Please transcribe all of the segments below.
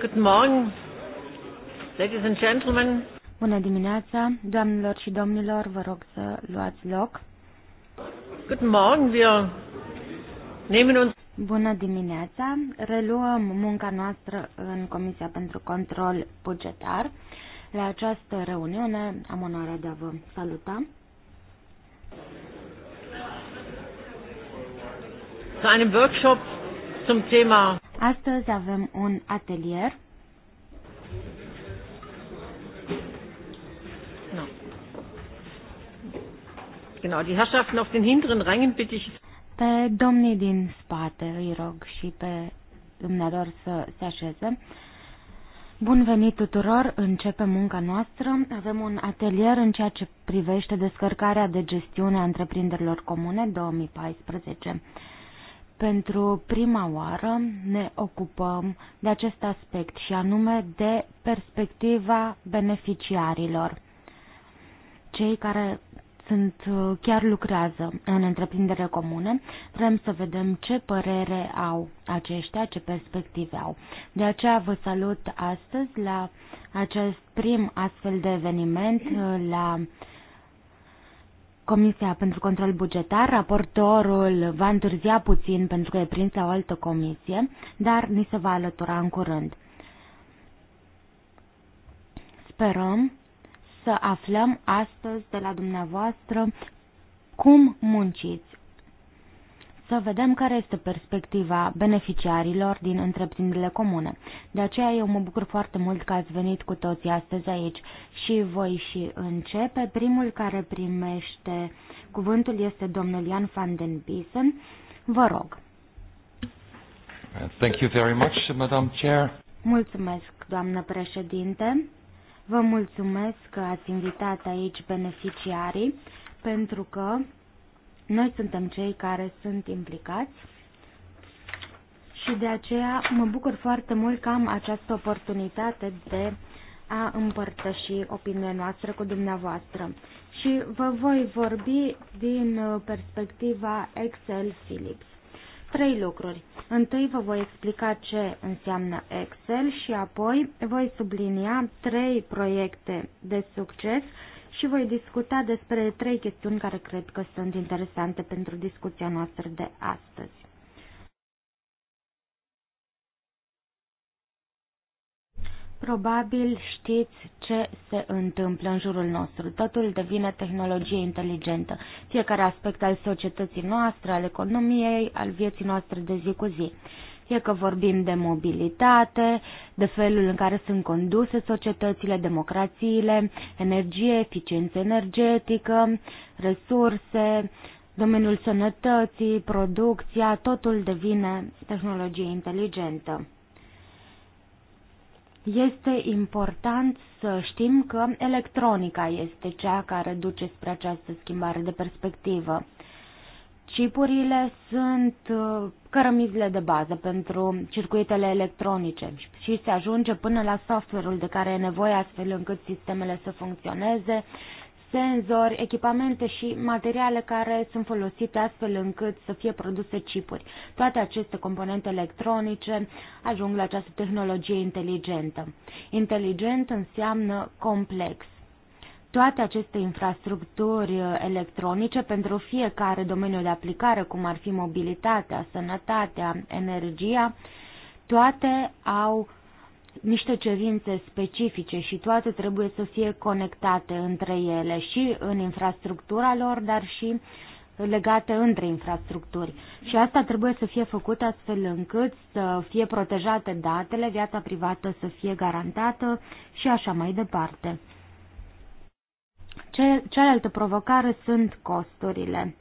Guten Morgen, ladies and gentlemen. Bună dimineața, doamnelor și domnilor, vă rog să luați loc. Guten Morgen, wir nehmen uns Bună dimineața! Reluăm munca noastră în Comisia pentru Control Bugetar. La această reuniune am onoarea de a vă saluta. Zu einem Workshop zum Thema Astăzi avem un atelier. No. Genau, die Herrschaften auf den hinteren Rängen bitte ich. Pe domnii din spate îi rog și pe dumneavoastră să se așeze. Bun venit tuturor, începe munca noastră. Avem un atelier în ceea ce privește descărcarea de gestiune a întreprinderilor comune 2014. Pentru prima oară ne ocupăm de acest aspect și anume de perspectiva beneficiarilor, cei care sunt, chiar lucrează în întreprindere comune, vrem să vedem ce părere au aceștia, ce perspective au. De aceea vă salut astăzi la acest prim astfel de eveniment la Comisia pentru Control Bugetar, raportorul va întârzia puțin pentru că e prins la o altă comisie, dar ni se va alătura în curând. Sperăm să aflăm astăzi de la dumneavoastră cum munciți să vedem care este perspectiva beneficiarilor din întreprinderile comune. De aceea eu mă bucur foarte mult că ați venit cu toții astăzi aici și voi și începe. Primul care primește cuvântul este domnul Ian van den Biesen. Vă rog. Thank you very much, Madam Chair. Mulțumesc, doamnă președinte. Vă mulțumesc că ați invitat aici beneficiarii pentru că noi suntem cei care sunt implicați și de aceea mă bucur foarte mult că am această oportunitate de a împărtăși opinia noastră cu dumneavoastră. Și vă voi vorbi din uh, perspectiva Excel Philips. Trei lucruri. Întâi vă voi explica ce înseamnă Excel și apoi voi sublinia trei proiecte de succes și voi discuta despre trei chestiuni care cred că sunt interesante pentru discuția noastră de astăzi. Probabil știți ce se întâmplă în jurul nostru. Totul devine tehnologie inteligentă. Fiecare aspect al societății noastre, al economiei, al vieții noastre de zi cu zi fie că vorbim de mobilitate, de felul în care sunt conduse societățile, democrațiile, energie, eficiență energetică, resurse, domeniul sănătății, producția, totul devine tehnologie inteligentă. Este important să știm că electronica este cea care duce spre această schimbare de perspectivă. Chipurile sunt uh, cărămizile de bază pentru circuitele electronice și se ajunge până la software-ul de care e nevoie astfel încât sistemele să funcționeze, senzori, echipamente și materiale care sunt folosite astfel încât să fie produse chipuri. Toate aceste componente electronice ajung la această tehnologie inteligentă. Inteligent înseamnă complex toate aceste infrastructuri uh, electronice pentru fiecare domeniu de aplicare, cum ar fi mobilitatea, sănătatea, energia, toate au niște cerințe specifice și toate trebuie să fie conectate între ele și în infrastructura lor, dar și legate între infrastructuri. Și asta trebuie să fie făcut astfel încât să fie protejate datele, viața privată să fie garantată și așa mai departe. Cealaltă provocare sunt costurile.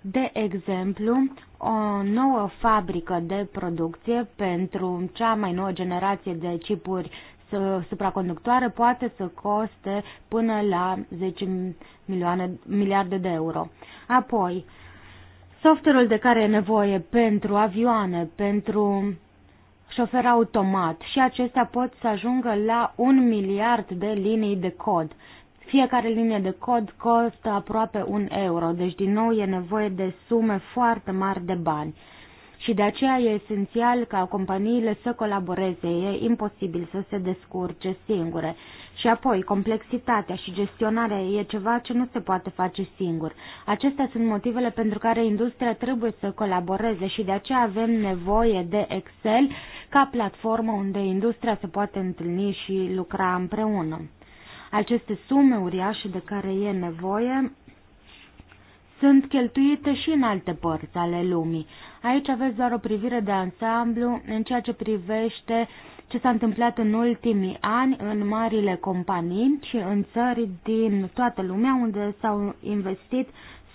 De exemplu, o nouă fabrică de producție pentru cea mai nouă generație de chipuri supraconductoare poate să coste până la 10 milioane, miliarde de euro. Apoi, software-ul de care e nevoie pentru avioane, pentru șofer automat și acestea pot să ajungă la un miliard de linii de cod. Fiecare linie de cod costă aproape un euro, deci din nou e nevoie de sume foarte mari de bani. Și de aceea e esențial ca companiile să colaboreze, e imposibil să se descurce singure. Și apoi, complexitatea și gestionarea e ceva ce nu se poate face singur. Acestea sunt motivele pentru care industria trebuie să colaboreze și de aceea avem nevoie de Excel ca platformă unde industria se poate întâlni și lucra împreună. Aceste sume uriașe de care e nevoie sunt cheltuite și în alte părți ale lumii. Aici aveți doar o privire de ansamblu în ceea ce privește ce s-a întâmplat în ultimii ani în marile companii și în țări din toată lumea unde s-au investit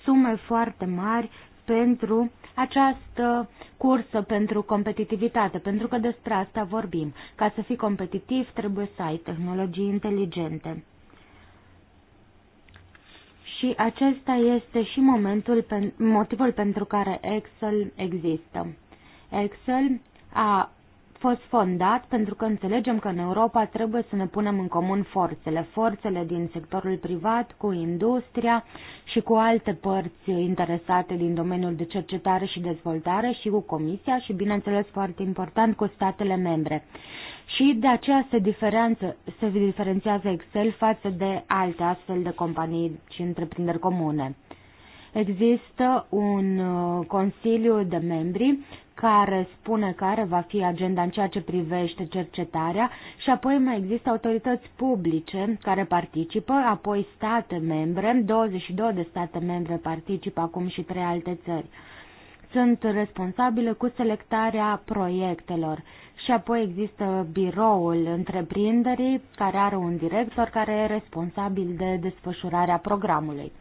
sume foarte mari pentru această cursă pentru competitivitate, pentru că despre asta vorbim. Ca să fii competitiv, trebuie să ai tehnologii inteligente. Și acesta este și momentul, motivul pentru care Excel există. Excel a fost fondat pentru că înțelegem că în Europa trebuie să ne punem în comun forțele, forțele din sectorul privat cu industria și cu alte părți interesate din domeniul de cercetare și dezvoltare și cu Comisia și, bineînțeles, foarte important, cu statele membre. Și de aceea se, se diferențiază Excel față de alte astfel de companii și întreprinderi comune. Există un uh, consiliu de membri care spune care va fi agenda în ceea ce privește cercetarea și apoi mai există autorități publice care participă, apoi state membre, 22 de state membre participă acum și trei alte țări. Sunt responsabile cu selectarea proiectelor și apoi există biroul întreprinderii care are un director care e responsabil de desfășurarea programului.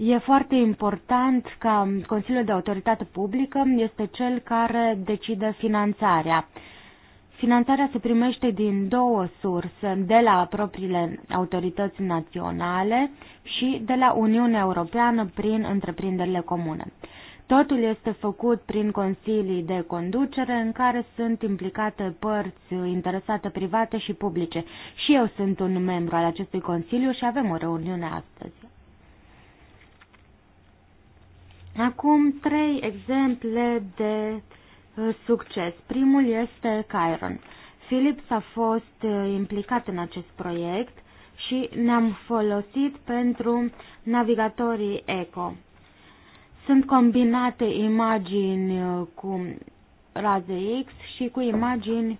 E foarte important că Consiliul de Autoritate Publică este cel care decide finanțarea. Finanțarea se primește din două surse, de la propriile autorități naționale și de la Uniunea Europeană prin întreprinderile comune. Totul este făcut prin consilii de conducere în care sunt implicate părți interesate private și publice. Și eu sunt un membru al acestui consiliu și avem o reuniune astăzi. Acum trei exemple de uh, succes. Primul este Chiron. Philips a fost uh, implicat în acest proiect și ne-am folosit pentru navigatorii eco. Sunt combinate imagini uh, cu raze X și cu imagini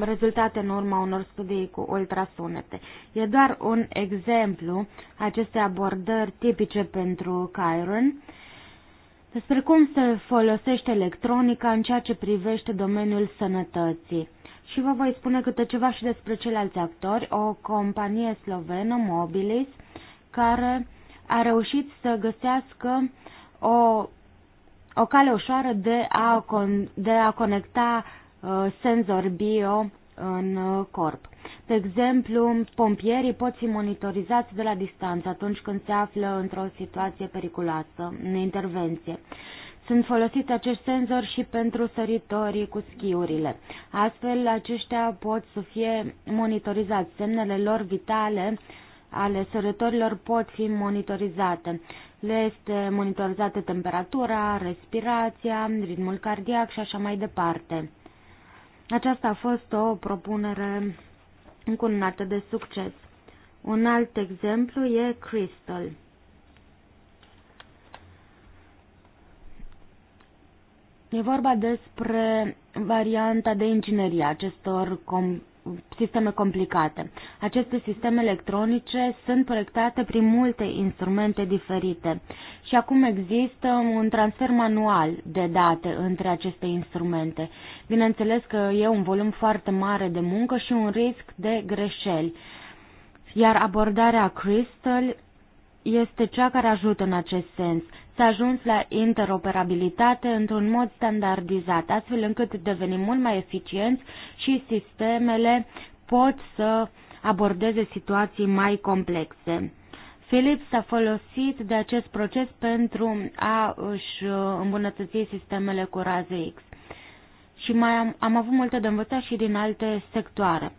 rezultate în urma unor studii cu ultrasunete. E doar un exemplu acestei abordări tipice pentru Chiron despre cum se folosește electronica în ceea ce privește domeniul sănătății. Și vă voi spune câte ceva și despre ceilalți actori, o companie slovenă, Mobilis, care a reușit să găsească o, o cale ușoară de a, con, de a conecta uh, senzori bio în uh, corp. De exemplu, pompierii pot fi monitorizați de la distanță atunci când se află într-o situație periculoasă, în intervenție. Sunt folosiți acești senzori și pentru săritorii cu schiurile. Astfel, aceștia pot să fie monitorizați. Semnele lor vitale ale sărătorilor pot fi monitorizate. Le este monitorizată temperatura, respirația, ritmul cardiac și așa mai departe. Aceasta a fost o propunere încununată de succes. Un alt exemplu e Crystal. E vorba despre varianta de inginerie acestor com sisteme complicate. Aceste sisteme electronice sunt proiectate prin multe instrumente diferite și acum există un transfer manual de date între aceste instrumente. Bineînțeles că e un volum foarte mare de muncă și un risc de greșeli. Iar abordarea Crystal este cea care ajută în acest sens. S-a ajuns la interoperabilitate într-un mod standardizat, astfel încât devenim mult mai eficienți și sistemele pot să abordeze situații mai complexe. Philips a folosit de acest proces pentru a își îmbunătăți sistemele cu raze X. Și mai am, am avut multe de învățat și din alte sectoare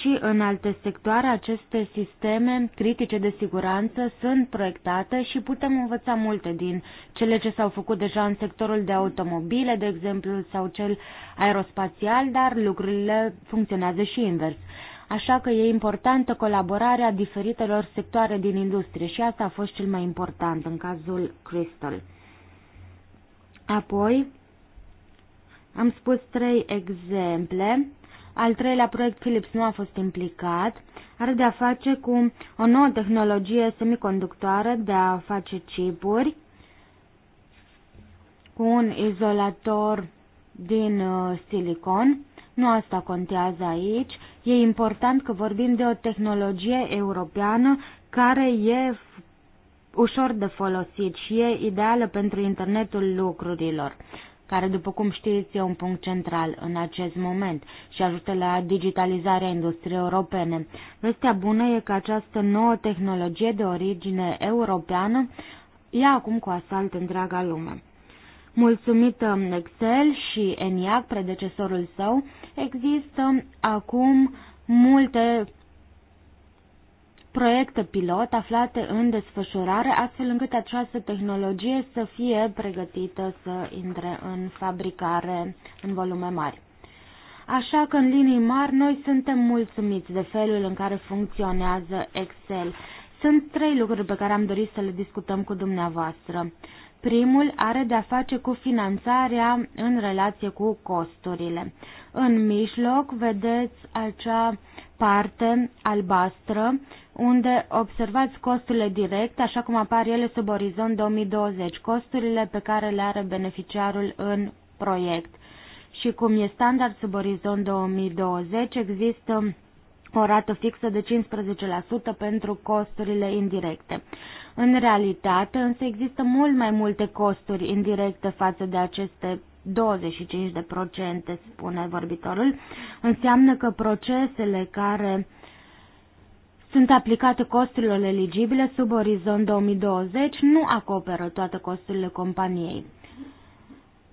și în alte sectoare aceste sisteme critice de siguranță sunt proiectate și putem învăța multe din cele ce s-au făcut deja în sectorul de automobile, de exemplu, sau cel aerospațial, dar lucrurile funcționează și invers. Așa că e importantă colaborarea diferitelor sectoare din industrie și asta a fost cel mai important în cazul Crystal. Apoi, am spus trei exemple al treilea proiect Philips nu a fost implicat. Are de a face cu o nouă tehnologie semiconductoare de a face chipuri cu un izolator din uh, silicon. Nu asta contează aici. E important că vorbim de o tehnologie europeană care e ușor de folosit și e ideală pentru internetul lucrurilor care, după cum știți, e un punct central în acest moment și ajută la digitalizarea industriei europene. Vestea bună e că această nouă tehnologie de origine europeană ia acum cu asalt întreaga lume. Mulțumită Excel și ENIAC, predecesorul său, există acum multe proiecte pilot aflate în desfășurare, astfel încât această tehnologie să fie pregătită să intre în fabricare în volume mari. Așa că, în linii mari, noi suntem mulțumiți de felul în care funcționează Excel. Sunt trei lucruri pe care am dorit să le discutăm cu dumneavoastră. Primul are de-a face cu finanțarea în relație cu costurile. În mijloc vedeți acea parte albastră, unde observați costurile directe, așa cum apar ele sub orizont 2020, costurile pe care le are beneficiarul în proiect. Și cum e standard sub orizont 2020, există o rată fixă de 15% pentru costurile indirecte. În realitate, însă există mult mai multe costuri indirecte față de aceste 25 de procente, spune vorbitorul, înseamnă că procesele care sunt aplicate costurilor eligibile sub orizont 2020 nu acoperă toate costurile companiei.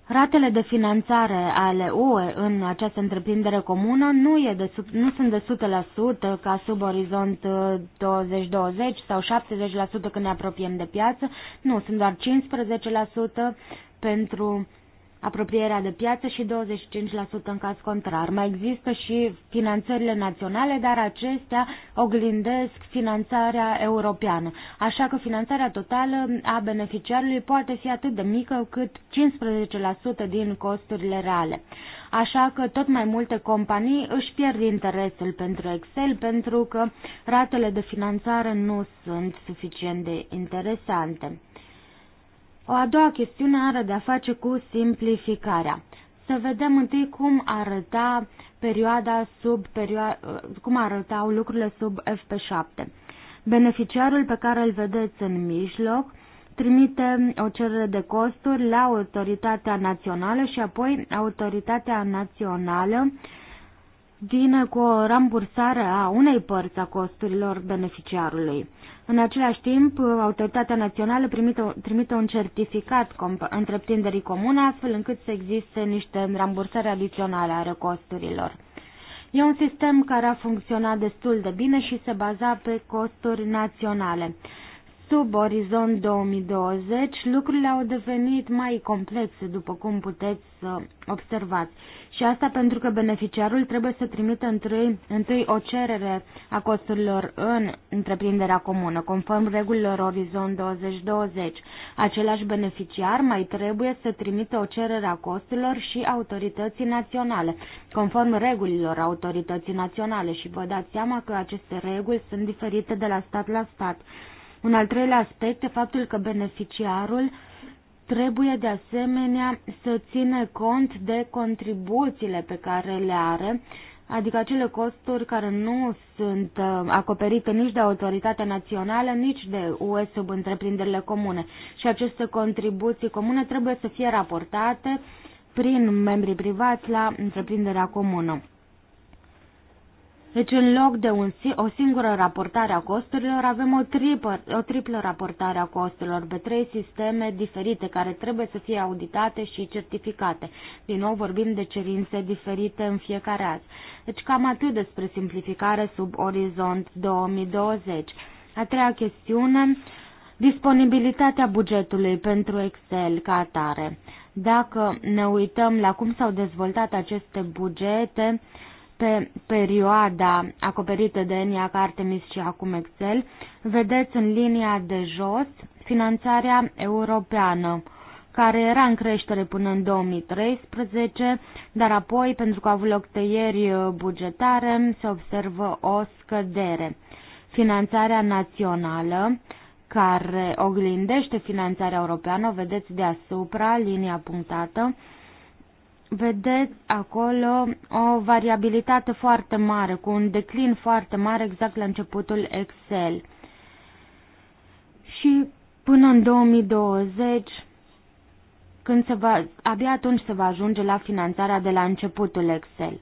Ratele de finanțare ale UE în această întreprindere comună nu, e de, nu sunt de 100% ca sub orizont 2020 uh, sau 70% când ne apropiem de piață, nu, sunt doar 15% pentru apropierea de piață și 25% în caz contrar. Mai există și finanțările naționale, dar acestea oglindesc finanțarea europeană. Așa că finanțarea totală a beneficiarului poate fi atât de mică cât 15% din costurile reale. Așa că tot mai multe companii își pierd interesul pentru Excel pentru că ratele de finanțare nu sunt suficient de interesante. O a doua chestiune are de-a face cu simplificarea. Să vedem întâi cum arăta perioada sub perioada, uh, cum arătau lucrurile sub FP7. Beneficiarul pe care îl vedeți în mijloc trimite o cerere de costuri la autoritatea națională și apoi autoritatea națională vine cu o rambursare a unei părți a costurilor beneficiarului. În același timp, Autoritatea Națională trimite, trimite un certificat întreprinderii comune, astfel încât să existe niște rambursări adiționale ale costurilor. E un sistem care a funcționat destul de bine și se baza pe costuri naționale. Sub orizont 2020, lucrurile au devenit mai complexe, după cum puteți să observați. Și asta pentru că beneficiarul trebuie să trimită întâi, întâi o cerere a costurilor în întreprinderea comună, conform regulilor Orizont 2020. Același beneficiar mai trebuie să trimită o cerere a costurilor și autorității naționale, conform regulilor autorității naționale și vă dați seama că aceste reguli sunt diferite de la stat la stat. Un al treilea aspect e faptul că beneficiarul Trebuie de asemenea să țină cont de contribuțiile pe care le are, adică acele costuri care nu sunt uh, acoperite nici de autoritatea națională, nici de UE sub întreprinderile comune. Și aceste contribuții comune trebuie să fie raportate prin membrii privați la întreprinderea comună. Deci în loc de un, o singură raportare a costurilor, avem o, tripă, o triplă raportare a costurilor pe trei sisteme diferite care trebuie să fie auditate și certificate. Din nou vorbim de cerințe diferite în fiecare azi. Deci cam atât despre simplificare sub orizont 2020. A treia chestiune, disponibilitatea bugetului pentru Excel ca atare. Dacă ne uităm la cum s-au dezvoltat aceste bugete, uh, pe perioada acoperită de ENIAC, Artemis și acum Excel, vedeți în linia de jos finanțarea europeană, care era în creștere până în 2013, dar apoi, pentru că au avut loc tăieri bugetare, se observă o scădere. Finanțarea națională, care oglindește finanțarea europeană, o vedeți deasupra, linia punctată, vedeți acolo o variabilitate foarte mare, cu un declin foarte mare exact la începutul Excel. Și până în 2020, când se va, abia atunci se va ajunge la finanțarea de la începutul Excel.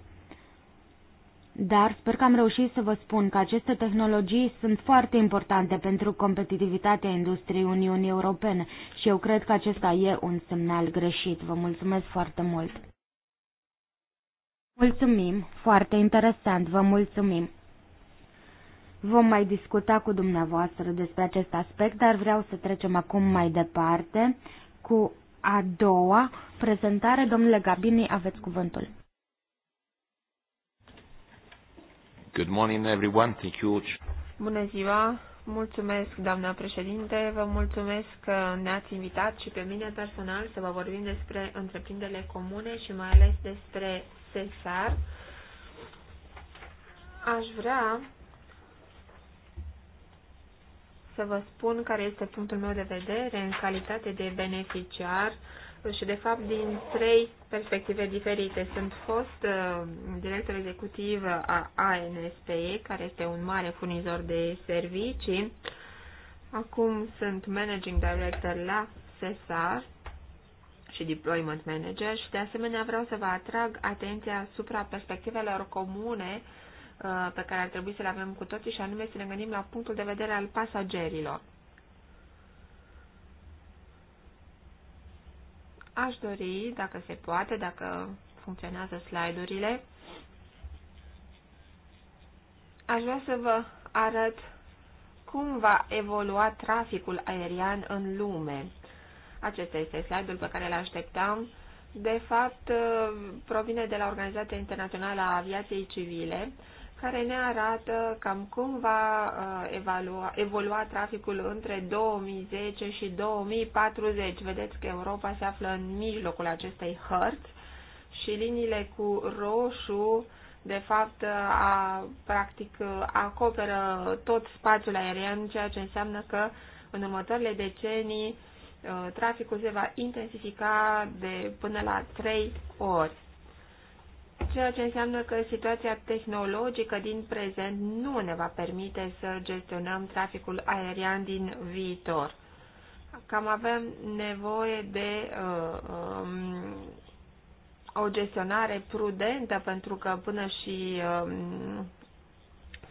Dar sper că am reușit să vă spun că aceste tehnologii sunt foarte importante pentru competitivitatea industriei Uniunii Europene și eu cred că acesta e un semnal greșit. Vă mulțumesc foarte mult! Mulțumim, foarte interesant, vă mulțumim. Vom mai discuta cu dumneavoastră despre acest aspect, dar vreau să trecem acum mai departe cu a doua prezentare. Domnule Gabini, aveți cuvântul. Good morning, everyone. Thank you. Bună ziua! Mulțumesc, doamna președinte, vă mulțumesc că ne-ați invitat și pe mine personal să vă vorbim despre întreprinderile comune și mai ales despre necesar, aș vrea să vă spun care este punctul meu de vedere în calitate de beneficiar și, de fapt, din trei perspective diferite. Sunt fost uh, director executiv a ANSPE, care este un mare furnizor de servicii. Acum sunt managing director la SESAR, și deployment manager și de asemenea vreau să vă atrag atenția asupra perspectivelor comune uh, pe care ar trebui să le avem cu toții și anume să ne gândim la punctul de vedere al pasagerilor. Aș dori, dacă se poate, dacă funcționează slide-urile, aș vrea să vă arăt cum va evolua traficul aerian în lume. Acesta este slide-ul pe care îl așteptam. De fapt, uh, provine de la Organizația Internațională a Aviației Civile, care ne arată cam cum va uh, evalua, evolua traficul între 2010 și 2040. Vedeți că Europa se află în mijlocul acestei hărți și liniile cu roșu, de fapt, uh, a, practic acoperă tot spațiul aerian, ceea ce înseamnă că în următoarele decenii Uh, traficul se va intensifica de până la 3 ori. Ceea ce înseamnă că situația tehnologică din prezent nu ne va permite să gestionăm traficul aerian din viitor. Cam avem nevoie de uh, um, o gestionare prudentă pentru că până și um,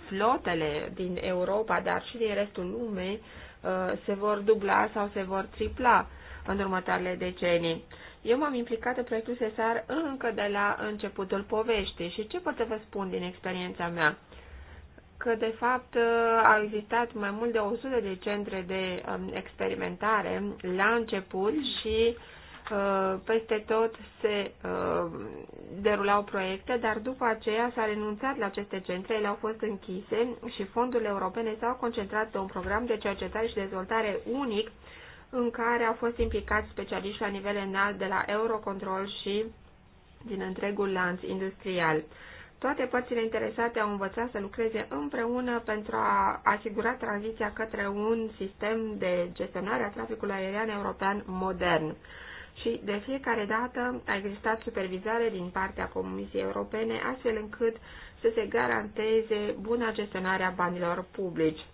flotele din Europa, dar și din restul lumei, uh, Uh, se vor dubla sau se vor tripla în următoarele decenii. Eu m-am implicat în proiectul SESAR încă de la începutul poveștii și ce pot să vă spun din experiența mea? Că, de fapt, uh, au existat mai mult de 100 de centre de um, experimentare la început și uh, peste tot se uh, derulau proiecte, dar după aceea s-a renunțat la aceste centre, ele au fost închise și fondurile europene s-au concentrat pe un program de cercetare și dezvoltare unic în care au fost implicați specialiști la nivel înalt de la Eurocontrol și din întregul lanț industrial. Toate părțile interesate au învățat să lucreze împreună pentru a asigura tranziția către un sistem de gestionare a traficului aerian european modern și de fiecare dată a existat supervizare din partea Comisiei Europene, astfel încât să se garanteze buna gestionarea banilor publici.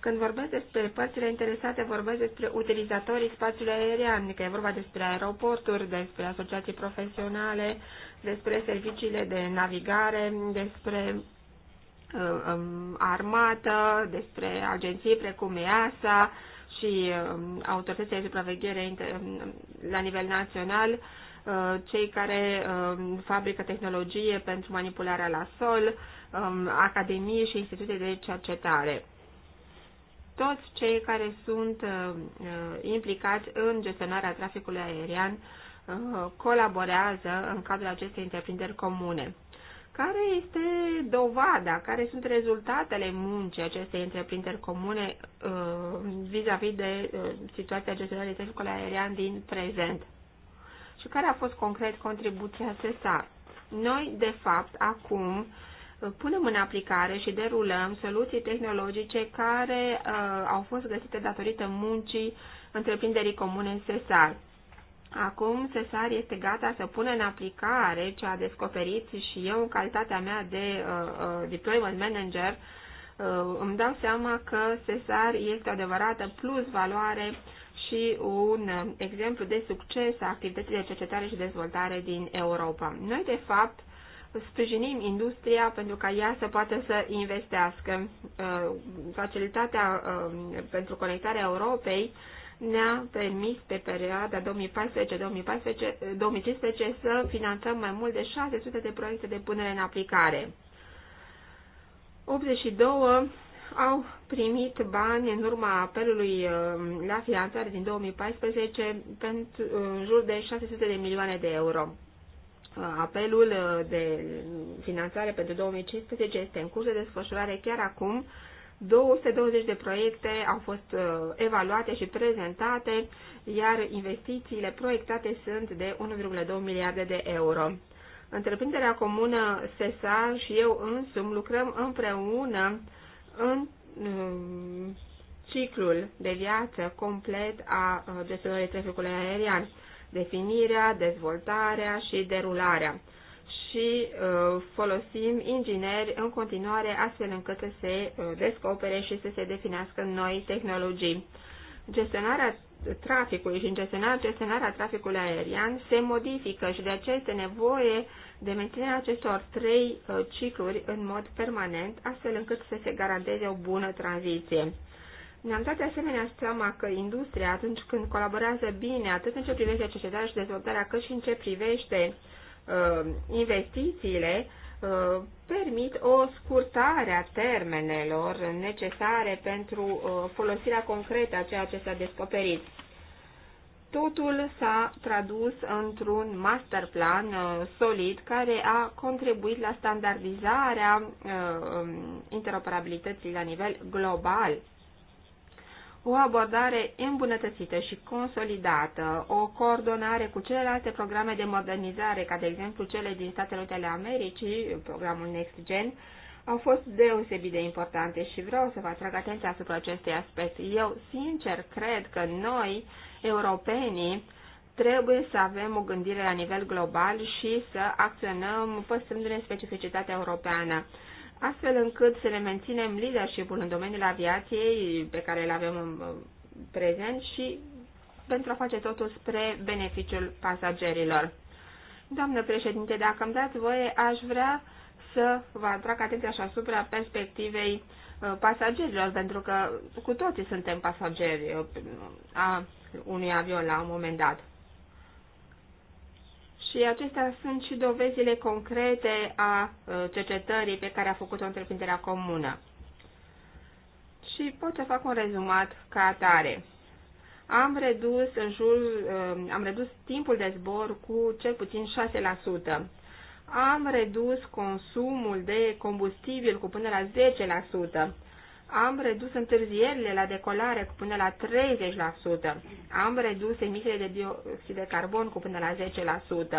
Când vorbesc despre părțile interesate, vorbesc despre utilizatorii spațiului aerian, că e vorba despre aeroporturi, despre asociații profesionale, despre serviciile de navigare, despre uh, um, armată, despre agenții precum EASA, și um, autoritățile de supraveghere um, la nivel național, uh, cei care um, fabrică tehnologie pentru manipularea la sol, academii și institute de cercetare. Toți cei care sunt uh, uh, implicați în gestionarea traficului aerian colaborează în cadrul acestei întreprinderi comune. Care este dovada, care sunt rezultatele muncii acestei întreprinderi comune uh, vis-a-vis -vis de uh, situația gestionării traficului aerian din prezent? Și care a fost concret contribuția SESA. Noi, de fapt, acum uh, punem în aplicare și derulăm soluții tehnologice care uh, au fost găsite datorită muncii întreprinderii comune SESAR. Acum Cesar este gata să pună în aplicare ce a descoperit și eu, în calitatea mea de uh, uh, deployment manager, uh, îmi dau seama că Cesar este o adevărată plus valoare și un exemplu de succes a activității de cercetare și dezvoltare din Europa. Noi, de fapt, sprijinim industria pentru ca ea să poată să investească. Uh, facilitatea uh, pentru conectarea Europei ne-a permis pe perioada 2014-2015 să finanțăm mai mult de 600 de proiecte de punere în aplicare. 82 au primit bani în urma apelului uh, la finanțare din 2014 pentru uh, în jur de 600 de milioane de euro. Uh, apelul de finanțare pentru 2015 este în curs de desfășurare chiar acum 220 de proiecte au fost uh, evaluate și prezentate, iar investițiile proiectate sunt de 1,2 miliarde de euro. Întreprinderea comună SESA și eu însum lucrăm împreună în uh, ciclul de viață complet a uh, gestionării traficului aerian, definirea, dezvoltarea și derularea și uh, folosim ingineri în continuare astfel încât să se uh, descopere și să se definească noi tehnologii. Gestionarea traficului și gestionarea, gestionarea traficului aerian se modifică și de aceea este nevoie de menținerea acestor trei uh, cicluri în mod permanent, astfel încât să se garanteze o bună tranziție. Ne-am dat de asemenea seama că industria, atunci când colaborează bine, atât în ce privește cercetarea și dezvoltarea, cât și în ce privește Uh, investițiile uh, permit o scurtare a termenelor necesare pentru uh, folosirea concretă a ceea ce s-a descoperit. Totul s-a tradus într-un master plan solid care a contribuit la standardizarea interoperabilității la nivel global o abordare îmbunătățită și consolidată, o coordonare cu celelalte programe de modernizare, ca de exemplu cele din Statele Unite ale Americii, programul Next Gen, au fost deosebit de importante și vreau să vă atrag atenția asupra acestui aspect. Eu, sincer, cred că noi, europenii, trebuie să avem o gândire la nivel global și să acționăm păstrându-ne specificitatea europeană astfel încât să ne menținem leadership-ul în domeniul aviației pe care îl avem în prezent și pentru a face totul spre beneficiul pasagerilor. Doamnă președinte, dacă îmi dați voie, aș vrea să vă atrag atenția și asupra perspectivei uh, pasagerilor, pentru că cu toții suntem pasageri uh, a unui avion la un moment dat. Și acestea sunt și dovezile concrete a uh, cercetării pe care a făcut-o întreprinderea comună. Și pot să fac un rezumat ca atare. Am redus, în jur, uh, am redus timpul de zbor cu cel puțin 6%. Am redus consumul de combustibil cu până la 10%. Am redus întârzierile la decolare cu până la 30%. Am redus emisiile de dioxid de carbon cu până la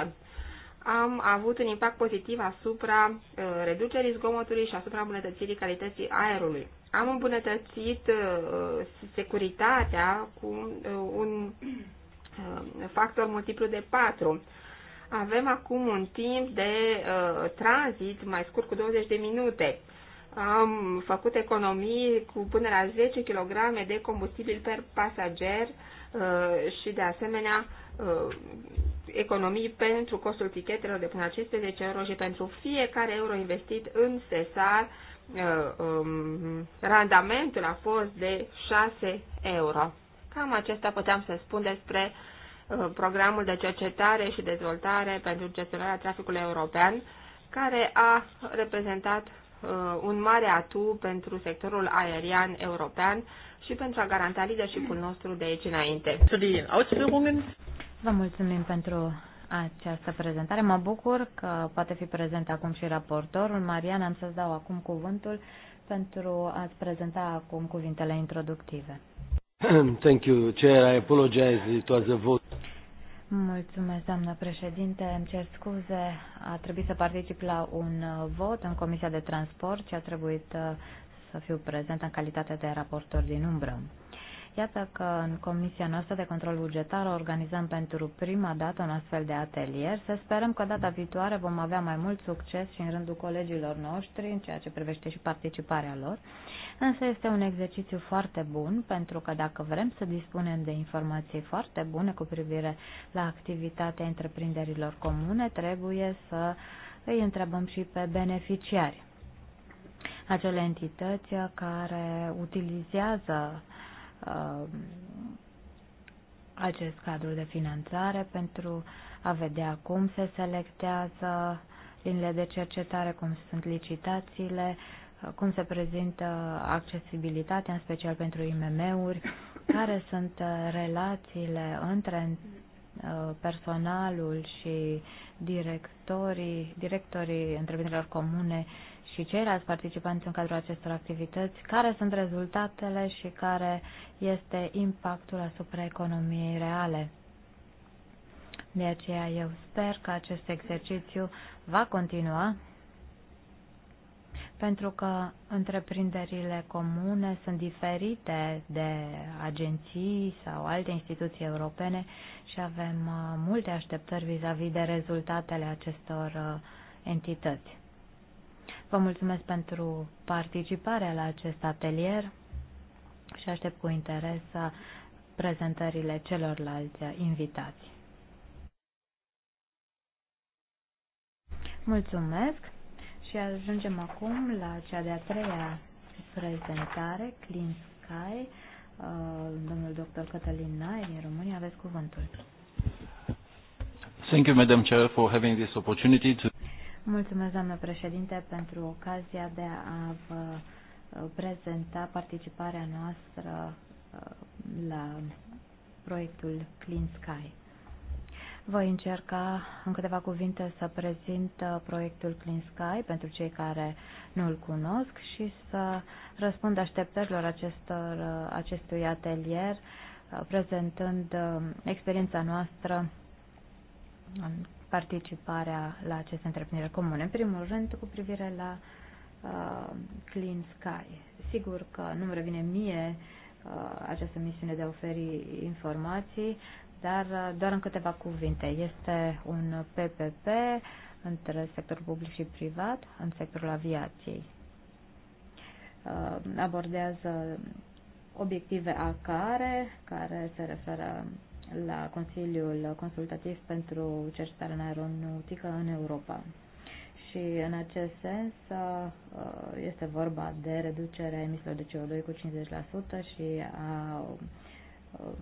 10%. Am avut un impact pozitiv asupra uh, reducerii zgomotului și asupra îmbunătățirii calității aerului. Am îmbunătățit uh, securitatea cu uh, un uh, factor multiplu de 4 avem acum un timp de uh, tranzit mai scurt cu 20 de minute am făcut economii cu până la 10 kg de combustibil per pasager uh, și de asemenea uh, economii pentru costul tichetelor de până la 15 euro și pentru fiecare euro investit în sesar uh, um, randamentul a fost de 6 euro. Cam acesta puteam să spun despre programul de cercetare și dezvoltare pentru gestionarea traficului european, care a reprezentat Uh, un mare atu pentru sectorul aerian european și pentru a garanta leadership-ul nostru de aici înainte. Vă mulțumim pentru această prezentare. Mă bucur că poate fi prezent acum și raportorul. Marian, am să-ți dau acum cuvântul pentru a-ți prezenta acum cuvintele introductive. Thank you, Chair. I apologize. It was a vote. Mulțumesc, doamnă președinte. Îmi cer scuze. A trebuit să particip la un uh, vot în Comisia de Transport și a trebuit uh, să fiu prezent în calitate de raportor din umbră. Iată că în Comisia noastră de control bugetar organizăm pentru prima dată un astfel de atelier. Să sperăm că data viitoare vom avea mai mult succes și în rândul colegilor noștri, în ceea ce privește și participarea lor. Însă este un exercițiu foarte bun, pentru că dacă vrem să dispunem de informații foarte bune cu privire la activitatea întreprinderilor comune, trebuie să îi întrebăm și pe beneficiari acele entități care utilizează Um, acest cadru de finanțare pentru a vedea cum se selectează liniile de cercetare, cum sunt licitațiile, uh, cum se prezintă accesibilitatea, în special pentru IMM-uri, care sunt uh, relațiile între uh, personalul și directorii, directorii întreprinderilor comune și ceilalți participanți în cadrul acestor activități, care sunt rezultatele și care este impactul asupra economiei reale. De aceea eu sper că acest exercițiu va continua pentru că întreprinderile comune sunt diferite de agenții sau alte instituții europene și avem uh, multe așteptări vis-a-vis -vis de rezultatele acestor uh, entități. Vă mulțumesc pentru participarea la acest atelier și aștept cu interes prezentările celorlalți invitați. Mulțumesc și ajungem acum la cea de-a treia prezentare, Clean Sky, uh, domnul dr. Cătălin Nae din România, aveți cuvântul. Thank you, Madam Chair, for having this opportunity to Mulțumesc, doamnă președinte, pentru ocazia de a vă uh, prezenta participarea noastră uh, la proiectul Clean Sky. Voi încerca în câteva cuvinte să prezint uh, proiectul Clean Sky pentru cei care nu îl cunosc și să răspund așteptărilor acestor, acestui atelier prezentând experiența noastră în participarea la aceste întreprinderi comune. În primul rând, cu privire la uh, Clean Sky. Sigur că nu-mi revine mie uh, această misiune de a oferi informații, dar uh, doar în câteva cuvinte. Este un PPP între sectorul public și privat, în sectorul aviației. Uh, abordează obiective A care, care se referă la Consiliul Consultativ pentru Cercetare în Aeronautică în Europa. Și în acest sens uh, este vorba de reducerea emisiilor de CO2 cu 50% și a um,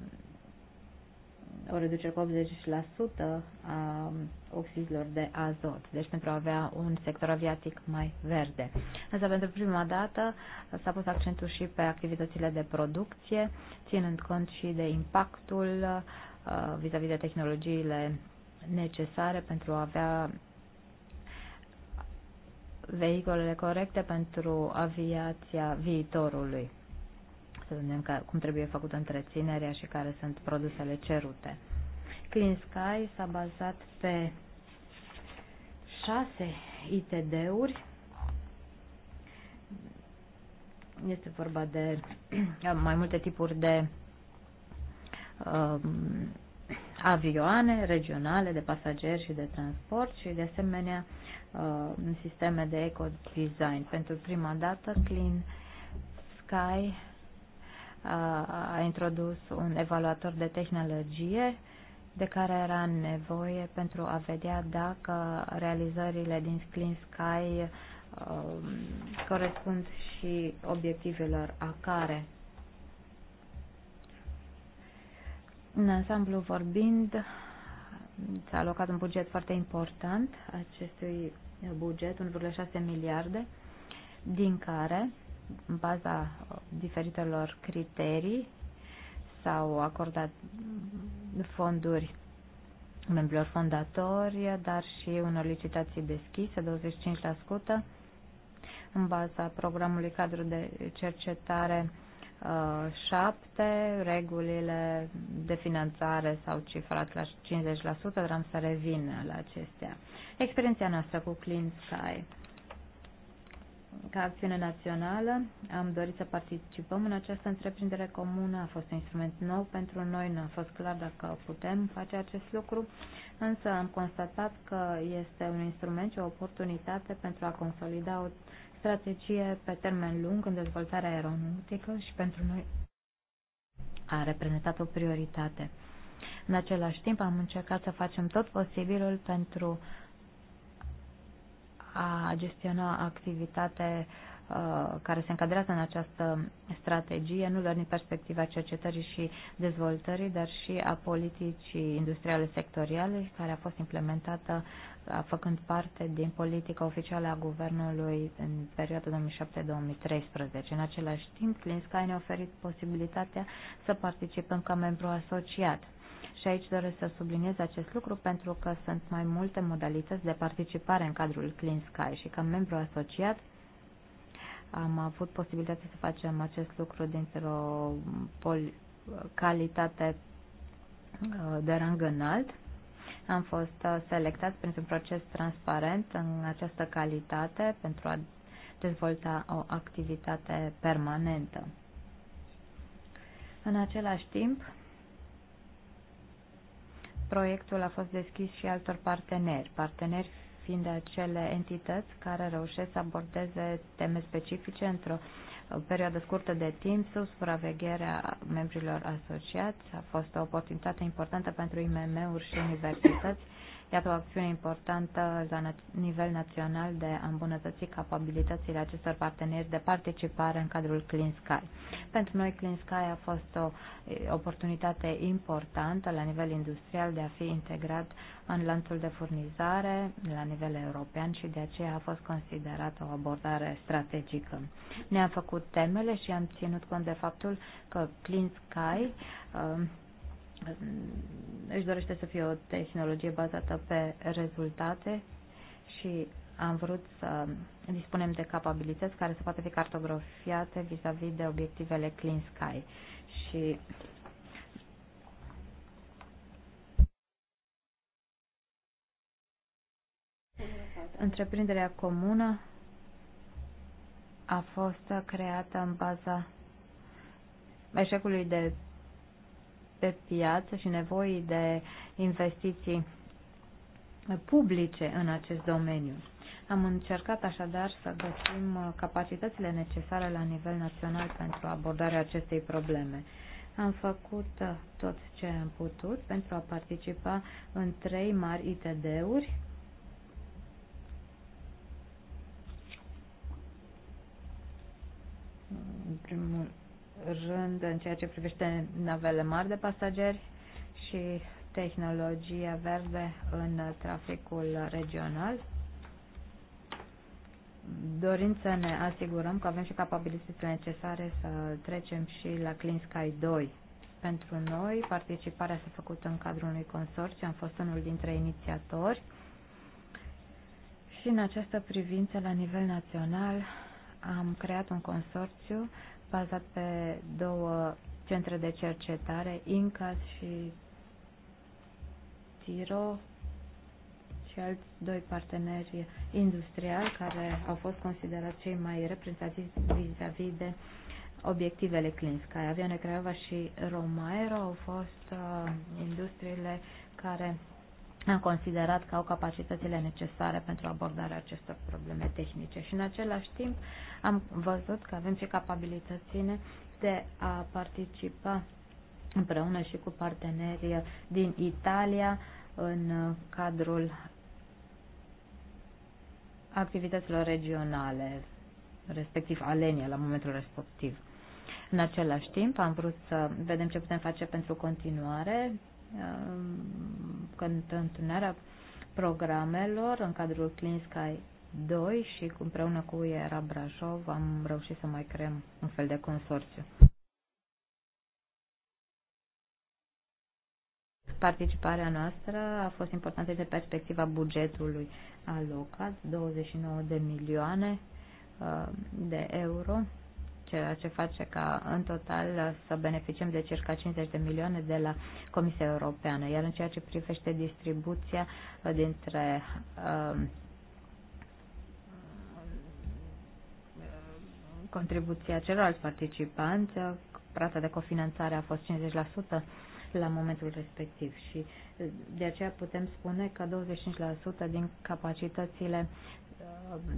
o reducere cu 80% a oxizilor de azot, deci pentru a avea un sector aviatic mai verde. Însă pentru prima dată s-a pus accentul și pe activitățile de producție, ținând cont și de impactul uh, vis-a-vis -vis de tehnologiile necesare pentru a avea vehicolele corecte pentru aviația viitorului să vedem cum trebuie făcută întreținerea și care sunt produsele cerute. Clean Sky s-a bazat pe șase ITD-uri. Este vorba de mai multe tipuri de um, avioane regionale de pasageri și de transport și de asemenea uh, sisteme de eco-design. Pentru prima dată, Clean Sky a introdus un evaluator de tehnologie de care era nevoie pentru a vedea dacă realizările din Clean Sky um, corespund și obiectivelor a care. În ansamblu vorbind, s-a alocat un buget foarte important acestui buget, 1,6 miliarde, din care în baza uh, diferitelor criterii s-au acordat fonduri membrilor fondatori, dar și unor licitații deschise, 25%, în baza programului cadru de cercetare 7, uh, regulile de finanțare s-au cifrat la 50%, dar am să revin la acestea. Experiența noastră cu Clean Sky ca acțiune națională am dorit să participăm în această întreprindere comună. A fost un instrument nou pentru noi, nu a fost clar dacă putem face acest lucru, însă am constatat că este un instrument și o oportunitate pentru a consolida o strategie pe termen lung în dezvoltarea aeronautică și pentru noi a reprezentat o prioritate. În același timp am încercat să facem tot posibilul pentru a gestiona activitate uh, care se încadrează în această strategie, nu doar din perspectiva cercetării și dezvoltării, dar și a politicii industriale sectoriale, care a fost implementată uh, făcând parte din politica oficială a guvernului în perioada 2007-2013. În același timp, Clinsky ne-a oferit posibilitatea să participăm ca membru asociat și aici doresc să subliniez acest lucru pentru că sunt mai multe modalități de participare în cadrul Clean Sky și ca membru asociat am avut posibilitatea să facem acest lucru dintr-o calitate uh, de rang înalt. Am fost uh, selectat printr-un proces transparent în această calitate pentru a dezvolta o activitate permanentă. În același timp, proiectul a fost deschis și altor parteneri, parteneri fiind acele entități care reușesc să abordeze teme specifice într-o perioadă scurtă de timp sub supravegherea membrilor asociați. A fost o oportunitate importantă pentru IMM-uri și universități Iată o acțiune importantă la nivel național de a îmbunătăți capabilitățile acestor parteneri de participare în cadrul Clean Sky. Pentru noi Clean Sky a fost o oportunitate importantă la nivel industrial de a fi integrat în lanțul de furnizare la nivel european și de aceea a fost considerată o abordare strategică. Ne-am făcut temele și am ținut cont de faptul că Clean Sky um, își dorește să fie o tehnologie bazată pe rezultate și am vrut să dispunem de capabilități care să poată fi cartografiate vis-a-vis -vis de obiectivele Clean Sky. Și întreprinderea comună a fost creată în baza eșecului de pe piață și nevoii de investiții publice în acest domeniu. Am încercat așadar să găsim uh, capacitățile necesare la nivel național pentru abordarea acestei probleme. Am făcut uh, tot ce am putut pentru a participa în trei mari ITD-uri primul rând, în ceea ce privește navele mari de pasageri și tehnologia verde în traficul regional, dorind să ne asigurăm că avem și capabilitățile necesare să trecem și la Clean Sky 2. Pentru noi, participarea s-a făcut în cadrul unui consorțiu, am fost unul dintre inițiatori și în această privință, la nivel național, am creat un consorțiu bazat pe două centre de cercetare, INCAS și TIRO și alți doi parteneri industriali care au fost considerați cei mai reprezentativi vis-a-vis de obiectivele Klinsky. Avioane Craiova și Romaero au fost uh, industriile care am considerat că au capacitățile necesare pentru abordarea acestor probleme tehnice și în același timp am văzut că avem și capabilitățile de a participa împreună și cu partenerii din Italia în cadrul activităților regionale, respectiv Alenia la momentul respectiv. În același timp am vrut să vedem ce putem face pentru continuare, când întâlnirea programelor în cadrul Sky 2 și împreună cu era Brașov am reușit să mai creăm un fel de consorțiu. Participarea noastră a fost importantă de perspectiva bugetului alocat, 29 de milioane uh, de euro ceea ce face ca în total să beneficiem de circa 50 de milioane de la Comisia Europeană. Iar în ceea ce privește distribuția uh, dintre um, contribuția celorlalți participanți, uh, rata de cofinanțare a fost 50% la momentul respectiv și uh, de aceea putem spune că 25% din capacitățile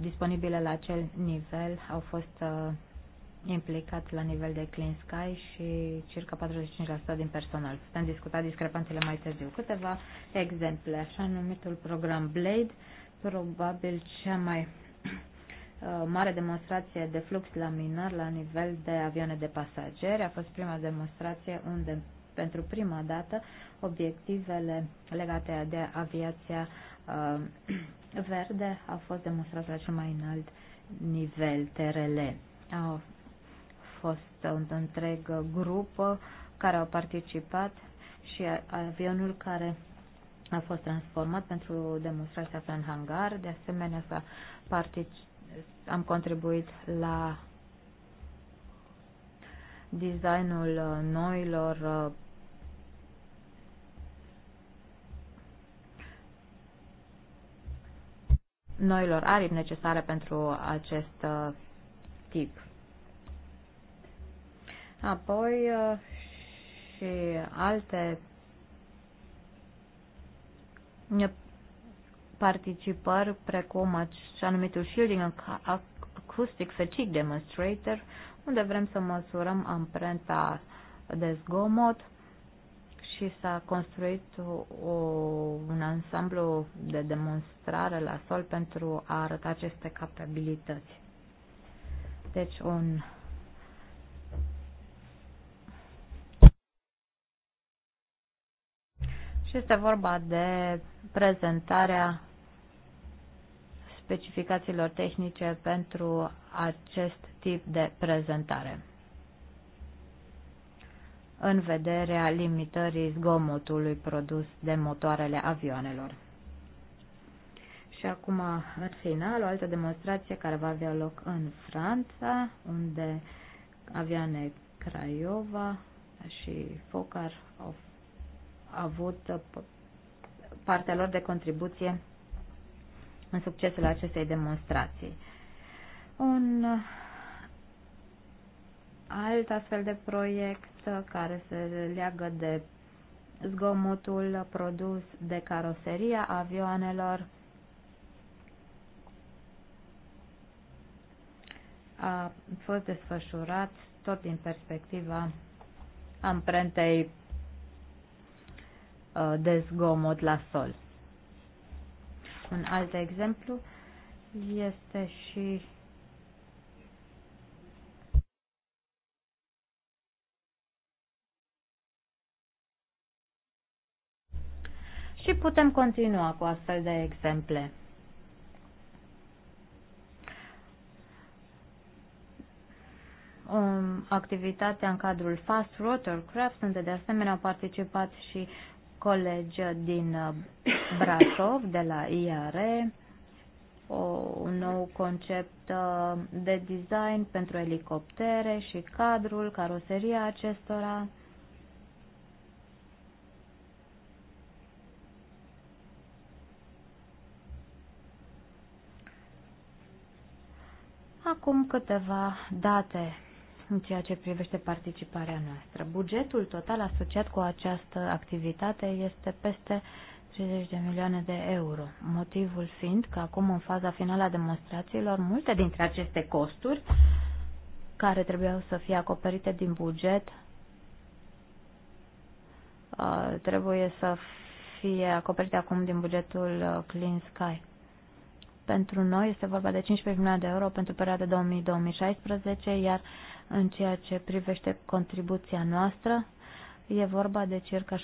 disponibile la acel nivel au fost implicat la nivel de Clean Sky și circa 45% din personal. Putem discuta discrepanțele mai târziu. Câteva exemple, așa numitul program Blade, probabil cea mai uh, mare demonstrație de flux laminar la nivel de avioane de pasageri. A fost prima demonstrație unde pentru prima dată obiectivele legate de aviația uh, verde au fost demonstrate la cel mai înalt nivel TRL. Au fost un întreg grup care au participat și avionul care a fost transformat pentru demonstrația în hangar. De asemenea, s-a partic- am contribuit la designul noilor noilor aripi necesare pentru acest tip Apoi uh, și alte participări precum așa anumitul Shielding Acoustic Fatigue Demonstrator, unde vrem să măsurăm amprenta de zgomot și s-a construit o, un ansamblu de demonstrare la sol pentru a arăta aceste capabilități. Deci un Și este vorba de prezentarea specificațiilor tehnice pentru acest tip de prezentare în vederea limitării zgomotului produs de motoarele avioanelor. Și acum, în final, o altă demonstrație care va avea loc în Franța, unde avioane Craiova și Focar au avut uh, partea lor de contribuție în succesul acestei demonstrații. Un uh, alt astfel de proiect uh, care se leagă de zgomotul produs de caroseria avioanelor a fost desfășurat tot din perspectiva amprentei Uh, de zgomot la sol. Un alt exemplu este și Și putem continua cu astfel de exemple. um, activitatea în cadrul Fast Rotorcraft, unde de asemenea au participat și colegi din uh, Brașov, de la IAR, o, un nou concept uh, de design pentru elicoptere și cadrul, caroseria acestora. Acum câteva date în ceea ce privește participarea noastră. Bugetul total asociat cu această activitate este peste 30 de milioane de euro, motivul fiind că acum în faza finală a demonstrațiilor multe dintre aceste costuri care trebuiau să fie acoperite din buget uh, trebuie să fie acoperite acum din bugetul uh, Clean Sky. Pentru noi este vorba de 15 milioane de euro pentru perioada 2000-2016, iar în ceea ce privește contribuția noastră, e vorba de circa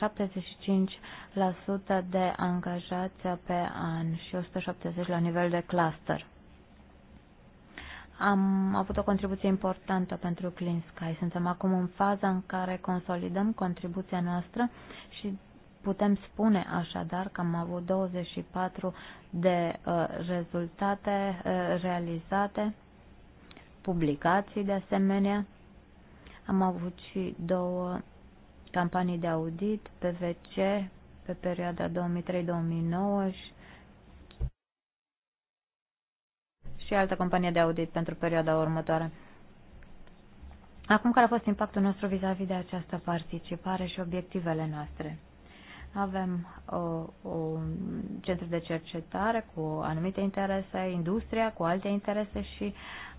75% de angajați pe an și 170 la nivel de cluster. Am avut o contribuție importantă pentru Clean Sky. Suntem acum în faza în care consolidăm contribuția noastră și putem spune așadar că am avut 24 de uh, rezultate uh, realizate publicații de asemenea. Am avut și două campanii de audit, PVC, pe perioada 2003-2009 și și altă companie de audit pentru perioada următoare. Acum, care a fost impactul nostru vis-a-vis -vis de această participare și obiectivele noastre? Avem o un centru de cercetare cu anumite interese, industria cu alte interese și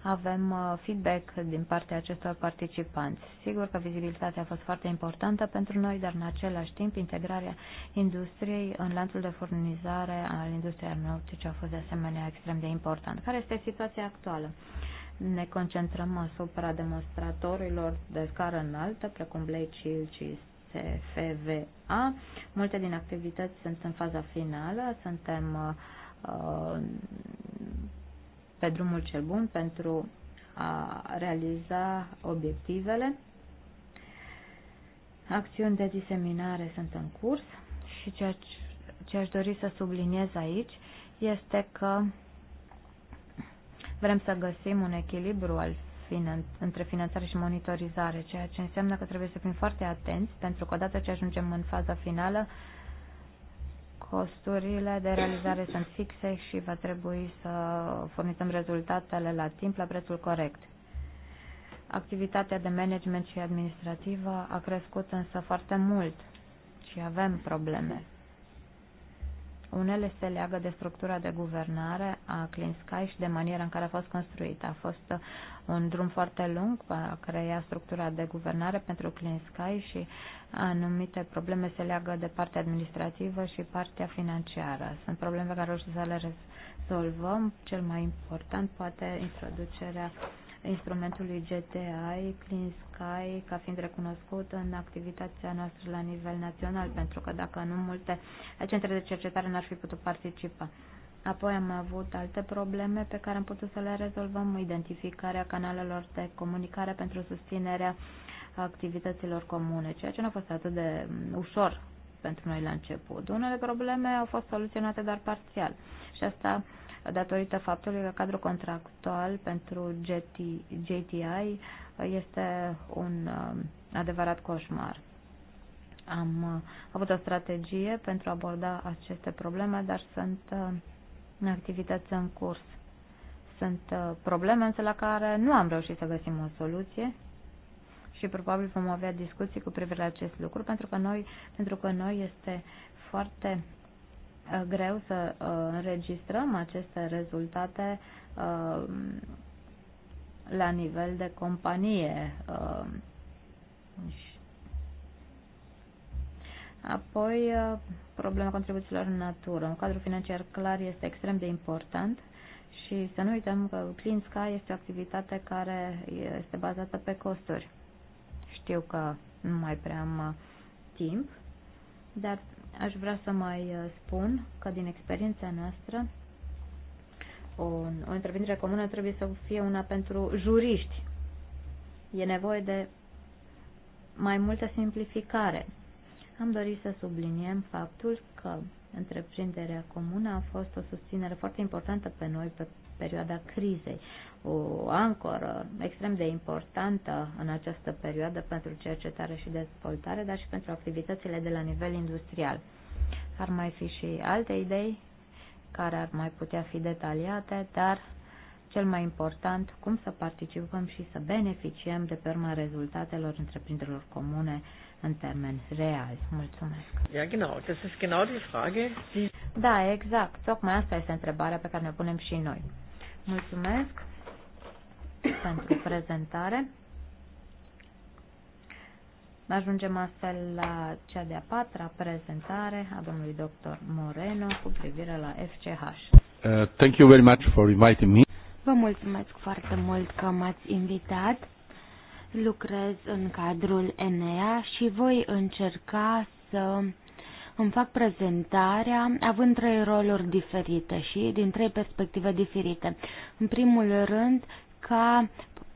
avem uh, feedback din partea acestor participanți. Sigur că vizibilitatea a fost foarte importantă pentru noi, dar în același timp integrarea industriei în lanțul de furnizare al industriei aeronautice a fost de asemenea extrem de important. Care este situația actuală? Ne concentrăm asupra demonstratorilor de scară înaltă, precum Blade Shield și CFVA. Multe din activități sunt în faza finală, suntem uh, pe drumul cel bun pentru a realiza obiectivele. Acțiuni de diseminare sunt în curs și ceea ce, aș dori să subliniez aici este că vrem să găsim un echilibru al finan- între finanțare și monitorizare, ceea ce înseamnă că trebuie să fim foarte atenți, pentru că odată ce ajungem în faza finală, Costurile de realizare sunt fixe și va trebui să furnizăm rezultatele la timp, la prețul corect. Activitatea de management și administrativă a crescut însă foarte mult și avem probleme. Unele se leagă de structura de guvernare a Clean Sky și de maniera în care a fost construită. A fost un drum foarte lung pentru a crea structura de guvernare pentru Clean Sky și anumite probleme se leagă de partea administrativă și partea financiară. Sunt probleme care o să le rezolvăm. Cel mai important poate introducerea instrumentului GTI, Clean Sky, ca fiind recunoscut în activitatea noastră la nivel național, pentru că dacă nu, multe centre de cercetare n-ar fi putut participa. Apoi am avut alte probleme pe care am putut să le rezolvăm, identificarea canalelor de comunicare pentru susținerea activităților comune, ceea ce nu a fost atât de ușor pentru noi la început. Unele probleme au fost soluționate doar parțial și asta datorită faptului că cadrul contractual pentru GT, JTI este un um, adevărat coșmar. Am uh, avut o strategie pentru a aborda aceste probleme, dar sunt uh, activități în curs. Sunt uh, probleme însă la care nu am reușit să găsim o soluție și probabil vom avea discuții cu privire la acest lucru pentru că noi, pentru că noi este foarte uh, greu să uh, înregistrăm aceste rezultate la nivel de companie Apoi, uh, problema contribuțiilor în natură. Un cadru financiar clar este extrem de important și să nu uităm că Clean Sky este o activitate care este bazată pe costuri. Știu că nu mai prea am uh, timp, dar aș vrea să mai uh, spun că din experiența noastră o, o întreprindere comună trebuie să fie una pentru juriști. E nevoie de mai multă simplificare am dorit să subliniem faptul că întreprinderea comună a fost o susținere foarte importantă pe noi pe perioada crizei, o ancoră extrem de importantă în această perioadă pentru cercetare și dezvoltare, dar și pentru activitățile de la nivel industrial. Ar mai fi și alte idei care ar mai putea fi detaliate, dar cel mai important, cum să participăm și să beneficiem de pe urma rezultatelor întreprinderilor comune în termen real. Mulțumesc. Ja, genau. Das ist genau die Frage, die... Da, exact. Tocmai asta este întrebarea pe care ne punem și noi. Mulțumesc pentru prezentare. Ajungem astfel la cea de-a patra prezentare a domnului dr. Moreno cu privire la FCH. Uh, thank you very much for inviting me. Vă mulțumesc foarte mult că m-ați invitat lucrez în cadrul Enea și voi încerca să îmi fac prezentarea având trei roluri diferite și din trei perspective diferite. În primul rând, ca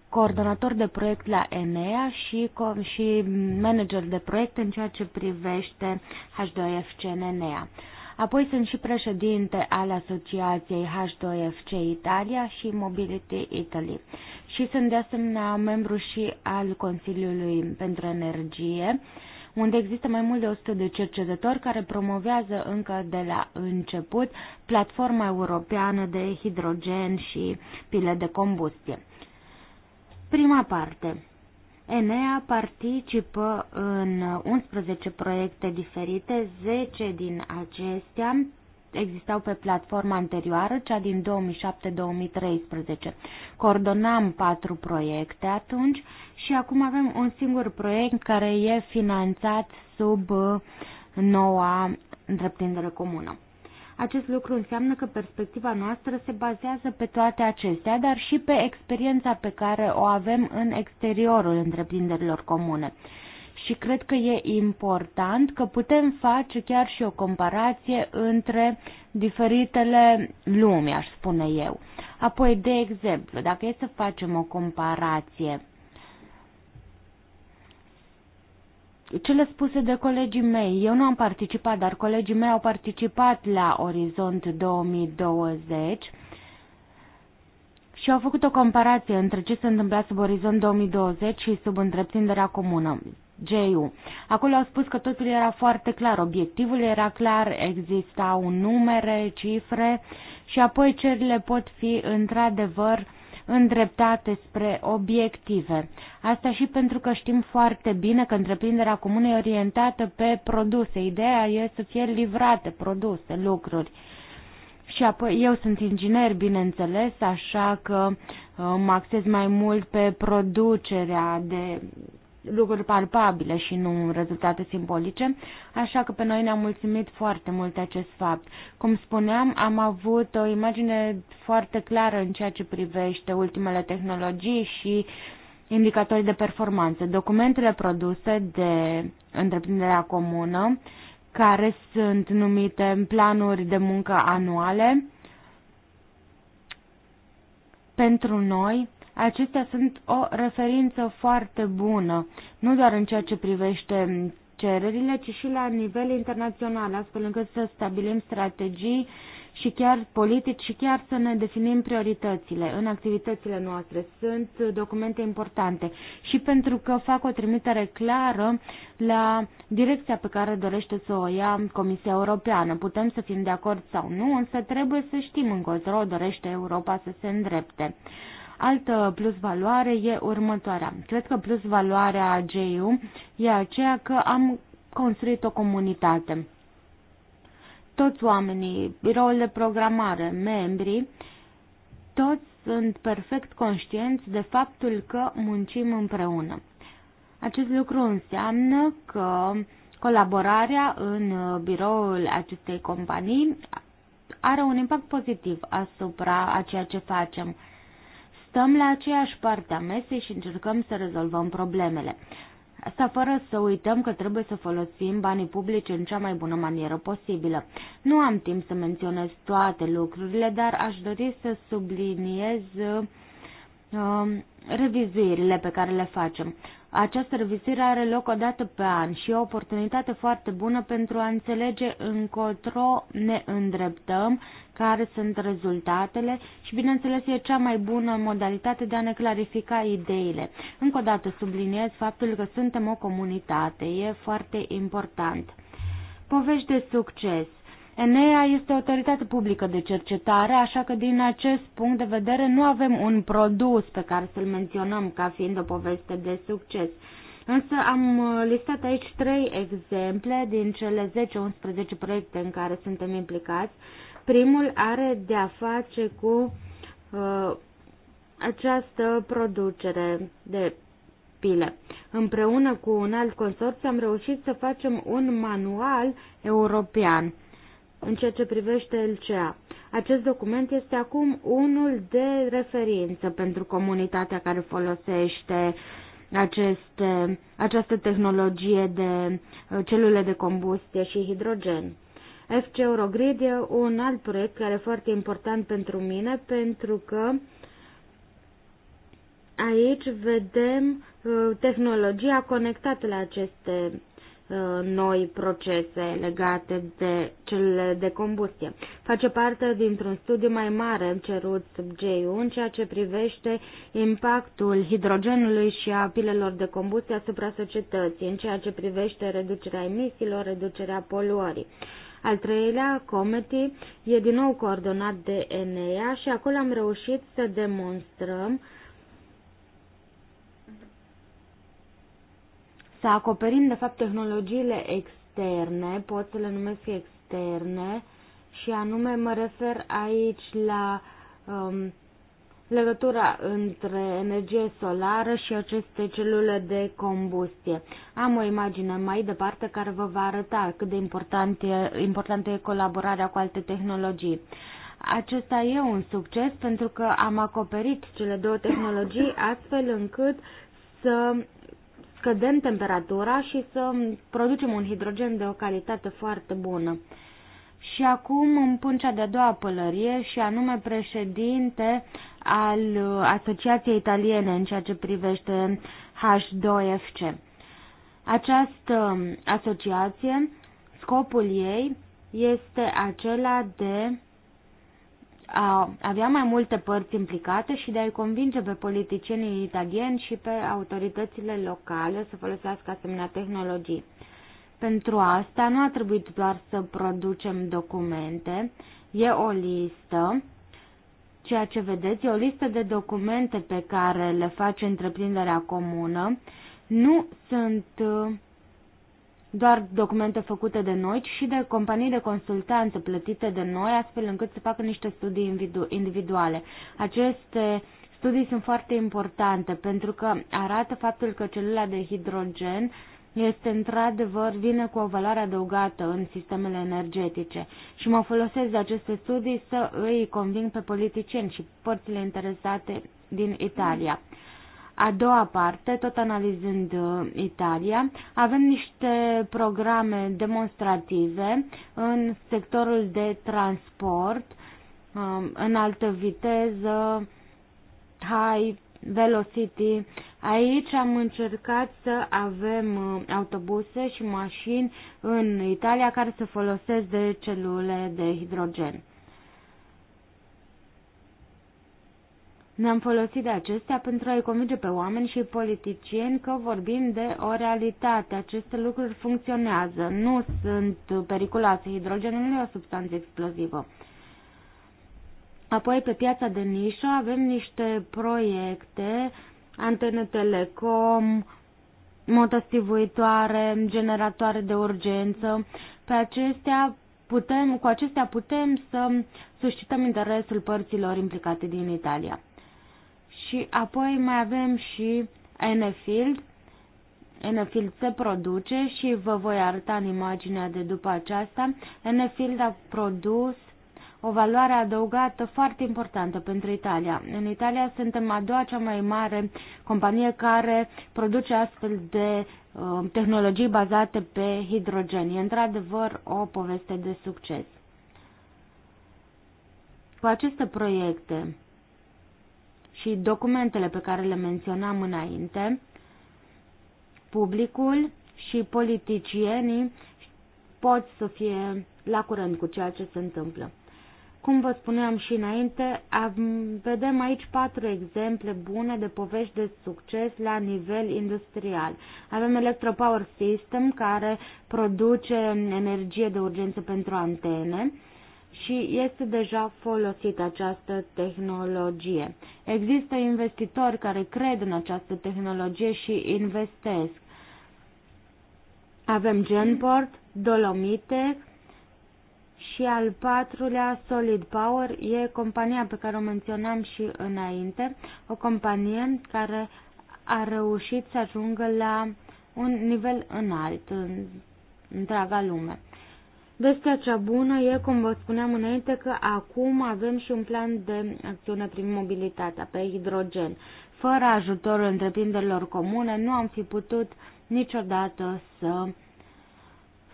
coordonator de proiect la Enea și, și manager de proiect în ceea ce privește H2FC în Enea. Apoi sunt și președinte al asociației H2FC Italia și Mobility Italy. Și sunt de asemenea membru și al Consiliului pentru Energie, unde există mai mult de 100 de cercetători care promovează încă de la început platforma europeană de hidrogen și pile de combustie. Prima parte. Enea participă în 11 proiecte diferite, 10 din acestea existau pe platforma anterioară, cea din 2007-2013. Coordonam patru proiecte atunci și acum avem un singur proiect care e finanțat sub noua întreprindere comună. Acest lucru înseamnă că perspectiva noastră se bazează pe toate acestea, dar și pe experiența pe care o avem în exteriorul întreprinderilor comune. Și cred că e important că putem face chiar și o comparație între diferitele lumi, aș spune eu. Apoi, de exemplu, dacă e să facem o comparație cele spuse de colegii mei, eu nu am participat, dar colegii mei au participat la Orizont 2020 și au făcut o comparație între ce se întâmpla sub Orizont 2020 și sub întreprinderea comună. JU. Acolo au spus că totul era foarte clar, obiectivul era clar, existau numere, cifre și apoi cerile pot fi într-adevăr îndreptate spre obiective. Asta și pentru că știm foarte bine că întreprinderea comună e orientată pe produse. Ideea e să fie livrate produse, lucruri. Și apoi eu sunt inginer, bineînțeles, așa că uh, mă acces mai mult pe producerea de lucruri palpabile și nu rezultate simbolice, așa că pe noi ne-a mulțumit foarte mult acest fapt. Cum spuneam, am avut o imagine foarte clară în ceea ce privește ultimele tehnologii și indicatorii de performanță, documentele produse de întreprinderea comună, care sunt numite planuri de muncă anuale, pentru noi Acestea sunt o referință foarte bună, nu doar în ceea ce privește cererile, ci și la nivel internațional, astfel încât să stabilim strategii și chiar politici și chiar să ne definim prioritățile în activitățile noastre. Sunt documente importante și pentru că fac o trimitere clară la direcția pe care dorește să o ia Comisia Europeană. Putem să fim de acord sau nu, însă trebuie să știm încotro dorește Europa să se îndrepte. Altă plusvaloare e următoarea. Cred că plusvaloarea GU e aceea că am construit o comunitate. Toți oamenii, biroul de programare, membrii, toți sunt perfect conștienți de faptul că muncim împreună. Acest lucru înseamnă că colaborarea în biroul acestei companii are un impact pozitiv asupra a ceea ce facem. Stăm la aceeași parte a mesei și încercăm să rezolvăm problemele. Asta fără să uităm că trebuie să folosim banii publici în cea mai bună manieră posibilă. Nu am timp să menționez toate lucrurile, dar aș dori să subliniez um, revizuirile pe care le facem. Această revizuire are loc o dată pe an și e o oportunitate foarte bună pentru a înțelege încotro ne îndreptăm care sunt rezultatele și, bineînțeles, e cea mai bună modalitate de a ne clarifica ideile. Încă o dată subliniez faptul că suntem o comunitate, e foarte important. Povești de succes. Enea este o autoritate publică de cercetare, așa că din acest punct de vedere nu avem un produs pe care să-l menționăm ca fiind o poveste de succes. Însă am listat aici trei exemple din cele 10-11 proiecte în care suntem implicați Primul are de a face cu uh, această producere de pile. Împreună cu un alt consorțiu am reușit să facem un manual european în ceea ce privește LCA. Acest document este acum unul de referință pentru comunitatea care folosește aceste, această tehnologie de uh, celule de combustie și hidrogen. FC Eurogrid e un alt proiect care e foarte important pentru mine pentru că aici vedem uh, tehnologia conectată la aceste uh, noi procese legate de celule de combustie. Face parte dintr-un studiu mai mare cerut sub GIU în ceea ce privește impactul hidrogenului și a pilelor de combustie asupra societății, în ceea ce privește reducerea emisiilor, reducerea poluării. Uh, al treilea, Comedy, e din nou coordonat de Enea și acolo am reușit să demonstrăm să acoperim, de fapt, tehnologiile externe, pot să le numesc externe, și anume mă refer aici la um, legătura între energie solară și aceste celule de combustie. Am o imagine mai departe care vă va arăta cât de important e, importantă e colaborarea cu alte tehnologii. Acesta e un succes pentru că am acoperit cele două tehnologii astfel încât să scădem temperatura și să producem un hidrogen de o calitate foarte bună. Și acum în pun cea de-a doua pălărie și anume președinte al uh, Asociației Italiene în ceea ce privește H2FC. Această um, asociație, scopul ei este acela de a avea mai multe părți implicate și de a-i convinge pe politicienii italieni și pe autoritățile locale să folosească asemenea tehnologii. Pentru asta nu a trebuit doar să producem documente, e o listă. Ceea ce vedeți e o listă de documente pe care le face întreprinderea comună. Nu sunt uh, doar documente făcute de noi, ci și de companii de consultanță plătite de noi, astfel încât să facă niște studii individuale. Aceste studii sunt foarte importante pentru că arată faptul că celula de hidrogen este într-adevăr, vine cu o valoare adăugată în sistemele energetice și mă folosesc de aceste studii să îi conving pe politicieni și părțile interesate din Italia. A doua parte, tot analizând uh, Italia, avem niște programe demonstrative în sectorul de transport, um, în altă viteză, high Velocity. Aici am încercat să avem uh, autobuse și mașini în Italia care să folosesc de celule de hidrogen. Ne-am folosit de acestea pentru a-i convinge pe oameni și politicieni că vorbim de o realitate. Aceste lucruri funcționează, nu sunt periculoase. Hidrogenul nu e o substanță explozivă. Apoi, pe piața de nișă avem niște proiecte, antene telecom, motostivuitoare, generatoare de urgență. Pe acestea putem, cu acestea putem să suscităm interesul părților implicate din Italia. Și apoi mai avem și Enefield. Enefield se produce și vă voi arăta în imaginea de după aceasta. Enefield a produs o valoare adăugată foarte importantă pentru Italia. În Italia suntem a doua cea mai mare companie care produce astfel de uh, tehnologii bazate pe hidrogen. E într-adevăr o poveste de succes. Cu aceste proiecte și documentele pe care le menționam înainte, publicul și politicienii pot să fie la curent cu ceea ce se întâmplă. Cum vă spuneam și înainte, am, vedem aici patru exemple bune de povești de succes la nivel industrial. Avem Electropower System care produce energie de urgență pentru antene și este deja folosită această tehnologie. Există investitori care cred în această tehnologie și investesc. Avem Genport, Dolomitec, și al patrulea, Solid Power, e compania pe care o menționam și înainte, o companie care a reușit să ajungă la un nivel înalt în întreaga lume. Vestea cea bună e, cum vă spuneam înainte, că acum avem și un plan de acțiune prin mobilitatea pe hidrogen. Fără ajutorul întreprinderilor comune nu am fi putut niciodată să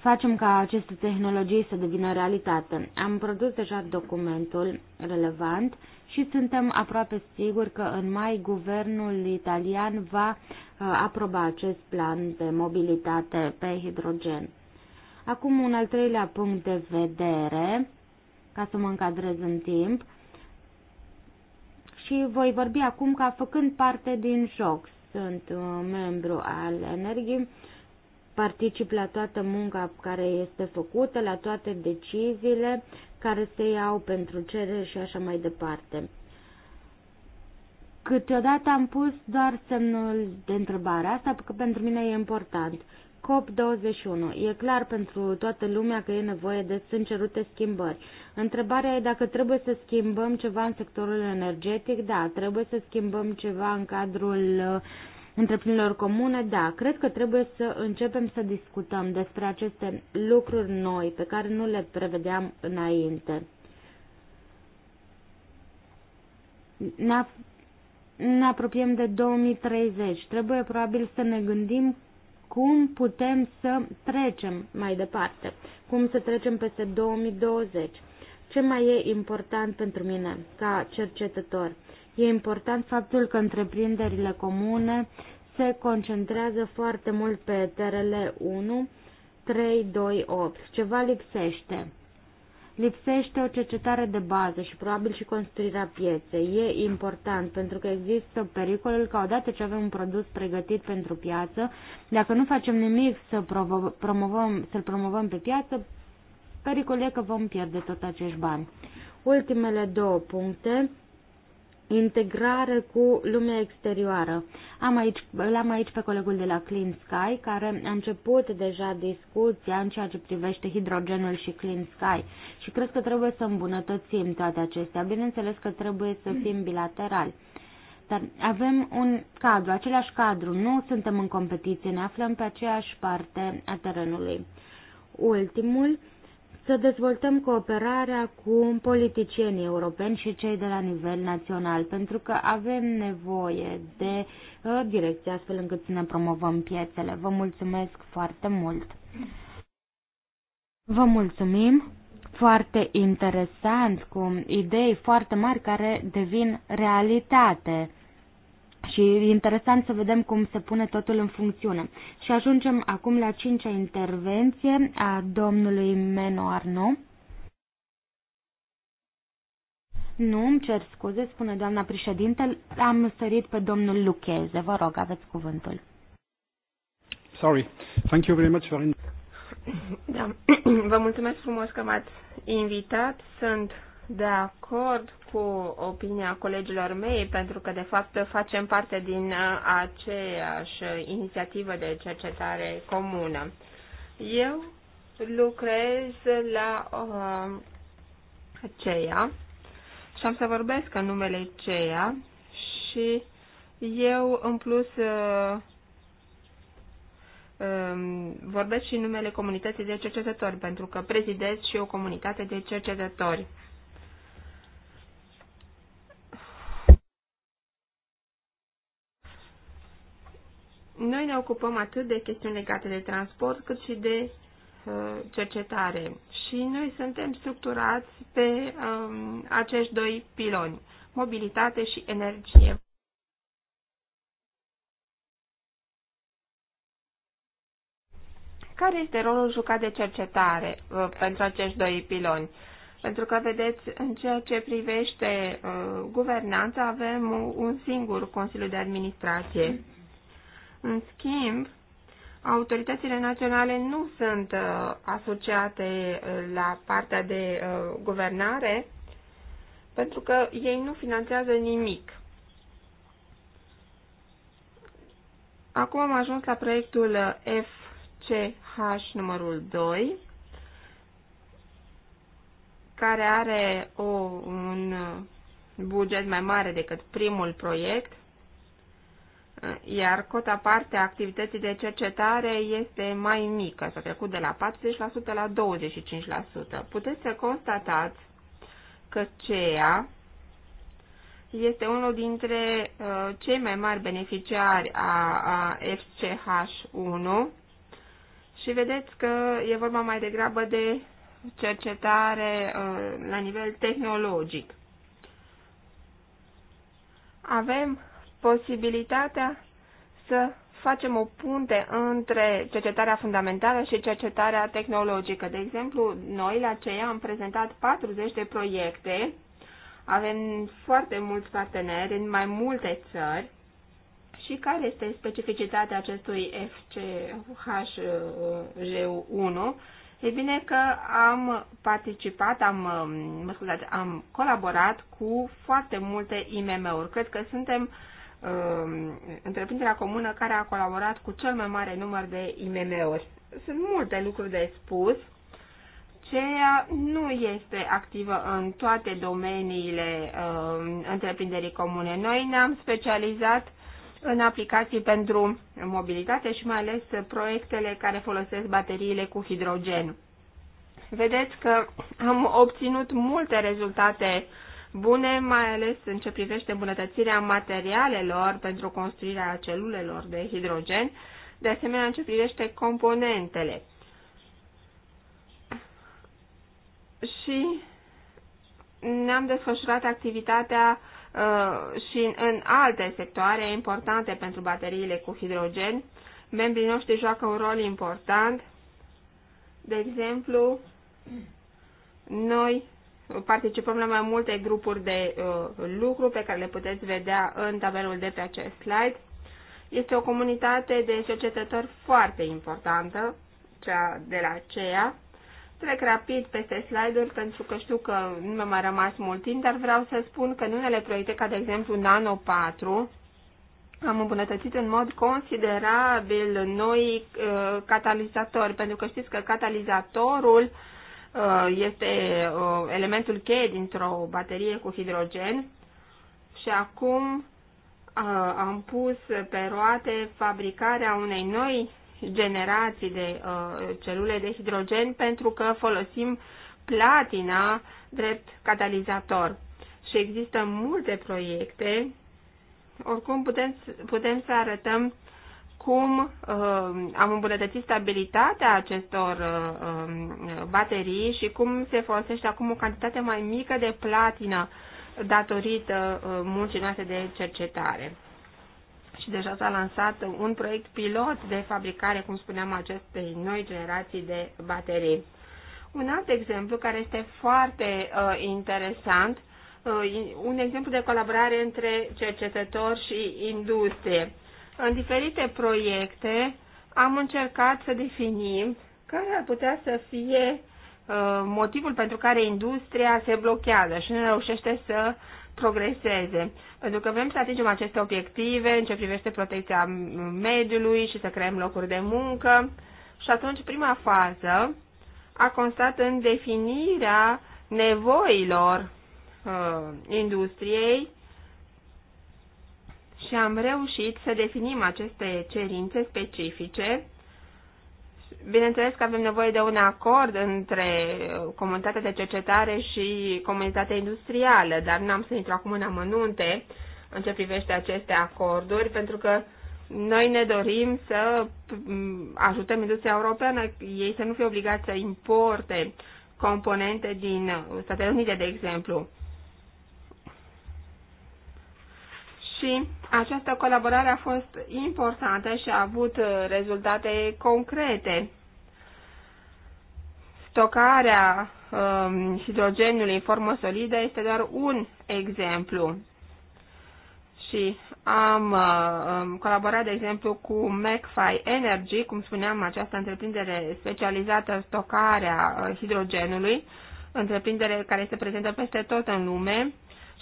facem ca aceste tehnologii să devină realitate. Am produs deja documentul relevant și suntem aproape siguri că în mai guvernul italian va uh, aproba acest plan de mobilitate pe hidrogen. Acum un al treilea punct de vedere, ca să mă încadrez în timp, și voi vorbi acum ca făcând parte din joc. Sunt uh, membru al Energiei particip la toată munca care este făcută, la toate deciziile care se iau pentru cere și așa mai departe. Câteodată am pus doar semnul de întrebare. Asta că pentru mine e important. COP21. E clar pentru toată lumea că e nevoie de sunt cerute schimbări. Întrebarea e dacă trebuie să schimbăm ceva în sectorul energetic. Da, trebuie să schimbăm ceva în cadrul uh, întreprinilor comune, da, cred că trebuie să începem să discutăm despre aceste lucruri noi pe care nu le prevedeam înainte. Ne, ne apropiem de 2030. Trebuie probabil să ne gândim cum putem să trecem mai departe, cum să trecem peste 2020. Ce mai e important pentru mine ca cercetător? E important faptul că întreprinderile comune se concentrează foarte mult pe TRL 1, 3, 2, 8. Ceva lipsește. Lipsește o cercetare de bază și probabil și construirea pieței. E important pentru că există pericolul că odată ce avem un produs pregătit pentru piață, dacă nu facem nimic să promovăm, să-l promovăm pe piață, pericolul e că vom pierde tot acești bani. Ultimele două puncte integrare cu lumea exterioară. Am aici, l-am aici pe colegul de la Clean Sky, care a început deja discuția în ceea ce privește hidrogenul și Clean Sky și cred că trebuie să îmbunătățim toate acestea. Bineînțeles că trebuie să fim bilaterali. Dar avem un cadru, același cadru, nu suntem în competiție, ne aflăm pe aceeași parte a terenului. Ultimul, să dezvoltăm cooperarea cu politicienii europeni și cei de la nivel național, pentru că avem nevoie de uh, direcție astfel încât să ne promovăm piețele. Vă mulțumesc foarte mult! Vă mulțumim! Foarte interesant, cu idei foarte mari care devin realitate și e interesant să vedem cum se pune totul în funcțiune. Și ajungem acum la cincea intervenție a domnului Meno Arno. Nu, îmi cer scuze, spune doamna președinte, am sărit pe domnul Lucheze. Vă rog, aveți cuvântul. Sorry. Thank you very much for... Da. Vă mulțumesc frumos că m-ați invitat. Sunt de acord cu opinia colegilor mei, pentru că, de fapt, facem parte din uh, aceeași inițiativă de cercetare comună. Eu lucrez la uh, CEA și am să vorbesc în numele CEA și eu, în plus, uh, um, vorbesc și în numele comunității de cercetători, pentru că prezidez și o comunitate de cercetători. Noi ne ocupăm atât de chestiuni legate de transport, cât și de uh, cercetare. Și noi suntem structurați pe um, acești doi piloni, mobilitate și energie. Care este rolul jucat de cercetare uh, pentru acești doi piloni? Pentru că, vedeți, în ceea ce privește uh, guvernanța, avem un singur Consiliu de Administrație în schimb, autoritățile naționale nu sunt uh, asociate uh, la partea de uh, guvernare pentru că ei nu finanțează nimic. Acum am ajuns la proiectul FCH uh, numărul 2, care are o, un uh, buget mai mare decât primul proiect iar cota parte a activității de cercetare este mai mică, s-a trecut de la 40% la 25%. Puteți să constatați că CEA este unul dintre uh, cei mai mari beneficiari a, a FCH1 și vedeți că e vorba mai degrabă de cercetare uh, la nivel tehnologic. Avem posibilitatea să facem o punte între cercetarea fundamentală și cercetarea tehnologică. De exemplu, noi la CEA am prezentat 40 de proiecte, avem foarte mulți parteneri în mai multe țări și care este specificitatea acestui FCHG1? E bine că am participat, am, mă scuzați, am colaborat cu foarte multe IMM-uri. Cred că suntem uh, Um, întreprinderea comună care a colaborat cu cel mai mare număr de IMM-uri. Sunt multe lucruri de spus. CEA nu este activă în toate domeniile uh, întreprinderii comune. Noi ne-am specializat în aplicații pentru mobilitate și mai ales proiectele care folosesc bateriile cu hidrogen. Vedeți că am obținut multe rezultate bune, mai ales în ce privește îmbunătățirea materialelor pentru construirea celulelor de hidrogen, de asemenea în ce privește componentele. Și ne-am desfășurat activitatea uh, și în, în alte sectoare importante pentru bateriile cu hidrogen. Membrii noștri joacă un rol important. De exemplu, noi participăm la mai multe grupuri de uh, lucru pe care le puteți vedea în tabelul de pe acest slide. Este o comunitate de cercetători foarte importantă, cea de la CEA. Trec rapid peste slide-uri pentru că știu că nu mi-a mai rămas mult timp, dar vreau să spun că în unele proiecte, ca de exemplu Nano 4, am îmbunătățit în mod considerabil noi uh, catalizatori, pentru că știți că catalizatorul Uh, este uh, elementul cheie dintr-o baterie cu hidrogen și acum uh, am pus pe roate fabricarea unei noi generații de celule de hidrogen pentru că folosim platina drept catalizator. Și există multe proiecte, oricum putem, putem să arătăm cum uh, am îmbunătățit stabilitatea acestor uh, uh, baterii și cum se folosește acum o cantitate mai mică de platină datorită uh, muncii noastre de cercetare. Și deja s-a lansat un proiect pilot de fabricare, cum spuneam, acestei noi generații de baterii. Un alt exemplu care este foarte uh, interesant, uh, un exemplu de colaborare între cercetători și industrie în diferite proiecte am încercat să definim care ar putea să fie uh, motivul pentru care industria se blochează și nu reușește să progreseze. Pentru că vrem să atingem aceste obiective în ce privește protecția mediului și să creăm locuri de muncă. Și atunci prima fază a constat în definirea nevoilor uh, industriei și am reușit să definim aceste cerințe specifice. Bineînțeles că avem nevoie de un acord între uh, comunitatea de cercetare și comunitatea industrială, dar nu am să intru acum în amănunte în ce privește aceste acorduri, pentru că noi ne dorim să mm, ajutăm industria europeană, ei să nu fie obligați să importe componente din Statele Unite, de exemplu. și această colaborare a fost importantă și a avut uh, rezultate concrete. Stocarea um, hidrogenului în formă solidă este doar un exemplu. Și am uh, colaborat, de exemplu, cu McFi Energy, cum spuneam, această întreprindere specializată în stocarea uh, hidrogenului, întreprindere care este prezentă peste tot în lume,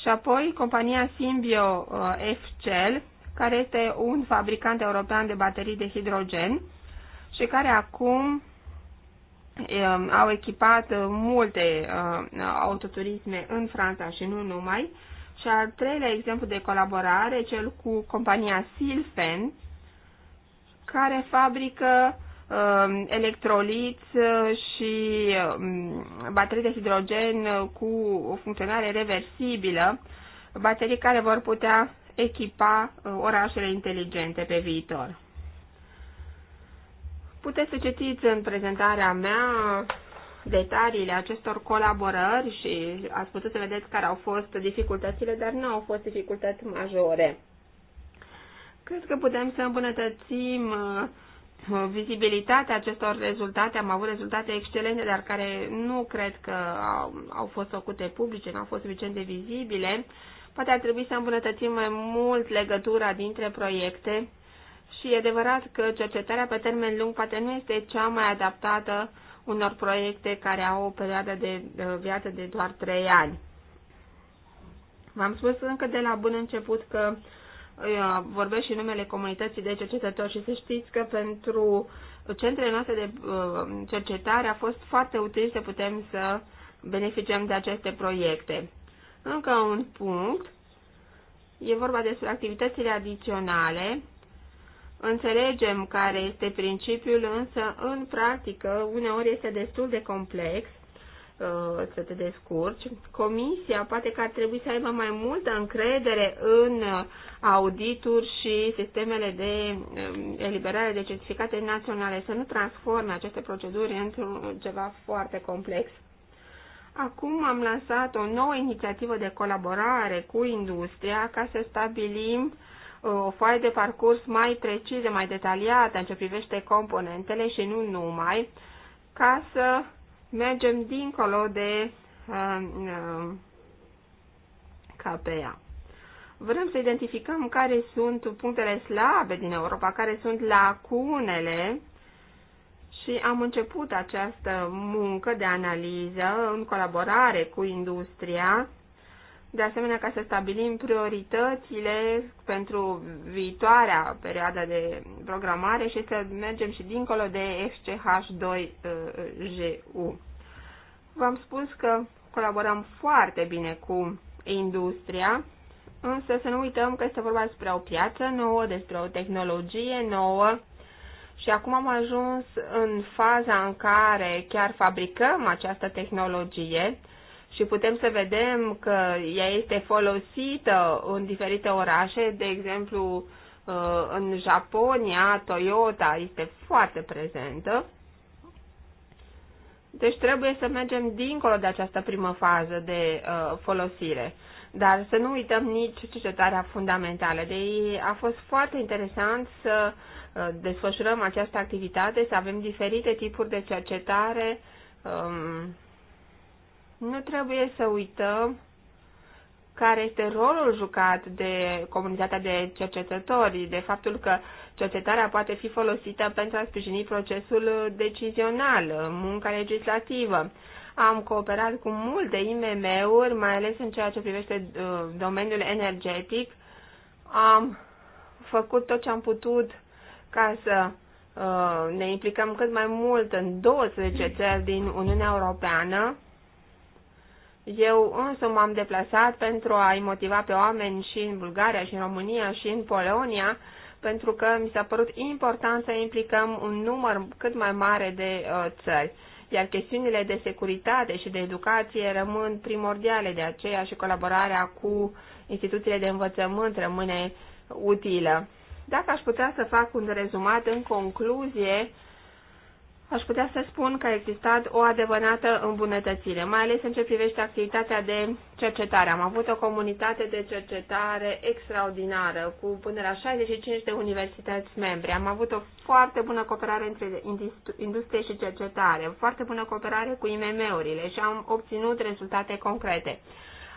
și apoi compania Symbio uh, FCL, care este un fabricant european de baterii de hidrogen și care acum um, au echipat uh, multe uh, autoturisme în Franța și nu numai. Și al treilea exemplu de colaborare, cel cu compania Silfen, care fabrică Um, electroliți uh, și um, baterii de hidrogen uh, cu o funcționare reversibilă, baterii care vor putea echipa uh, orașele inteligente pe viitor. Puteți să citiți în prezentarea mea detaliile acestor colaborări și ați putut să vedeți care au fost dificultățile, dar nu au fost dificultăți majore. Cred că putem să îmbunătățim vizibilitatea acestor rezultate, am avut rezultate excelente, dar care nu cred că au, au fost făcute publice, nu au fost suficient de vizibile, poate ar trebui să îmbunătățim mai mult legătura dintre proiecte și e adevărat că cercetarea pe termen lung poate nu este cea mai adaptată unor proiecte care au o perioadă de viață de doar 3 ani. V-am spus încă de la bun început că uh, Uh, vorbesc și numele comunității de cercetători și să știți că pentru centrele noastre de uh, cercetare a fost foarte util să putem să beneficiem de aceste proiecte. Încă un punct, e vorba despre activitățile adiționale. Înțelegem care este principiul, însă în practică uneori este destul de complex Uh, să te descurci. Comisia poate că ar trebui să aibă mai multă încredere în uh, audituri și sistemele de um, eliberare de certificate naționale, să nu transforme aceste proceduri într-un uh, ceva foarte complex. Acum am lansat o nouă inițiativă de colaborare cu industria ca să stabilim o foaie de parcurs mai precisă, mai detaliată în ce privește componentele și nu numai, ca să mergem dincolo de uh, KPA. Uh, Vrem să identificăm care sunt punctele slabe din Europa, care sunt lacunele și am început această muncă de analiză în colaborare cu industria de asemenea ca să stabilim prioritățile pentru viitoarea perioadă de programare și să mergem și dincolo de FCH2GU. V-am spus că colaborăm foarte bine cu industria, însă să nu uităm că este vorba despre o piață nouă, despre o tehnologie nouă și acum am ajuns în faza în care chiar fabricăm această tehnologie, și putem să vedem că ea este folosită în diferite orașe, de exemplu uh, în Japonia Toyota este foarte prezentă. Deci trebuie să mergem dincolo de această primă fază de uh, folosire. Dar să nu uităm nici cercetarea fundamentală. De ei a fost foarte interesant să uh, desfășurăm această activitate, să avem diferite tipuri de cercetare um, nu trebuie să uităm care este rolul jucat de comunitatea de cercetători, de faptul că cercetarea poate fi folosită pentru a sprijini procesul decizional, munca legislativă. Am cooperat cu multe IMM-uri, mai ales în ceea ce privește uh, domeniul energetic. Am făcut tot ce am putut ca să uh, ne implicăm cât mai mult în 12 țări din Uniunea Europeană eu însă m-am deplasat pentru a-i motiva pe oameni și în Bulgaria, și în România, și în Polonia, pentru că mi s-a părut important să implicăm un număr cât mai mare de uh, țări. Iar chestiunile de securitate și de educație rămân primordiale, de aceea și colaborarea cu instituțiile de învățământ rămâne utilă. Dacă aș putea să fac un rezumat în concluzie, aș putea să spun că a existat o adevărată îmbunătățire, mai ales în ce privește activitatea de cercetare. Am avut o comunitate de cercetare extraordinară, cu până la 65 de universități membre. Am avut o foarte bună cooperare între industrie și cercetare, foarte bună cooperare cu IMM-urile și am obținut rezultate concrete.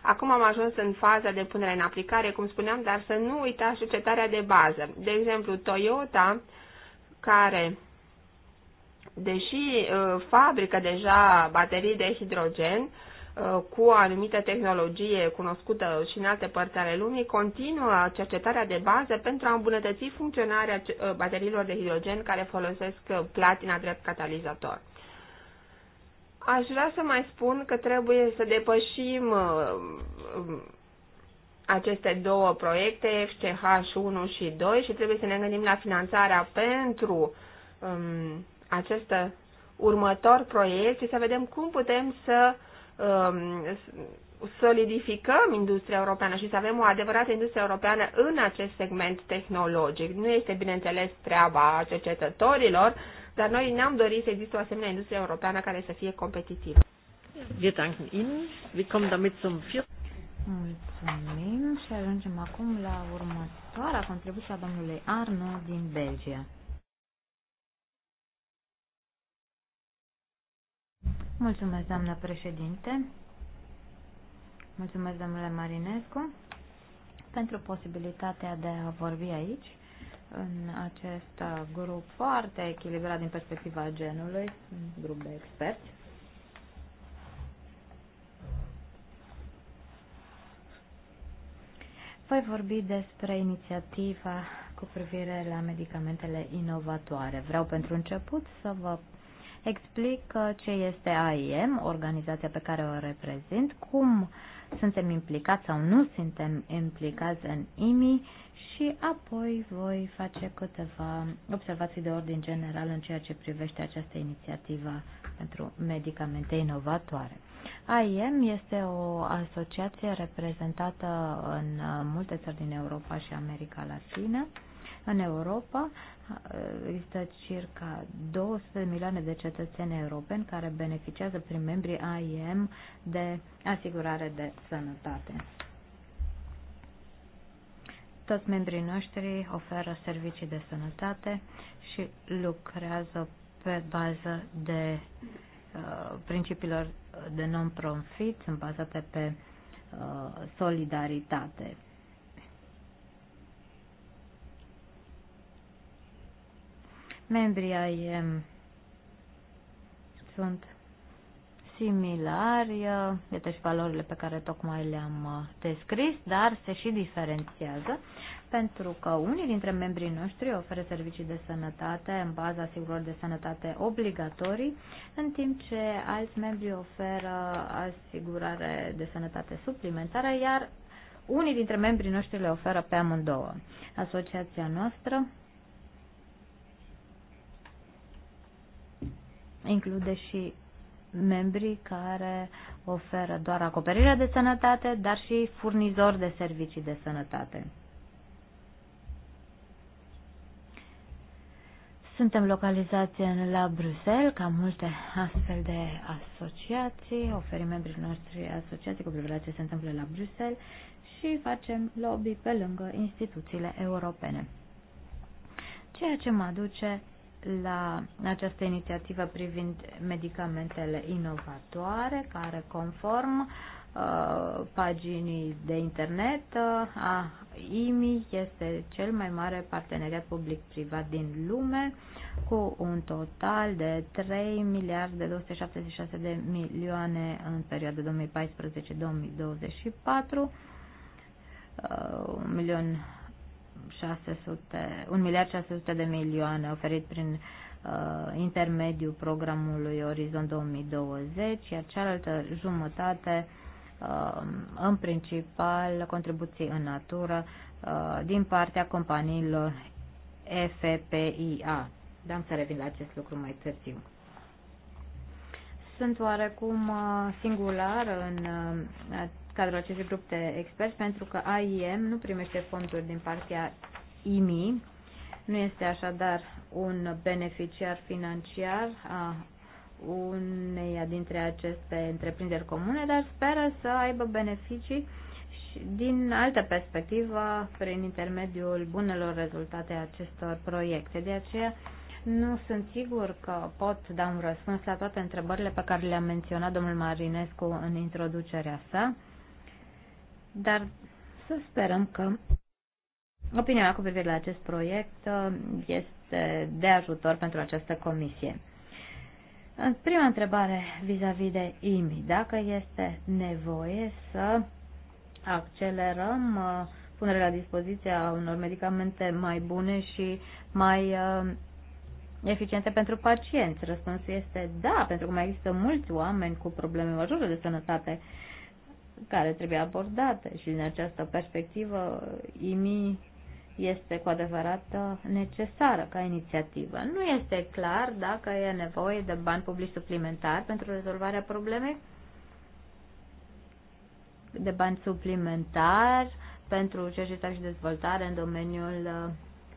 Acum am ajuns în faza de punere în aplicare, cum spuneam, dar să nu uitați cercetarea de bază. De exemplu, Toyota, care deși uh, fabrică deja baterii de hidrogen uh, cu o anumită tehnologie cunoscută și în alte părți ale lumii, continuă cercetarea de bază pentru a îmbunătăți funcționarea uh, bateriilor de hidrogen care folosesc platina drept catalizator. Aș vrea să mai spun că trebuie să depășim um, aceste două proiecte, FCH 1 și 2, și trebuie să ne gândim la finanțarea pentru um, acest următor proiect și să vedem cum putem să um, solidificăm industria europeană și să avem o adevărată industrie europeană în acest segment tehnologic. Nu este, bineînțeles, treaba cercetătorilor, dar noi ne-am dorit să există o asemenea industrie europeană care să fie competitivă. Wir danken Ihnen. Wir kommen damit zum vierten. Mulțumim și ajungem acum la următoarea contribuție a domnului Arno din Belgia. Mulțumesc, doamnă președinte. Mulțumesc, domnule Marinescu, pentru posibilitatea de a vorbi aici, în acest grup foarte echilibrat din perspectiva genului, un grup de experți. Voi vorbi despre inițiativa cu privire la medicamentele inovatoare. Vreau pentru început să vă explic uh, ce este AIM, organizația pe care o reprezint, cum suntem implicați sau nu suntem implicați în IMI și apoi voi face câteva observații de ordin general în ceea ce privește această inițiativă pentru medicamente inovatoare. AIM este o asociație reprezentată în uh, multe țări din Europa și America Latină în Europa uh, există circa 200 de milioane de cetățeni europeni care beneficiază prin membrii AIM de asigurare de sănătate. Toți membrii noștri oferă servicii de sănătate și lucrează pe bază de uh, principiilor de non-profit, sunt bazate pe uh, solidaritate. membrii ai sunt similari, uh, iată și valorile pe care tocmai le-am uh, descris, dar se și diferențiază pentru că unii dintre membrii noștri oferă servicii de sănătate în baza asigurărilor de sănătate obligatorii, în timp ce alți membri oferă asigurare de sănătate suplimentară, iar unii dintre membrii noștri le oferă pe amândouă. Asociația noastră include și membrii care oferă doar acoperirea de sănătate, dar și furnizori de servicii de sănătate. Suntem localizați la Bruxelles, ca multe astfel de asociații, oferim membrii noștri asociații cu privire la ce se întâmplă la Bruxelles și facem lobby pe lângă instituțiile europene. Ceea ce mă aduce la această inițiativă privind medicamentele inovatoare, care conform uh, paginii de internet uh, a IMI este cel mai mare parteneriat public-privat din lume cu un total de 3 miliarde 276 de milioane în perioada 2014-2024 uh, un milion 600, 1 miliard 600 de milioane oferit prin uh, intermediul programului Orizont 2020, iar cealaltă jumătate uh, în principal contribuții în natură uh, din partea companiilor FPIA. Dar am să revin la acest lucru mai târziu. Sunt oarecum uh, singular în uh, cadrul acestui grup de experți pentru că AIM nu primește fonduri din partea IMI, nu este așadar un beneficiar financiar a uneia dintre aceste întreprinderi comune, dar speră să aibă beneficii și din altă perspectivă prin intermediul bunelor rezultate a acestor proiecte. De aceea nu sunt sigur că pot da un răspuns la toate întrebările pe care le-a menționat domnul Marinescu în introducerea sa dar să sperăm că opinia mea cu privire la acest proiect uh, este de ajutor pentru această comisie. În uh, prima întrebare vis-a-vis -vis de IMI, dacă este nevoie să accelerăm uh, punerea la dispoziție a unor medicamente mai bune și mai eficiente pentru pacienți? Răspunsul este da, pentru că mai există mulți oameni cu probleme majore de sănătate uh, care trebuie abordate și din această perspectivă IMI este cu adevărat uh, necesară ca inițiativă. Nu este clar dacă e nevoie de bani publici suplimentari pentru rezolvarea problemei, de bani suplimentari pentru cercetare și dezvoltare în domeniul uh,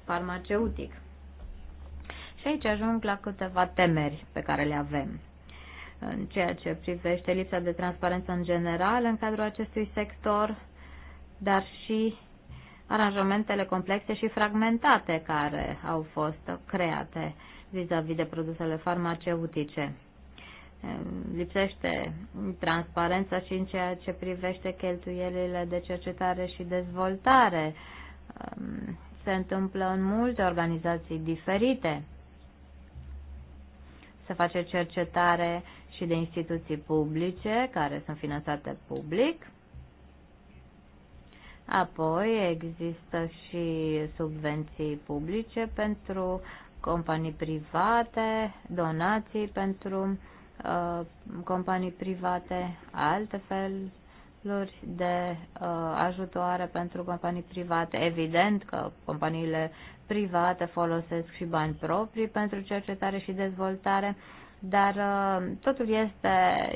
farmaceutic. Și aici ajung la câteva temeri pe care le avem în ceea ce privește lipsa de transparență în general în cadrul acestui sector, dar și aranjamentele complexe și fragmentate care au fost create vis-a-vis -vis de produsele farmaceutice. Lipsește transparența și în ceea ce privește cheltuielile de cercetare și dezvoltare. Um, se întâmplă în multe organizații diferite. Se face cercetare uh, și de instituții publice care sunt finanțate public. Apoi există și subvenții publice pentru companii private, donații pentru uh, companii private, alte feluri de uh, ajutoare pentru companii private. Evident că companiile private folosesc și bani proprii pentru cercetare și dezvoltare. Uh, dar uh, totul este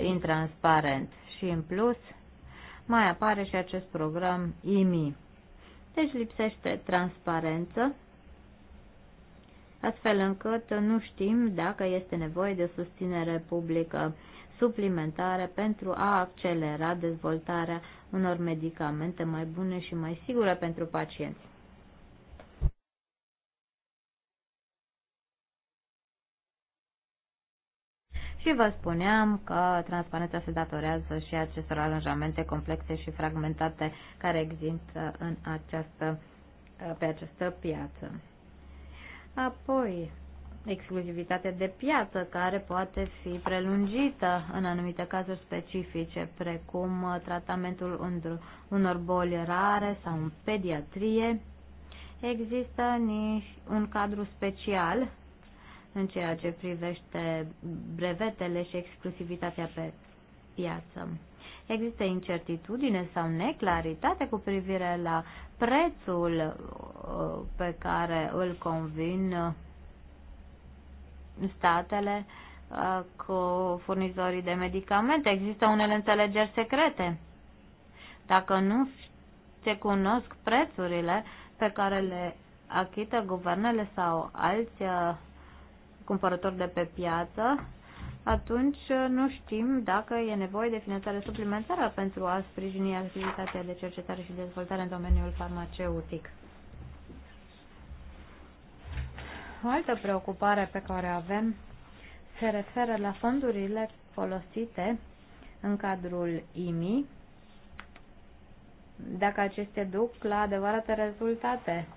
intransparent și în plus mai apare și acest program IMI. Deci lipsește transparență, astfel încât nu știm dacă este nevoie de susținere publică suplimentare pentru a accelera dezvoltarea unor medicamente mai bune și mai sigure pentru pacienți. și vă spuneam că transparența se datorează și acestor aranjamente complexe și fragmentate care există în această, pe această piață. Apoi, exclusivitate de piață care poate fi prelungită în anumite cazuri specifice, precum tratamentul unor boli rare sau în pediatrie. Există un cadru special în ceea ce privește brevetele și exclusivitatea pe piață. Există incertitudine sau neclaritate cu privire la prețul uh, pe care îl convin uh, statele uh, cu furnizorii de medicamente. Există unele înțelegeri secrete. Dacă nu se cunosc prețurile pe care le achită guvernele sau alții, cumpărători de pe piață, atunci uh, nu știm dacă e nevoie de finanțare suplimentară pentru a sprijini activitatea de cercetare și dezvoltare în domeniul farmaceutic. O altă preocupare pe care o avem se referă la fondurile folosite în cadrul IMI, dacă acestea duc la adevărate rezultate.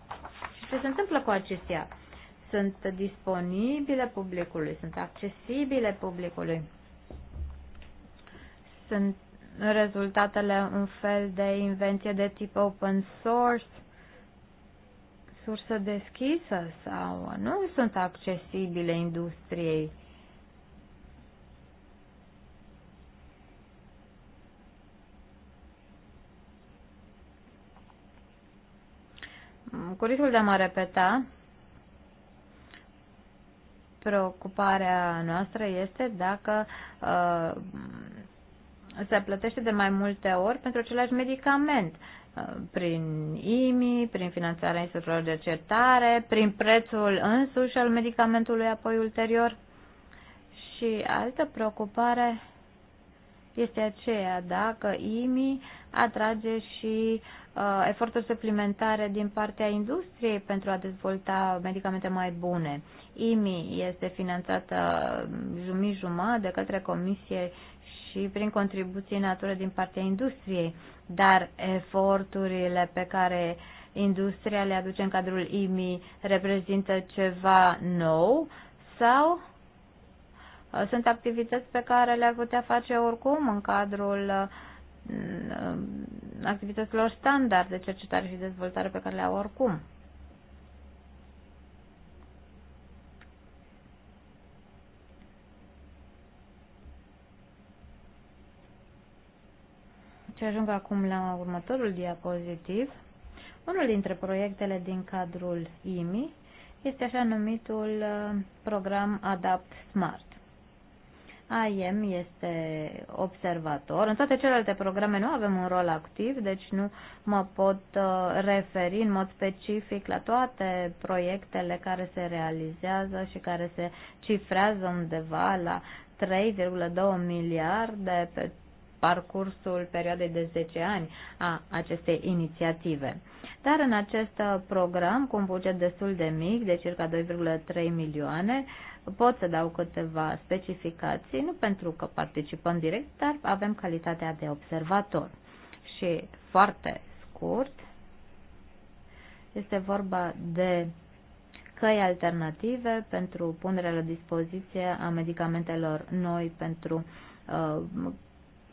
Și ce se întâmplă cu acestea? sunt disponibile publicului, sunt accesibile publicului. Sunt rezultatele un fel de invenție de tip open source, sursă deschisă sau nu sunt accesibile industriei. Cu de a mă repeta, Preocuparea noastră este dacă uh, se plătește de mai multe ori pentru același medicament uh, prin IMI, prin finanțarea instituțiilor de cercetare, prin prețul însuși al medicamentului apoi ulterior. Și altă preocupare este aceea dacă IMI atrage și uh, eforturi suplimentare din partea industriei pentru a dezvolta medicamente mai bune. IMI este finanțată uh, jumătate de către Comisie și prin contribuții natură din partea industriei, dar eforturile pe care industria le aduce în cadrul IMI reprezintă ceva nou sau uh, sunt activități pe care le-ar putea face oricum în cadrul uh, Mm, activităților standard de cercetare și dezvoltare pe care le au oricum. Și ajung acum la următorul diapozitiv. Unul dintre proiectele din cadrul IMI este așa numitul uh, program Adapt Smart. AIM este observator. În toate celelalte programe nu avem un rol activ, deci nu mă pot uh, referi în mod specific la toate proiectele care se realizează și care se cifrează undeva la 3,2 miliarde pe parcursul perioadei de 10 ani a acestei inițiative. Dar în acest uh, program, cu un buget destul de mic, de circa 2,3 milioane, pot să dau câteva specificații, nu pentru că participăm direct, dar avem calitatea de observator. Și foarte scurt, este vorba de căi alternative pentru punerea la dispoziție a medicamentelor noi pentru uh,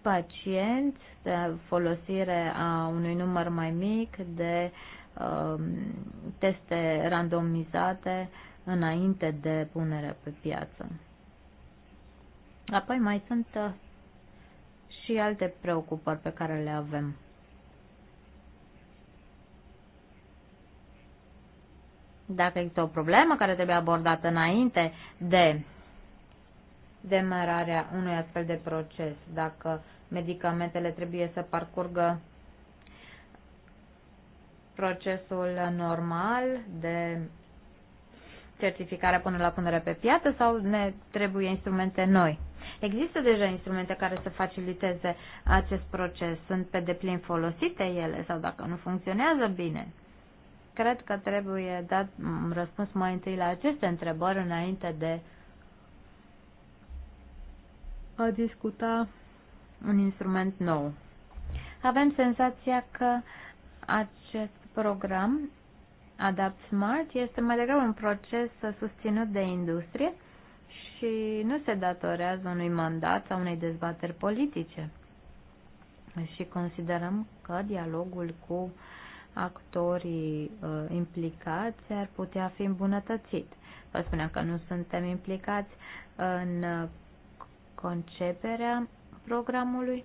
pacienți, de folosire a unui număr mai mic de um, teste randomizate înainte de punerea pe piață. Apoi mai sunt uh, și alte preocupări pe care le avem. Dacă există o problemă care trebuie abordată înainte de demararea unui astfel de proces, dacă medicamentele trebuie să parcurgă procesul normal de certificare până la punere pe piață sau ne trebuie instrumente noi? Există deja instrumente care să faciliteze acest proces? Sunt pe deplin folosite ele sau dacă nu funcționează bine? Cred că trebuie dat răspuns mai întâi la aceste întrebări înainte de a discuta un instrument nou. Avem senzația că acest program Adapt Smart este mai degrabă un proces susținut de industrie și nu se datorează unui mandat sau unei dezbateri politice. Și considerăm că dialogul cu actorii uh, implicați ar putea fi îmbunătățit. Vă spuneam că nu suntem implicați în conceperea programului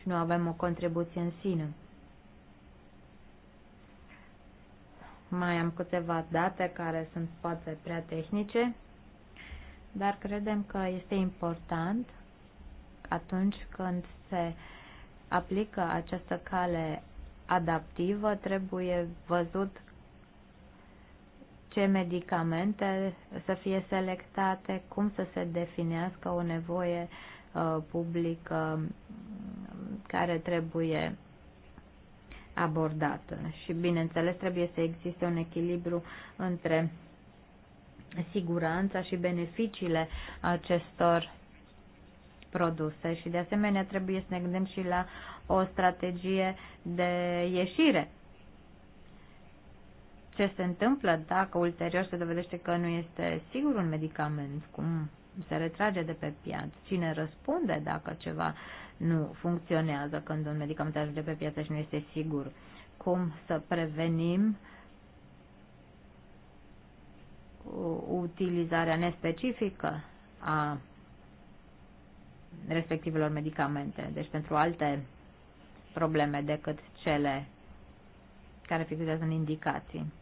și nu avem o contribuție în sine. Mai am câteva date care sunt poate prea tehnice, dar credem că este important atunci când se aplică această cale adaptivă, trebuie văzut ce medicamente să fie selectate, cum să se definească o nevoie uh, publică mm, care trebuie abordată. Și, bineînțeles, trebuie să existe un echilibru între siguranța și beneficiile acestor produse și, de asemenea, trebuie să ne gândim și la o strategie de ieșire ce se întâmplă dacă ulterior se dovedește că nu este sigur un medicament, cum se retrage de pe piață, cine răspunde dacă ceva nu funcționează când un medicament ajunge pe piață și nu este sigur, cum să prevenim utilizarea nespecifică a respectivelor medicamente, deci pentru alte probleme decât cele care figurează în indicații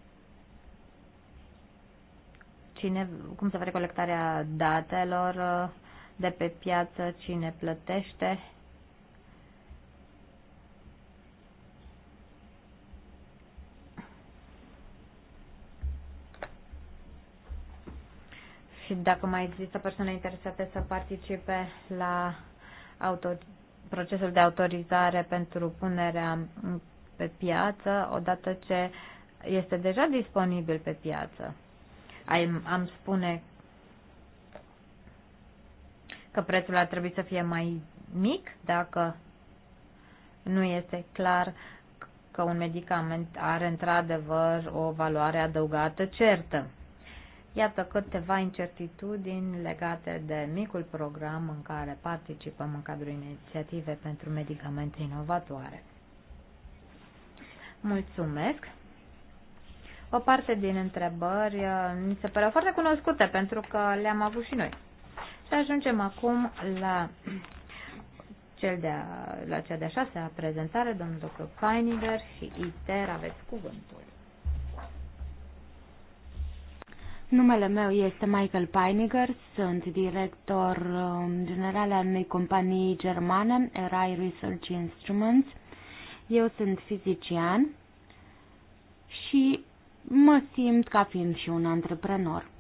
cine, cum se face colectarea datelor uh, de pe piață, cine plătește. Și dacă mai există persoane interesate să participe la auto, procesul de autorizare pentru punerea pe piață, odată ce este deja disponibil pe piață am spune că prețul ar trebui să fie mai mic dacă nu este clar că un medicament are într-adevăr o valoare adăugată certă. Iată câteva incertitudini legate de micul program în care participăm în cadrul inițiative pentru medicamente inovatoare. Mulțumesc! O parte din întrebări mi uh, se păreau foarte cunoscute pentru că le-am avut și noi. Și ajungem acum la cel de a, la cea de-a șasea prezentare, domnul dr. Feininger și ITER, aveți cuvântul. Numele meu este Michael Peiniger, sunt director um, general al unei companii germane, RI Research Instruments. Eu sunt fizician și mă simt ca fiind și un antreprenor.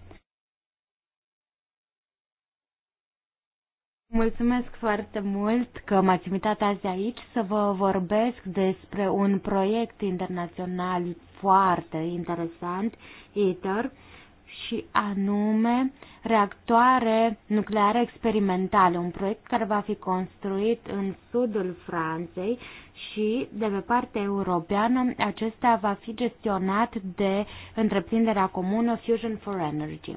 Mulțumesc foarte mult că m-ați invitat azi aici să vă vorbesc despre un proiect internațional foarte interesant, ITER, și anume reactoare nucleare experimentale, un proiect care va fi construit în sudul Franței și de pe partea europeană acesta va fi gestionat de întreprinderea comună Fusion for Energy.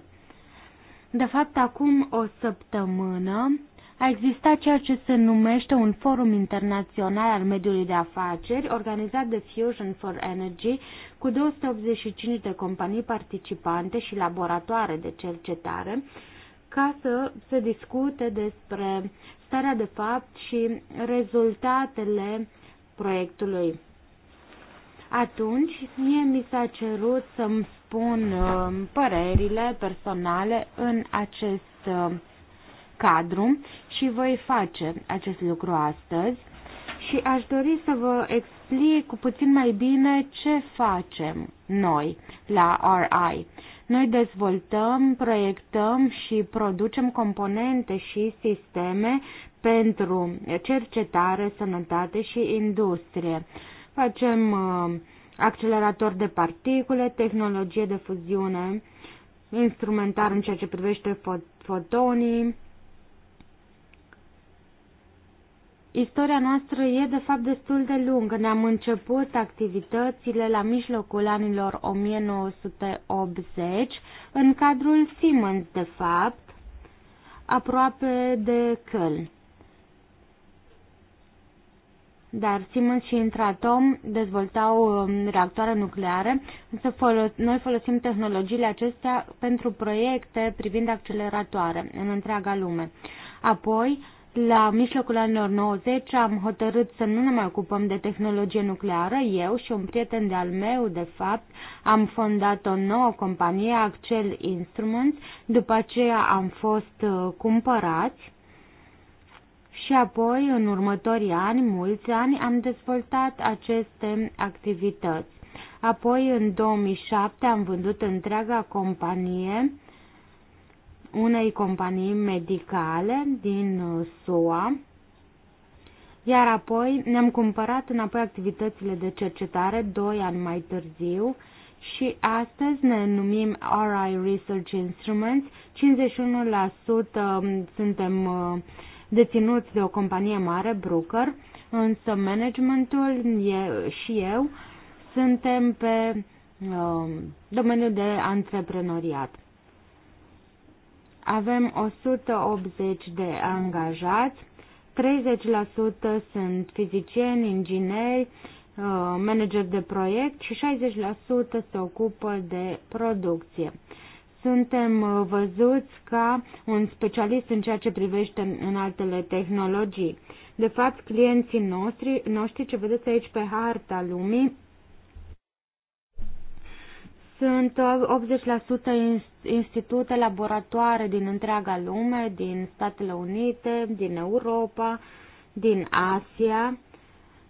De fapt, acum o săptămână a existat ceea ce se numește un forum internațional al mediului de afaceri organizat de Fusion for Energy cu 285 de companii participante și laboratoare de cercetare ca să se discute despre starea de fapt și rezultatele proiectului. Atunci, mie mi s-a cerut să-mi spun uh, părerile personale în acest uh, cadru și voi face acest lucru astăzi și aș dori să vă explic cu puțin mai bine ce facem noi la RI. Noi dezvoltăm, proiectăm și producem componente și sisteme pentru cercetare, sănătate și industrie. Facem uh, accelerator de particule, tehnologie de fuziune, instrumentar în ceea ce privește fotonii. Istoria noastră e de fapt destul de lungă. Ne-am început activitățile la mijlocul anilor 1980 în cadrul Siemens de fapt, aproape de Köln dar Siemens și Intratom dezvoltau um, reactoare nucleare, însă noi folosim tehnologiile acestea pentru proiecte privind acceleratoare în întreaga lume. Apoi, la mijlocul anilor 90 am hotărât să nu ne mai ocupăm de tehnologie nucleară. Eu și un prieten de-al meu, de fapt, am fondat o nouă companie, Accel Instruments. După aceea am fost uh, cumpărați și apoi, în următorii ani, mulți ani, am dezvoltat aceste activități. Apoi, în 2007, am vândut întreaga companie unei companii medicale din uh, SUA, iar apoi ne-am cumpărat înapoi activitățile de cercetare doi ani mai târziu și astăzi ne numim RI Research Instruments, 51% mm, suntem uh, deținuți de o companie mare, broker, însă managementul e, și eu suntem pe uh, domeniul de antreprenoriat. Avem 180 de angajați, 30% sunt fizicieni, ingineri, uh, manageri de proiect și 60% se ocupă de producție. Suntem uh, văzuți ca un specialist în ceea ce privește în altele tehnologii. De fapt, clienții noștri, noștri ce vedeți aici pe harta lumii, sunt 80% institute, laboratoare din întreaga lume, din Statele Unite, din Europa, din Asia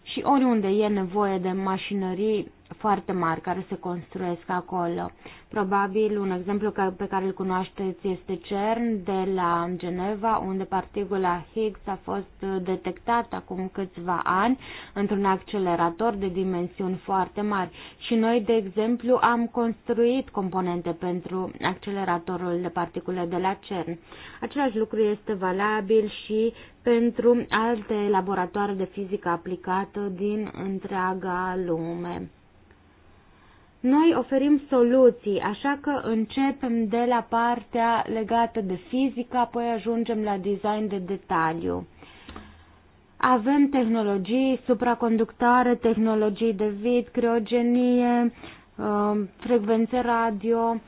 și oriunde e nevoie de mașinării foarte mari care se construiesc acolo. Probabil un exemplu pe care îl cunoașteți este CERN de la Geneva, unde particula Higgs a fost detectată acum câțiva ani într-un accelerator de dimensiuni foarte mari. Și noi, de exemplu, am construit componente pentru acceleratorul de particule de la CERN. Același lucru este valabil și pentru alte laboratoare de fizică aplicată din întreaga lume. Noi oferim soluții, așa că începem de la partea legată de fizică, apoi ajungem la design de detaliu. Avem tehnologii supraconductare, tehnologii de vid, criogenie, um, frecvențe radio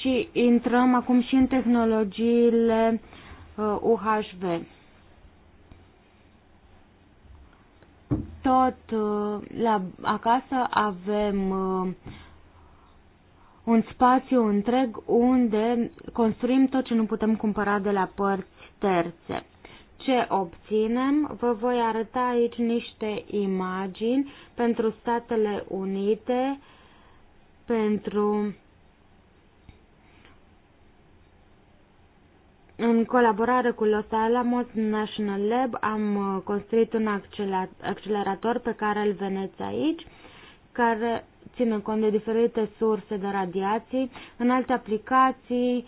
și intrăm acum și în tehnologiile UHV. tot uh, la acasă avem uh, un spațiu întreg unde construim tot ce nu putem cumpăra de la părți terțe. Ce obținem? Vă voi arăta aici niște imagini pentru Statele Unite, pentru În colaborare cu Los Alamos National Lab am uh, construit un accelerator pe care îl veneți aici, care ține cont de diferite surse de radiații. În alte aplicații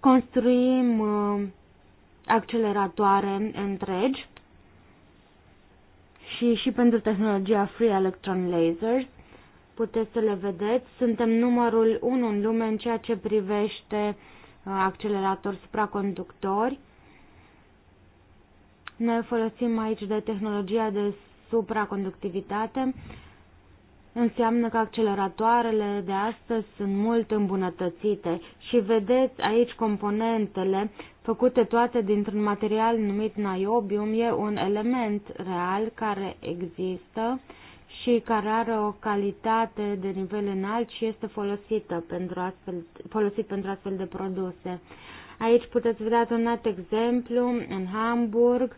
construim uh, acceleratoare întregi și, și pentru tehnologia Free Electron Lasers. Puteți să le vedeți. Suntem numărul 1 în lume în ceea ce privește uh, acceleratori supraconductori. Noi folosim aici de tehnologia de supraconductivitate. Înseamnă că acceleratoarele de astăzi sunt mult îmbunătățite și vedeți aici componentele făcute toate dintr-un material numit niobium. E un element real care există și care are o calitate de nivel înalt și este folosită pentru astfel, folosit pentru astfel de produse. Aici puteți vedea un alt exemplu în Hamburg.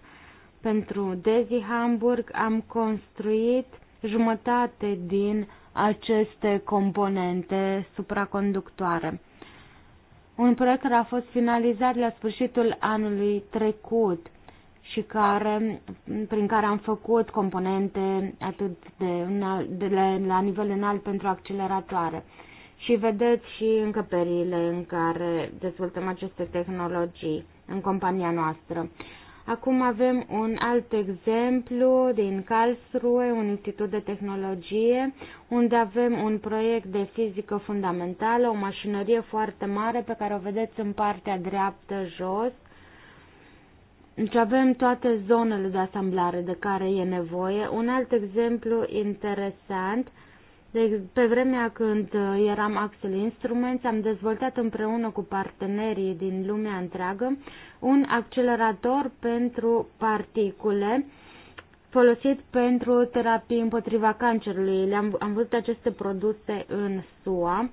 Pentru Desi Hamburg am construit jumătate din aceste componente supraconductoare. Un proiect care a fost finalizat la sfârșitul anului trecut și care, prin care am făcut componente atât de, de la, la nivel înalt pentru acceleratoare. Și vedeți și încăperile în care dezvoltăm aceste tehnologii în compania noastră. Acum avem un alt exemplu din Karlsruhe, un institut de tehnologie, unde avem un proiect de fizică fundamentală, o mașinărie foarte mare pe care o vedeți în partea dreaptă jos, deci avem toate zonele de asamblare de care e nevoie. Un alt exemplu interesant, de, pe vremea când uh, eram Axel Instruments, am dezvoltat împreună cu partenerii din lumea întreagă un accelerator pentru particule folosit pentru terapii împotriva cancerului. Le-am, am văzut aceste produse în SUA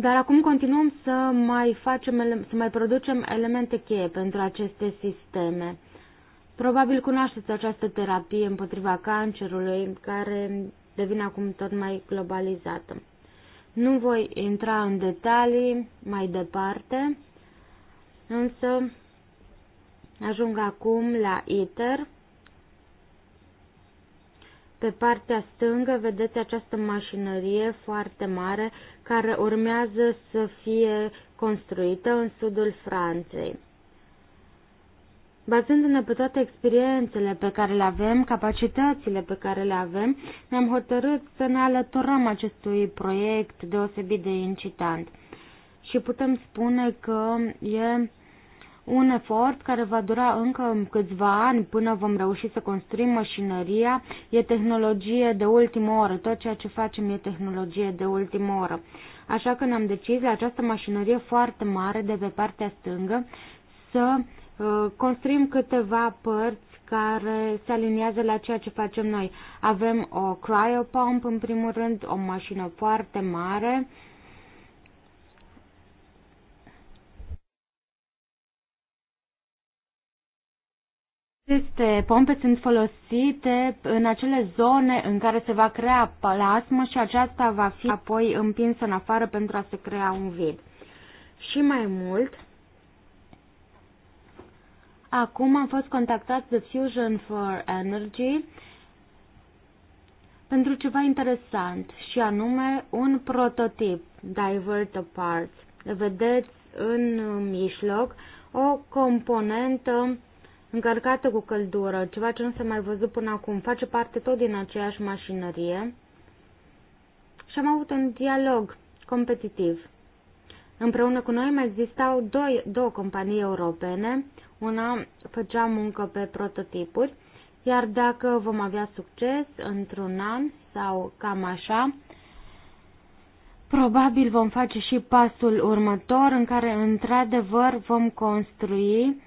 dar acum continuăm să mai, facem, să mai producem elemente cheie pentru aceste sisteme. Probabil cunoașteți această terapie împotriva cancerului, care devine acum tot mai globalizată. Nu voi intra în detalii mai departe, însă ajung acum la ITER, pe partea stângă vedeți această mașinărie foarte mare care urmează să fie construită în sudul Franței. Bazându-ne pe toate experiențele pe care le avem, capacitățile pe care le avem, ne-am hotărât să ne alăturăm acestui proiect deosebit de incitant. Și putem spune că e un efort care va dura încă câțiva ani până vom reuși să construim mașinăria. E tehnologie de ultimă oră, tot ceea ce facem e tehnologie de ultimă oră. Așa că ne-am decis la această mașinărie foarte mare de pe partea stângă să uh, construim câteva părți care se aliniază la ceea ce facem noi. Avem o cryopump, în primul rând, o mașină foarte mare, Aceste pompe sunt folosite în acele zone în care se va crea plasmă și aceasta va fi apoi împinsă în afară pentru a se crea un vid. Și mai mult, acum am fost contactat de Fusion for Energy pentru ceva interesant și anume un prototip Divert Apart. Vedeți în mijloc o componentă încărcată cu căldură, ceva ce nu s-a mai văzut până acum, face parte tot din aceeași mașinărie. Și am avut un dialog competitiv. Împreună cu noi mai existau doi, două companii europene, una făcea muncă pe prototipuri, iar dacă vom avea succes într-un an sau cam așa, probabil vom face și pasul următor în care într-adevăr vom construi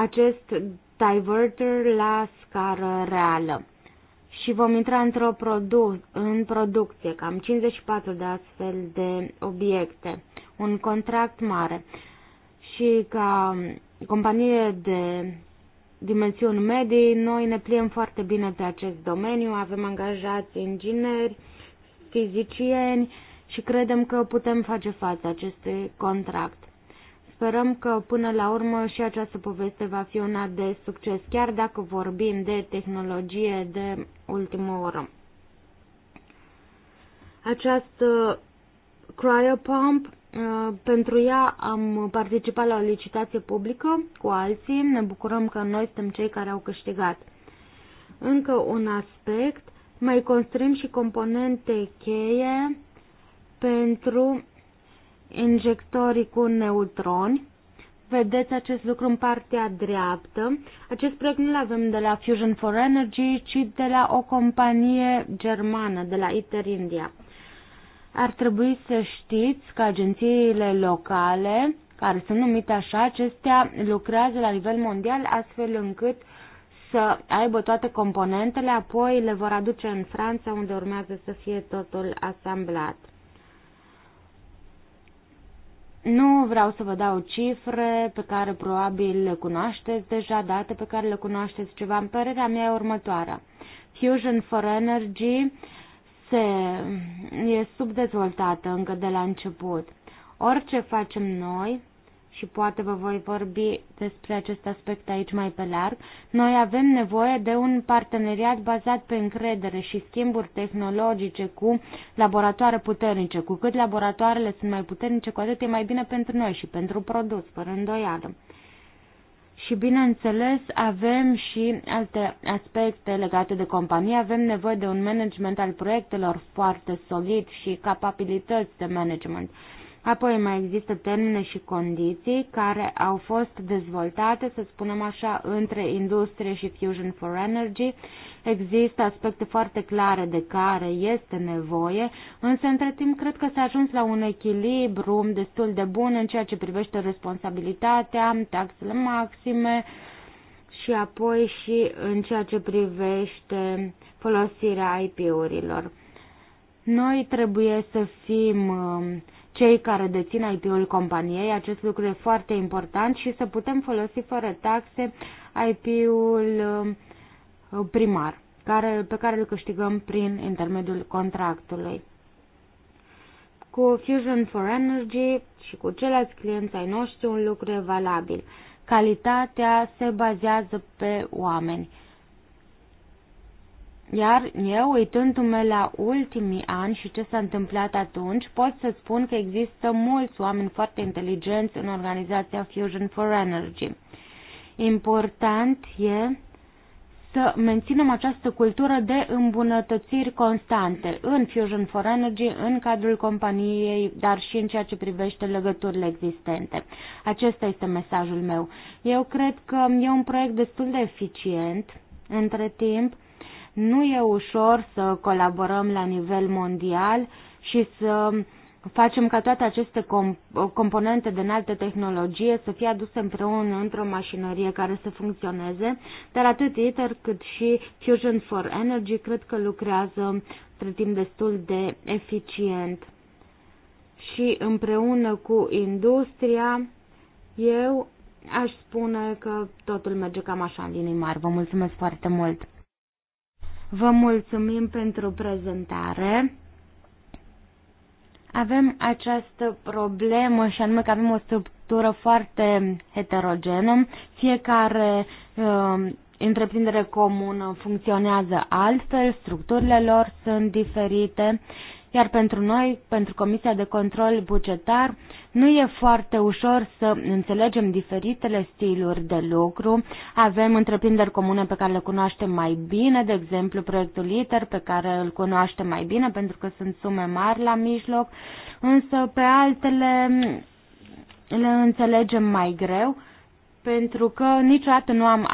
acest diverter la scară reală și vom intra într-o produ- în producție, cam 54 de astfel de obiecte, un contract mare. Și ca companie de dimensiuni medii, noi ne pliem foarte bine pe acest domeniu, avem angajați ingineri, fizicieni și credem că putem face față acestui contract. Sperăm că până la urmă și această poveste va fi una de succes, chiar dacă vorbim de tehnologie de ultimă oră. Această cryopump uh, pentru ea am participat la o licitație publică cu alții, ne bucurăm că noi suntem cei care au câștigat. Încă un aspect, mai construim și componente cheie pentru injectorii cu neutroni. Vedeți acest lucru în partea dreaptă. Acest proiect nu-l avem de la Fusion for Energy, ci de la o companie germană, de la ITER India. Ar trebui să știți că agențiile locale, care sunt numite așa, acestea lucrează la nivel mondial astfel încât să aibă toate componentele, apoi le vor aduce în Franța unde urmează să fie totul asamblat. Nu vreau să vă dau cifre pe care probabil le cunoașteți deja, date pe care le cunoașteți ceva. În părerea mea e următoarea. Fusion for Energy se, e subdezvoltată încă de la început. Orice facem noi și poate vă voi vorbi despre acest aspect aici mai pe larg, noi avem nevoie de un parteneriat bazat pe încredere și schimburi tehnologice cu laboratoare puternice. Cu cât laboratoarele sunt mai puternice, cu atât e mai bine pentru noi și pentru produs, fără îndoială. Și bineînțeles avem și alte aspecte legate de companie. Avem nevoie de un management al proiectelor foarte solid și capabilități de management. Apoi mai există termene și condiții care au fost dezvoltate, să spunem așa, între industrie și Fusion for Energy. Există aspecte foarte clare de care este nevoie, însă între timp cred că s-a ajuns la un echilibru destul de bun în ceea ce privește responsabilitatea, taxele maxime și apoi și în ceea ce privește folosirea IP-urilor. Noi trebuie să fim uh, cei care dețin IP-ul companiei. Acest lucru e foarte important și să putem folosi fără taxe IP-ul um, primar, care, pe care îl câștigăm prin intermediul contractului. Cu Fusion for Energy și cu ceilalți clienți ai noștri un lucru e valabil. Calitatea se bazează pe oameni iar eu, uitându-mă la ultimii ani și ce s-a întâmplat atunci, pot să spun că există mulți oameni foarte inteligenți în organizația Fusion for Energy. Important e să menținem această cultură de îmbunătățiri constante în Fusion for Energy, în cadrul companiei, dar și în ceea ce privește legăturile existente. Acesta este mesajul meu. Eu cred că e un proiect destul de eficient. Între timp, nu e ușor să colaborăm la nivel mondial și să facem ca toate aceste componente de înaltă tehnologie să fie aduse împreună într-o mașinărie care să funcționeze, dar atât ITER cât și Fusion for Energy cred că lucrează între timp destul de eficient. Și împreună cu industria, eu aș spune că totul merge cam așa în linii mari. Vă mulțumesc foarte mult! Vă mulțumim pentru prezentare. Avem această problemă și anume că avem o structură foarte heterogenă. Fiecare uh, întreprindere comună funcționează altfel, structurile lor sunt diferite iar pentru noi, pentru Comisia de Control Bugetar, nu e foarte ușor să înțelegem diferitele stiluri de lucru. Avem întreprinderi comune pe care le cunoaștem mai bine, de exemplu proiectul ITER pe care îl cunoaștem mai bine pentru că sunt sume mari la mijloc, însă pe altele le înțelegem mai greu pentru că niciodată nu am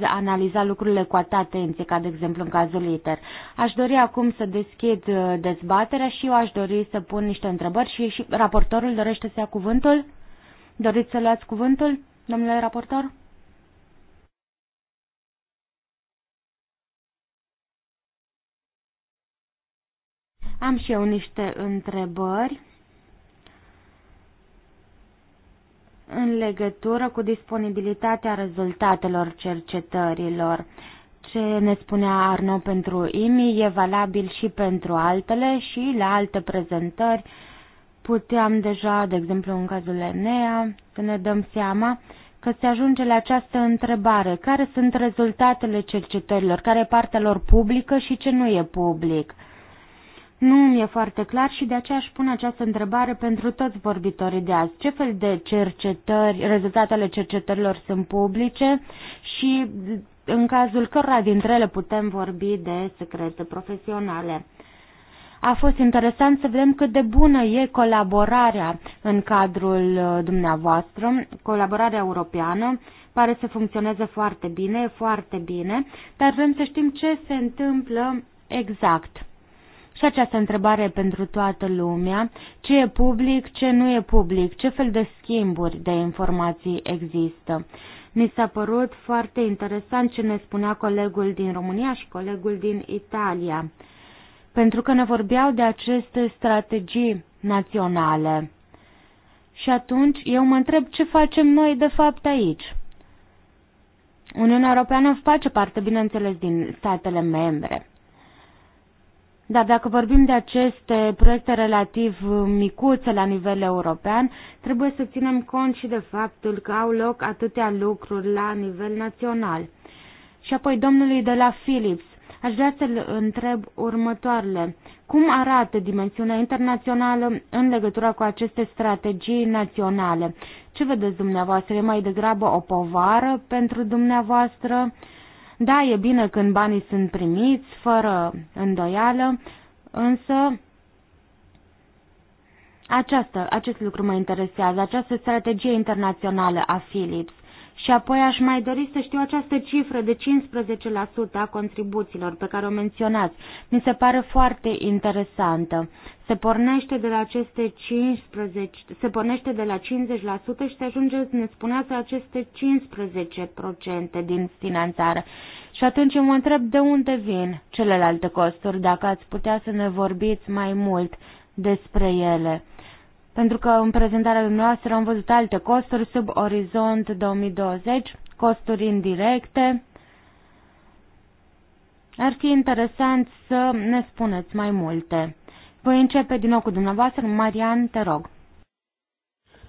analizat lucrurile cu atâta atenție, ca de exemplu în cazul ITER. Aș dori acum să deschid uh, dezbaterea și eu aș dori să pun niște întrebări și, și raportorul dorește să ia cuvântul? Doriți să luați cuvântul, domnule raportor? Am și eu niște întrebări. în legătură cu disponibilitatea rezultatelor cercetărilor. Ce ne spunea Arno pentru IMI e valabil și pentru altele și la alte prezentări puteam deja, de exemplu în cazul Enea, să ne dăm seama că se ajunge la această întrebare. Care sunt rezultatele cercetărilor? Care e partea lor publică și ce nu e public? Nu mi-e foarte clar și de aceea aș pune această întrebare pentru toți vorbitorii de azi. Ce fel de cercetări, rezultatele cercetărilor sunt publice și în cazul cărora dintre ele putem vorbi de secrete profesionale. A fost interesant să vedem cât de bună e colaborarea în cadrul uh, dumneavoastră, colaborarea europeană, pare să funcționeze foarte bine, foarte bine, dar vrem să știm ce se întâmplă exact. Și această întrebare pentru toată lumea, ce e public, ce nu e public, ce fel de schimburi de informații există. Mi s-a părut foarte interesant ce ne spunea colegul din România și colegul din Italia, pentru că ne vorbeau de aceste strategii naționale. Și atunci eu mă întreb ce facem noi de fapt aici. Uniunea Europeană face parte, bineînțeles, din statele membre. Dar dacă vorbim de aceste proiecte relativ micuțe la nivel european, trebuie să ținem cont și de faptul că au loc atâtea lucruri la nivel național. Și apoi domnului de la Philips, aș vrea să-l întreb următoarele. Cum arată dimensiunea internațională în legătură cu aceste strategii naționale? Ce vedeți dumneavoastră? E mai degrabă o povară pentru dumneavoastră? Da, e bine când banii sunt primiți, fără îndoială, însă aceasta, acest lucru mă interesează, această strategie internațională a Philips. Și apoi aș mai dori să știu această cifră de 15% a contribuțiilor pe care o menționați. Mi se pare foarte interesantă. Se pornește de la aceste 15, se pornește de la 50% și se ajunge, ne spuneați, aceste 15% din finanțare. Și atunci mă întreb de unde vin celelalte costuri, dacă ați putea să ne vorbiți mai mult despre ele. Pentru că în prezentarea dumneavoastră am văzut alte costuri sub orizont 2020, costuri indirecte. Ar fi interesant să ne spuneți mai multe. Voi începe din nou cu dumneavoastră. Marian, te rog.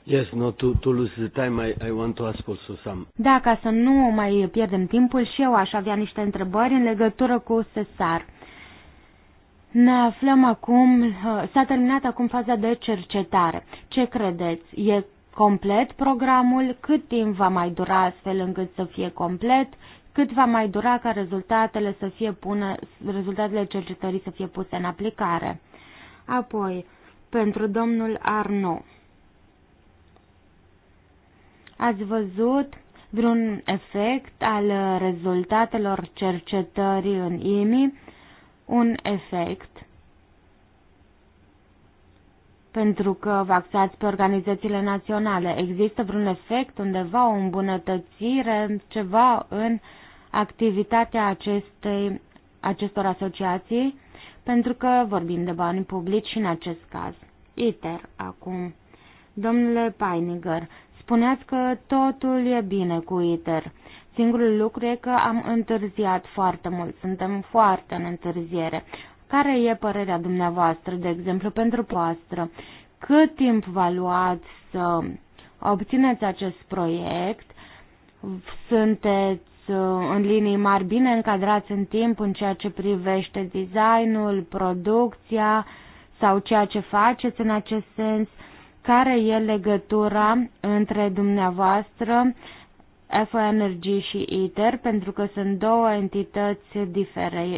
Yes, no, to, to lose the time, I, I want to ask also some. Da, ca să nu mai pierdem timpul și eu aș avea niște întrebări în legătură cu SESAR. Ne aflăm acum, uh, s-a terminat acum faza de cercetare. Ce credeți? E complet programul? Cât timp va mai dura astfel încât să fie complet? Cât va mai dura ca rezultatele să fie pune, rezultatele cercetării să fie puse în aplicare? Apoi, pentru domnul Arno. Ați văzut vreun efect al rezultatelor cercetării în IMI? Un efect pentru că vă axați pe organizațiile naționale. Există vreun efect undeva, o îmbunătățire, ceva în activitatea acestei, acestor asociații? pentru că vorbim de bani publici și în acest caz. ITER, acum. Domnule Painiger, spuneați că totul e bine cu ITER. Singurul lucru e că am întârziat foarte mult, suntem foarte în întârziere. Care e părerea dumneavoastră, de exemplu, pentru voastră? Cât timp va luați să obțineți acest proiect? Sunteți Uh, în linii mari bine încadrați în timp în ceea ce privește designul, producția sau ceea ce faceți în acest sens, care e legătura între dumneavoastră, FO Energy și ITER, pentru că sunt două entități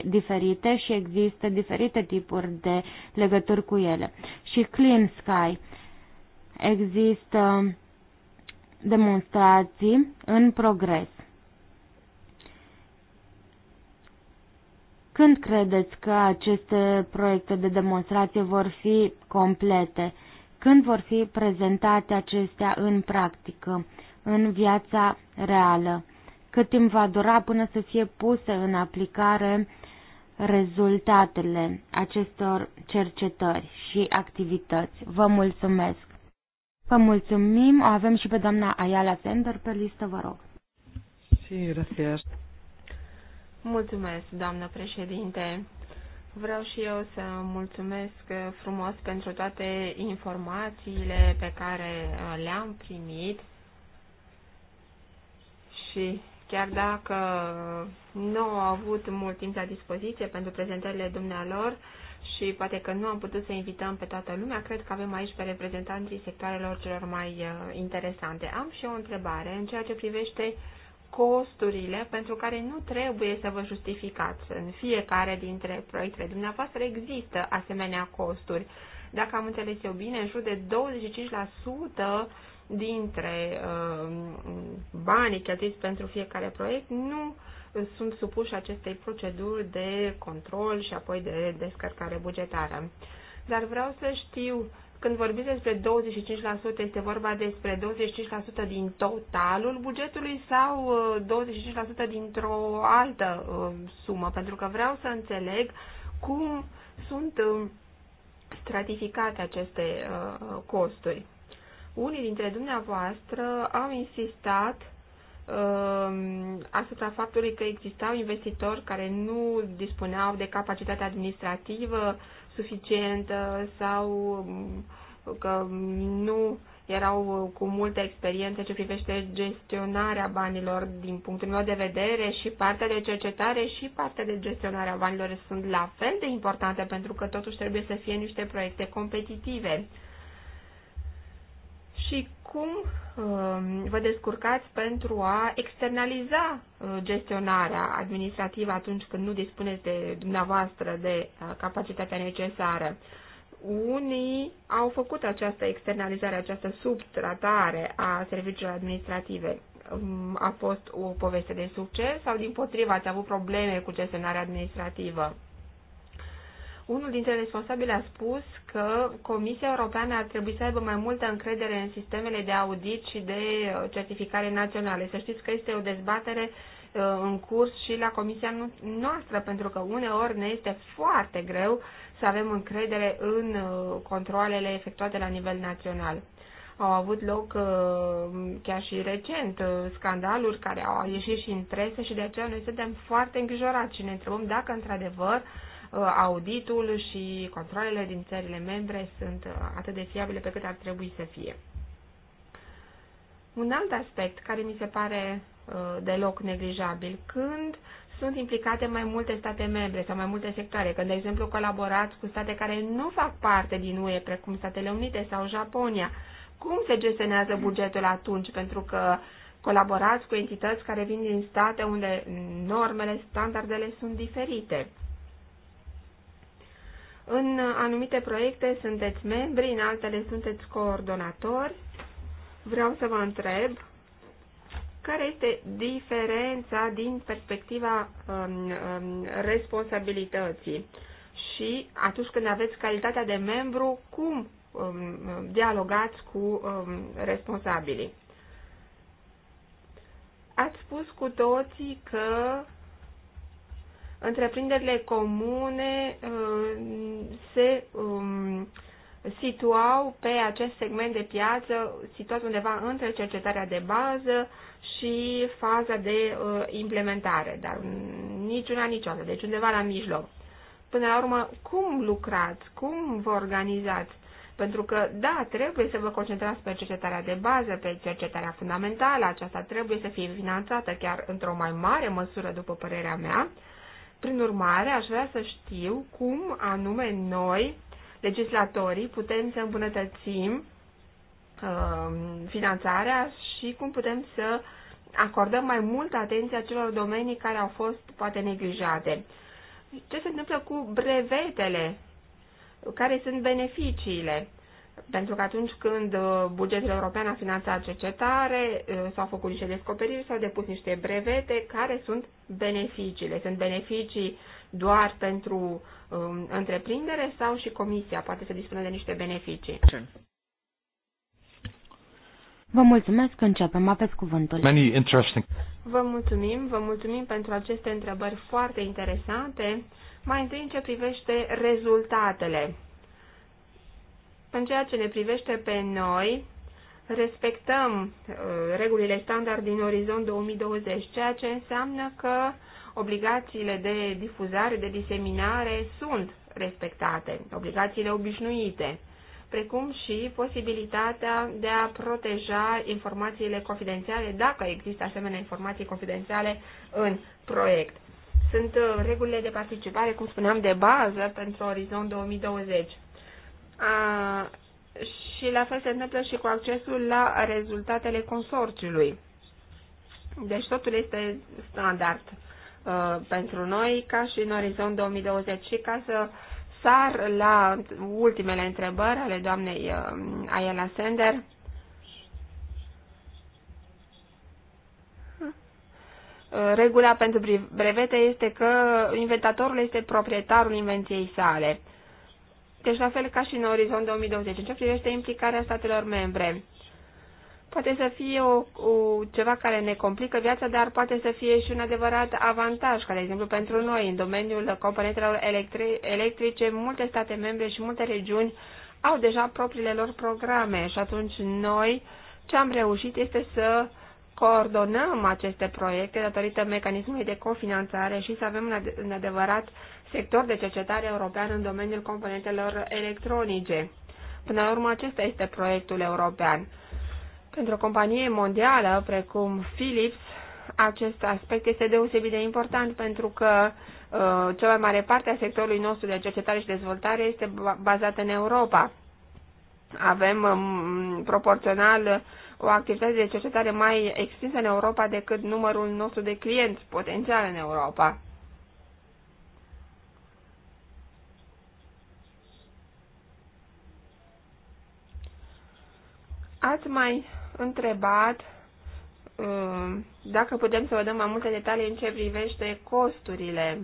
diferite și există diferite tipuri de legături cu ele. Și Clean Sky există demonstrații în progres. Când credeți că aceste proiecte de demonstrație vor fi complete? Când vor fi prezentate acestea în practică, în viața reală? Cât timp va dura până să fie puse în aplicare rezultatele acestor cercetări și activități? Vă mulțumesc! Vă mulțumim, o avem și pe doamna Ayala Sender pe listă, vă rog. Sí, gracias. Mulțumesc, doamnă președinte. Vreau și eu să mulțumesc uh, frumos pentru toate informațiile pe care uh, le-am primit și chiar dacă nu au avut mult timp la dispoziție pentru prezentările dumnealor și poate că nu am putut să invităm pe toată lumea, cred că avem aici pe reprezentanții sectoarelor celor mai uh, interesante. Am și o întrebare în ceea ce privește uh, costurile pentru care nu trebuie să vă justificați. În fiecare dintre proiectele dumneavoastră există asemenea costuri. Dacă am înțeles eu bine, în jur de 25% dintre uh, banii cheltuiți pentru fiecare proiect nu sunt supuși acestei proceduri de control și apoi de descărcare bugetară. Dar vreau să știu când vorbim despre 25%, este vorba despre 25% din totalul bugetului sau 25% uh, dintr-o altă uh, sumă? Pentru că vreau să înțeleg cum sunt uh, stratificate aceste costuri. Unii dintre dumneavoastră au insistat asupra faptului că existau investitori care nu dispuneau de capacitatea administrativă suficientă sau că nu erau cu multă experiență ce privește gestionarea banilor din punctul meu de vedere și partea de cercetare și partea de gestionarea banilor sunt la fel de importante pentru că totuși trebuie să fie niște proiecte competitive. Și cum um, vă descurcați pentru a externaliza uh, gestionarea administrativă atunci când nu dispuneți de dumneavoastră de uh, capacitatea necesară. Unii au făcut această externalizare, această subtratare a serviciilor administrative. Um, a fost o poveste de succes sau din potrivă ați avut probleme cu gestionarea administrativă? Unul dintre responsabili a spus că Comisia Europeană ar trebui să aibă mai multă încredere în sistemele de audit și de uh, certificare naționale. Să știți că este o dezbatere uh, în curs și la Comisia noastră, pentru că uneori ne este foarte greu să avem încredere în uh, controlele efectuate la nivel național. Au avut loc chiar și recent scandaluri care au ieșit și în presă și de aceea noi suntem foarte îngrijorați și ne întrebăm dacă într-adevăr Uh, auditul și controlele din țările membre sunt uh, atât de fiabile pe cât ar trebui să fie. Un alt aspect care mi se pare uh, deloc neglijabil, când sunt implicate mai multe state membre sau mai multe sectoare, când, de exemplu, colaborați cu state care nu fac parte din UE, precum Statele Unite sau Japonia, cum se gestionează bugetul atunci? Pentru că colaborați cu entități care vin din state unde normele, standardele sunt diferite. În anumite proiecte sunteți membri, în altele sunteți coordonatori. Vreau să vă întreb care este diferența din perspectiva um, um, responsabilității și atunci când aveți calitatea de membru, cum um, dialogați cu um, responsabilii. Ați spus cu toții că întreprinderile comune uh, se um, situau pe acest segment de piață, situat undeva între cercetarea de bază și faza de uh, implementare, dar nici una, nici alta, deci undeva la mijloc. Până la urmă, cum lucrați, cum vă organizați? Pentru că, da, trebuie să vă concentrați pe cercetarea de bază, pe cercetarea fundamentală, aceasta trebuie să fie finanțată chiar într-o mai mare măsură, după părerea mea, prin urmare, aș vrea să știu cum anume noi, legislatorii, putem să îmbunătățim uh, finanțarea și cum putem să acordăm mai multă atenție acelor domenii care au fost poate neglijate. Ce se întâmplă cu brevetele? Care sunt beneficiile? Pentru că atunci când uh, bugetul european a finanțat cercetare, uh, s-au făcut niște descoperiri, s-au depus niște brevete, care sunt beneficiile? Sunt beneficii doar pentru um, întreprindere sau și comisia poate să dispună de niște beneficii? Vă mulțumesc că începem. Aveți cuvântul. Many interesting. Vă mulțumim, vă mulțumim pentru aceste întrebări foarte interesante. Mai întâi în ce privește rezultatele în ceea ce ne privește pe noi, respectăm uh, regulile standard din orizont 2020, ceea ce înseamnă că obligațiile de difuzare, de diseminare sunt respectate, obligațiile obișnuite, precum și posibilitatea de a proteja informațiile confidențiale, dacă există asemenea informații confidențiale în proiect. Sunt uh, regulile de participare, cum spuneam, de bază pentru Orizont 2020. A, și la fel se întâmplă și cu accesul la rezultatele consorțiului. Deci totul este standard uh, pentru noi, ca și în orizont 2020. Și ca să sar la ultimele întrebări ale doamnei uh, Ayala Sender, Regula pentru brevete este că inventatorul este proprietarul invenției sale. Uh, deci, la fel ca și în Orizont 2020, în ce privește implicarea statelor membre. Poate să fie o, o, ceva care ne complică viața, dar poate să fie și un adevărat avantaj, ca de exemplu pentru noi, în domeniul componentelor electri, electrice, multe state membre și multe regiuni au deja propriile lor programe și atunci noi ce am reușit este să coordonăm aceste proiecte datorită mecanismului de cofinanțare și să avem un adevărat sector de cercetare european în domeniul componentelor electronice. Până la urmă, acesta este proiectul european. Pentru o companie mondială precum Philips, acest aspect este deosebit de important pentru că uh, cea mai mare parte a sectorului nostru de cercetare și dezvoltare este bazată în Europa. Avem um, proporțional o activitate de cercetare mai extinsă în Europa decât numărul nostru de clienți potențial în Europa. Ați mai întrebat uh, dacă putem să vă dăm mai multe detalii în ce privește costurile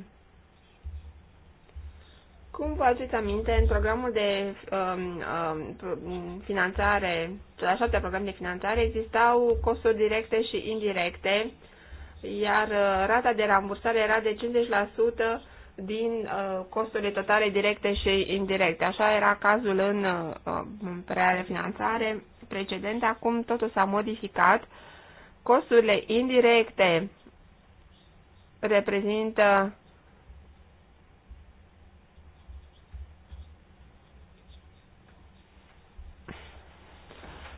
cum vă aduceți aminte, în programul de um, um, finanțare, cel al șaptea program de finanțare, existau costuri directe și indirecte, iar uh, rata de rambursare era de 50% din uh, costurile totale directe și indirecte. Așa era cazul în, uh, în de finanțare precedentă. Acum totul s-a modificat. Costurile indirecte reprezintă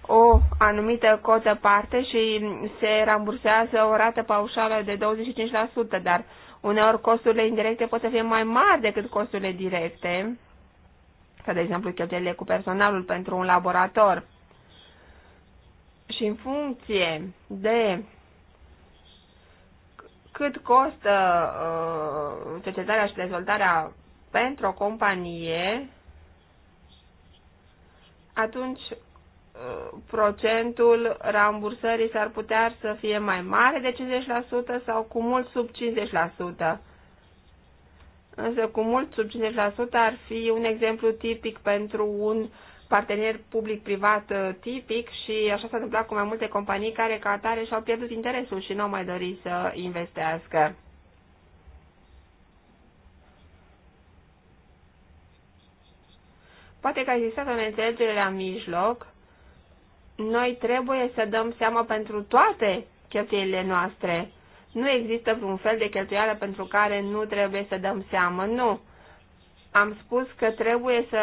o anumită cotă parte și se rambursează o rată paușală de 25%, dar uneori costurile indirecte pot să fie mai mari decât costurile directe, ca de exemplu cheltuielile cu personalul pentru un laborator. Și în funcție de cât costă uh, cercetarea și dezvoltarea pentru o companie, atunci procentul rambursării s-ar putea să fie mai mare de 50% sau cu mult sub 50%. Însă cu mult sub 50% ar fi un exemplu tipic pentru un partener public-privat uh, tipic și așa s-a întâmplat cu mai multe companii care ca atare și-au pierdut interesul și nu au mai dorit să investească. Poate că a existat o neînțelegere la mijloc noi trebuie să dăm seama pentru toate cheltuielile noastre. Nu există vreun fel de cheltuială pentru care nu trebuie să dăm seama. nu. Am spus că trebuie să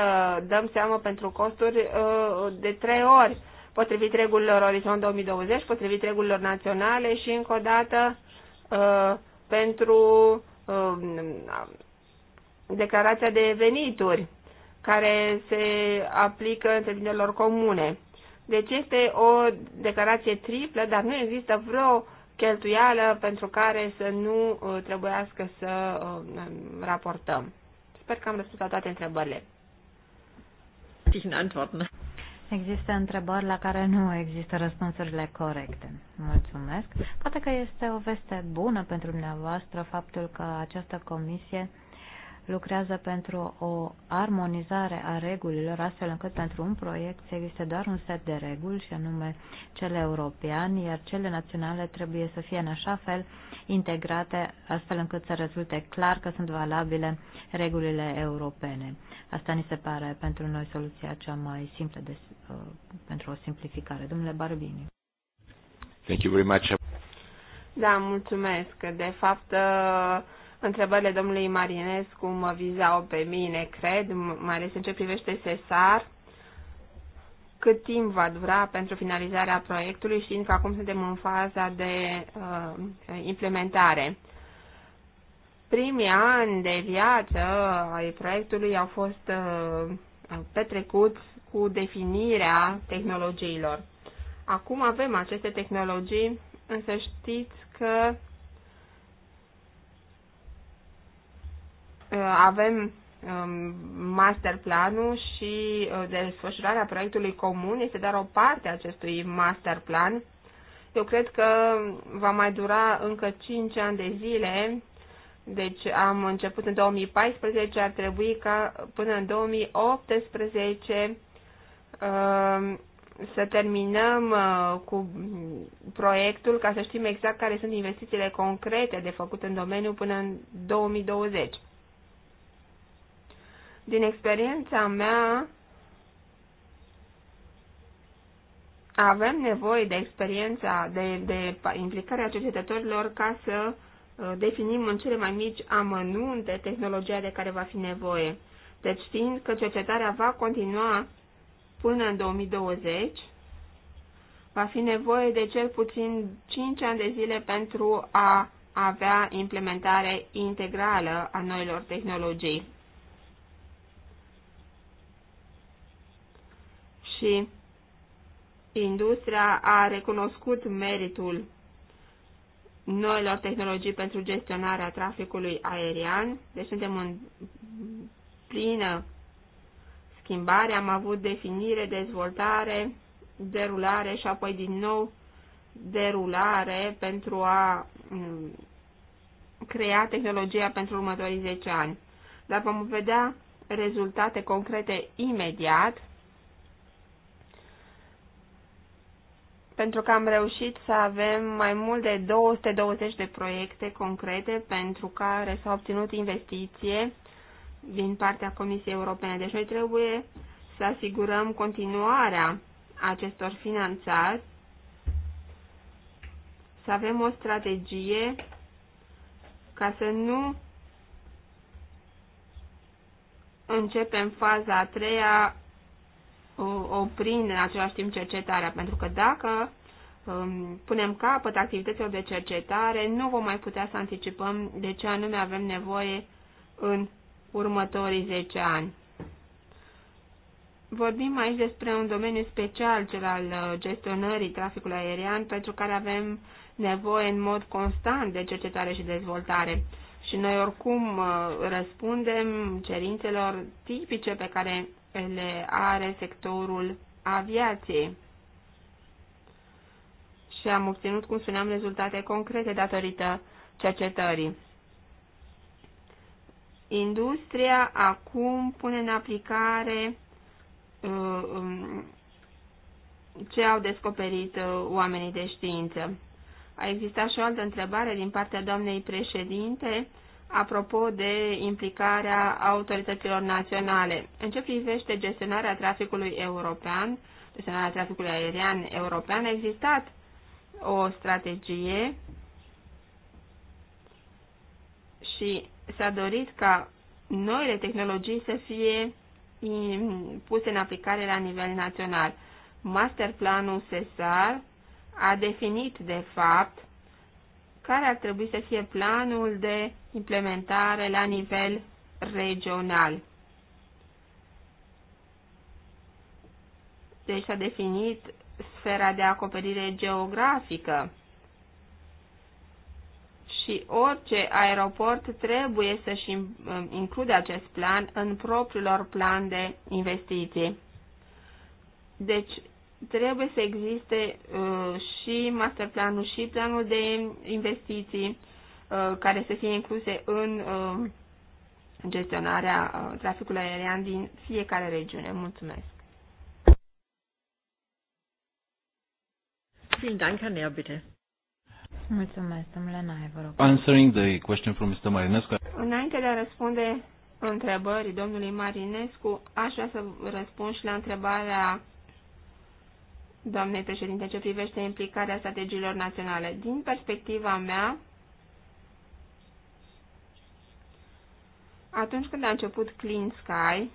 dăm seama pentru costuri uh, de trei ori, potrivit regulilor Orizont 2020, potrivit regulilor naționale și încă o dată uh, pentru uh, declarația de venituri care se aplică întreprinderilor comune. Deci este o declarație triplă, dar nu există vreo cheltuială pentru care să nu uh, trebuiască să uh, raportăm. Sper că am răspuns la toate întrebările. Există întrebări la care nu există răspunsurile corecte. Mulțumesc. Poate că este o veste bună pentru dumneavoastră faptul că această comisie lucrează pentru o armonizare a regulilor, astfel încât pentru un proiect să existe doar un set de reguli, și anume cele europeane, iar cele naționale trebuie să fie în așa fel integrate, astfel încât să rezulte clar că sunt valabile regulile europene. Asta ni se pare pentru noi soluția cea mai simplă de, uh, pentru o simplificare. Domnule Barbini. Thank you very much. Da, mulțumesc. De fapt, uh Întrebările domnului Marinescu mă vizau pe mine, cred, mai ales în ce privește SESAR, cât timp va dura pentru finalizarea proiectului, știind că acum suntem în faza de uh, implementare. Primii ani de viață ai proiectului au fost uh, petrecuți cu definirea tehnologiilor. Acum avem aceste tehnologii, însă știți că Uh, avem um, master planul și uh, desfășurarea proiectului comun este doar o parte a acestui master plan. Eu cred că va mai dura încă 5 ani de zile, deci am început în 2014, ar trebui ca până în 2018 um, să terminăm uh, cu proiectul ca să știm exact care sunt investițiile concrete de făcut în domeniu până în 2020. Din experiența mea, avem nevoie de experiența, de, de implicarea cercetătorilor ca să uh, definim în cele mai mici amănunte tehnologia de care va fi nevoie. Deci știind că cercetarea va continua până în 2020, va fi nevoie de cel puțin 5 ani de zile pentru a avea implementare integrală a noilor tehnologii. și industria a recunoscut meritul noilor tehnologii pentru gestionarea traficului aerian, deci suntem în plină schimbare, am avut definire, dezvoltare, derulare și apoi din nou derulare pentru a mm, crea tehnologia pentru următorii 10 ani. Dar vom vedea rezultate concrete imediat pentru că am reușit să avem mai mult de 220 de proiecte concrete pentru care s-a obținut investiție din partea Comisiei Europene. Deci noi trebuie să asigurăm continuarea acestor finanțări, să avem o strategie ca să nu începem faza a treia oprind în același timp cercetarea, pentru că dacă um, punem capăt activităților de cercetare, nu vom mai putea să anticipăm de ce anume avem nevoie în următorii 10 ani. Vorbim aici despre un domeniu special, cel al uh, gestionării traficului aerian, pentru care avem nevoie în mod constant de cercetare și dezvoltare. Și noi oricum uh, răspundem cerințelor tipice pe care le are sectorul aviației. Și am obținut, cum spuneam, rezultate concrete datorită cercetării. Industria acum pune în aplicare uh, um, ce au descoperit uh, oamenii de știință. A existat și o altă întrebare din partea doamnei președinte apropo de implicarea autorităților naționale. În ce privește gestionarea traficului european, gestionarea traficului aerian european, a existat o strategie și s-a dorit ca noile tehnologii să fie puse în aplicare la nivel național. Masterplanul SESAR a definit, de fapt, care ar trebui să fie planul de implementare la nivel regional. Deci s-a definit sfera de acoperire geografică și orice aeroport trebuie să-și include acest plan în propriul lor plan de investiții. Deci trebuie să existe uh, și masterplanul și planul de investiții Uh, care să fie incluse în uh, gestionarea uh, traficului aerian din fiecare regiune. Mulțumesc! Mulțumesc, Answering the question from Mr. Marinescu. Înainte de a răspunde întrebării domnului Marinescu, aș vrea să răspund și la întrebarea doamnei președinte ce privește implicarea strategiilor naționale. Din perspectiva mea, Atunci când a început Clean Sky,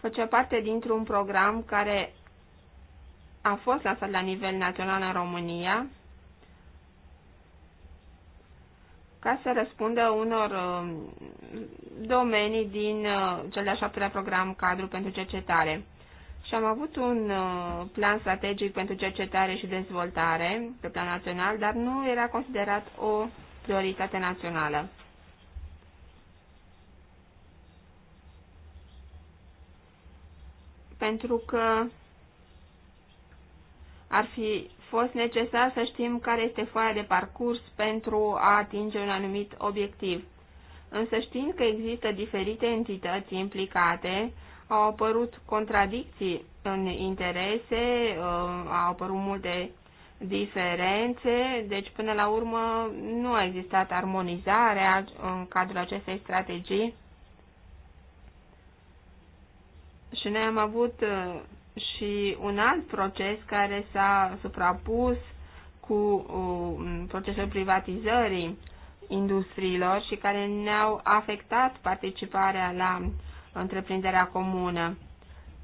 făcea parte dintr-un program care a fost lansat la nivel național în România ca să răspundă unor um, domenii din uh, cel de-a șaptelea program cadru pentru cercetare. Și am avut un uh, plan strategic pentru cercetare și dezvoltare pe plan național, dar nu era considerat o prioritate națională. pentru că ar fi fost necesar să știm care este foaia de parcurs pentru a atinge un anumit obiectiv. Însă știind că există diferite entități implicate, au apărut contradicții în interese, uh, au apărut multe diferențe, deci până la urmă nu a existat armonizare în cadrul acestei strategii și noi am avut uh, și un alt proces care s-a suprapus cu uh, procesul privatizării industriilor și care ne-au afectat participarea la întreprinderea comună.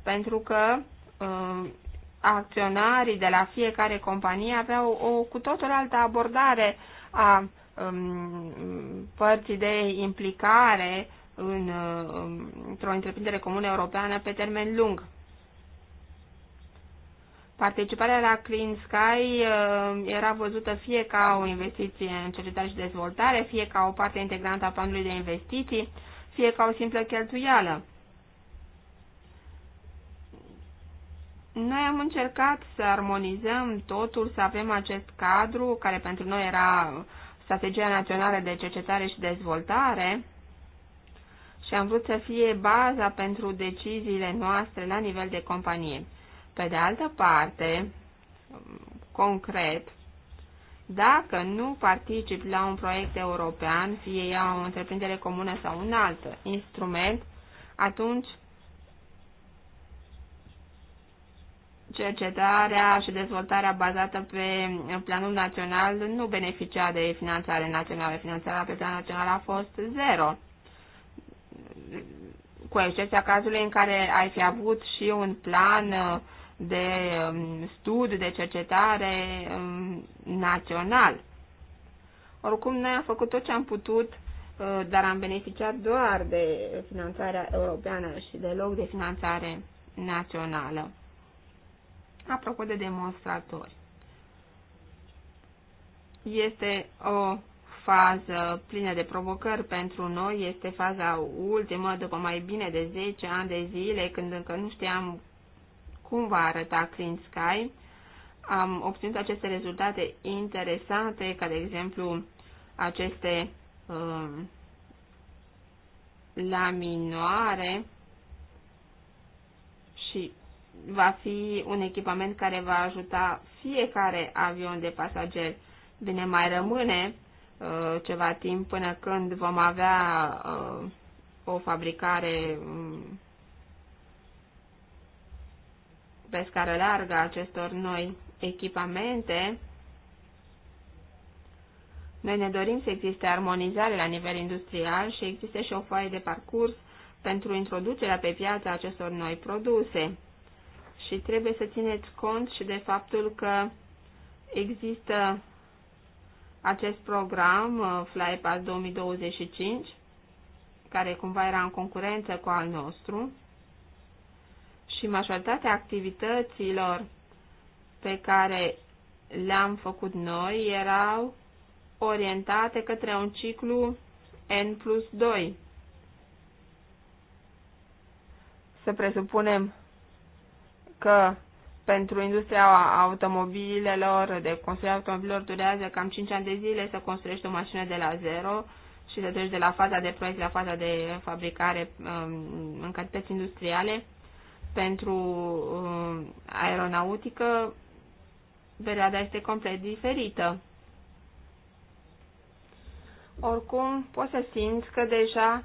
Pentru că uh, acționarii de la fiecare companie aveau o cu totul altă abordare a um, părții de implicare în, uh, um, într-o întreprindere comună europeană pe termen lung. Participarea la Clean Sky uh, era văzută fie ca o investiție în cercetare și dezvoltare, fie ca o parte integrantă a planului de investiții, fie ca o simplă cheltuială. Noi am încercat să armonizăm totul, să avem acest cadru, care pentru noi era strategia națională de cercetare și dezvoltare, și am vrut să fie baza pentru deciziile noastre la nivel de companie. Pe de altă parte, concret, dacă nu particip la un proiect european, fie ea o întreprindere comună sau un alt instrument, atunci cercetarea și dezvoltarea bazată pe planul național nu beneficia de finanțare națională. Finanțarea pe plan național a fost zero cu excepția cazului în care ai fi avut și un plan uh, de um, studiu, de cercetare um, național. Oricum, noi am făcut tot ce am putut, uh, dar am beneficiat doar de finanțarea europeană și deloc de finanțare națională. Apropo de demonstratori, este o fază plină de provocări pentru noi, este faza ultimă, după mai bine de 10 ani de zile, când încă nu știam cum va arăta Clean Sky. Am obținut aceste rezultate interesante, ca de exemplu aceste um, laminoare și va fi un echipament care va ajuta fiecare avion de pasageri. Bine, mai rămâne Uh, ceva timp până când vom avea uh, o fabricare um, pe scară largă acestor noi echipamente. Noi ne dorim să existe armonizare la nivel industrial și există și o foaie de parcurs pentru introducerea pe piață acestor noi produse. Și trebuie să țineți cont și de faptul că există acest program, uh, FlyPass 2025, care cumva era în concurență cu al nostru, și majoritatea activităților pe care le-am făcut noi erau orientate către un ciclu N plus 2. Să presupunem că pentru industria automobilelor, de construirea automobilelor durează cam 5 ani de zile să construiești o mașină de la zero și să treci de la faza de proiect la faza de fabricare um, în cantități industriale. Pentru um, aeronautică, perioada este complet diferită. Oricum, pot să simt că deja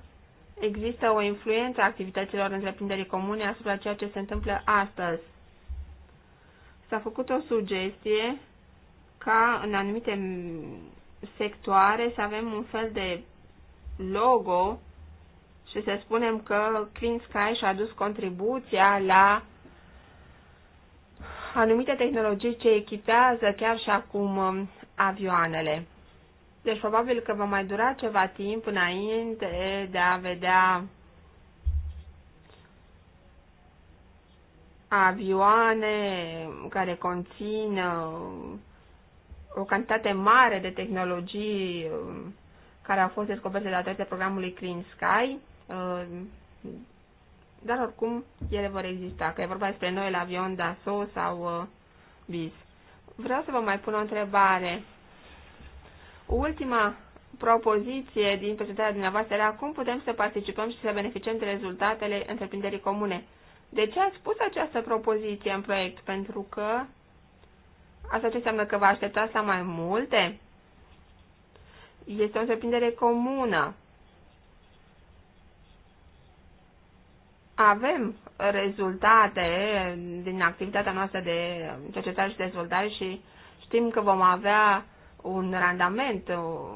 există o influență a activităților întreprinderii comune asupra ceea ce se întâmplă astăzi s-a făcut o sugestie ca în anumite sectoare să avem un fel de logo și să spunem că Clean Sky și-a adus contribuția la anumite tehnologii ce echipează chiar și acum um, avioanele. Deci probabil că va mai dura ceva timp înainte de a vedea avioane care conțin uh, o cantitate mare de tehnologii uh, care au fost descoperite datorită programului Clean Sky, uh, dar oricum ele vor exista, că e vorba despre noi la avion DASO sau BIS. Vreau să vă mai pun o întrebare. Ultima propoziție din prezentarea dumneavoastră era cum putem să participăm și să beneficiem de rezultatele întreprinderii comune. De ce ați pus această propoziție în proiect? Pentru că asta ce înseamnă că vă așteptați la mai multe? Este o întreprindere comună. Avem rezultate din activitatea noastră de cercetare și dezvoltare și știm că vom avea un randament,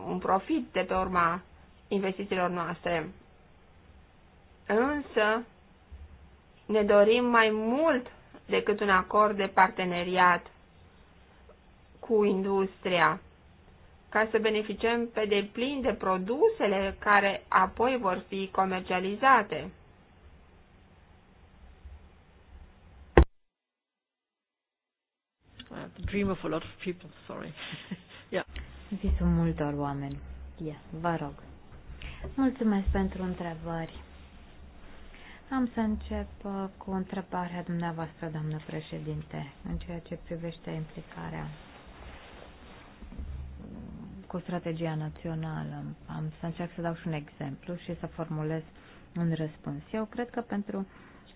un profit de pe urma investițiilor noastre. Însă, ne dorim mai mult decât un acord de parteneriat cu industria, ca să beneficiem pe deplin de produsele care apoi vor fi comercializate. dream of a lot of people, sorry. yeah. Visul multor oameni. Yeah, vă rog. Mulțumesc pentru întrebări. Am să încep uh, cu întrebarea dumneavoastră, doamnă președinte, în ceea ce privește implicarea cu strategia națională. Am să încerc să dau și un exemplu și să formulez un răspuns. Eu cred că pentru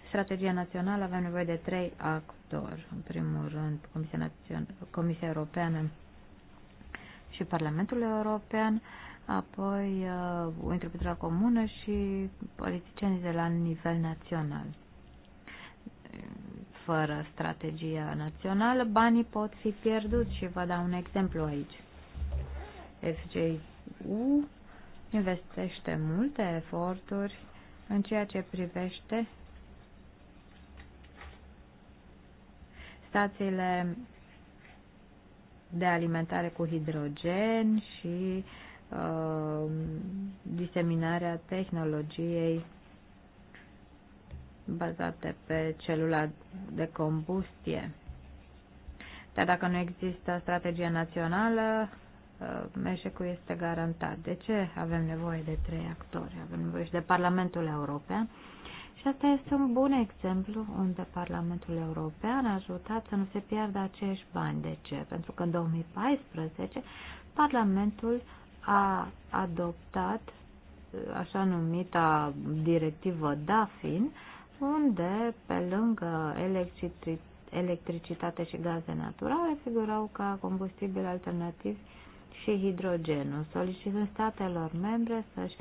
strategia națională avem nevoie de trei actori. În primul rând, Comisia, națională, Comisia Europeană și Parlamentul European. Uh, apoi uh, întreprinderea comună și politicienii de la nivel național. Fără strategia națională, banii pot fi pierduți și vă dau un exemplu aici. FJU investește multe eforturi în ceea ce privește stațiile de alimentare cu hidrogen și uh, Uh, diseminarea tehnologiei bazate pe celula de combustie. Dar dacă nu există strategia națională, uh, eșecul este garantat. De ce avem nevoie de trei actori? Avem nevoie și de Parlamentul European. Și asta este un bun exemplu unde Parlamentul European a ajutat să nu se piardă acești bani. De ce? Pentru că în 2014 Parlamentul a adoptat așa numita directivă DAFIN, unde pe lângă electricitate și gaze naturale figurau ca combustibil alternativ și hidrogenul, solicitând statelor membre să-și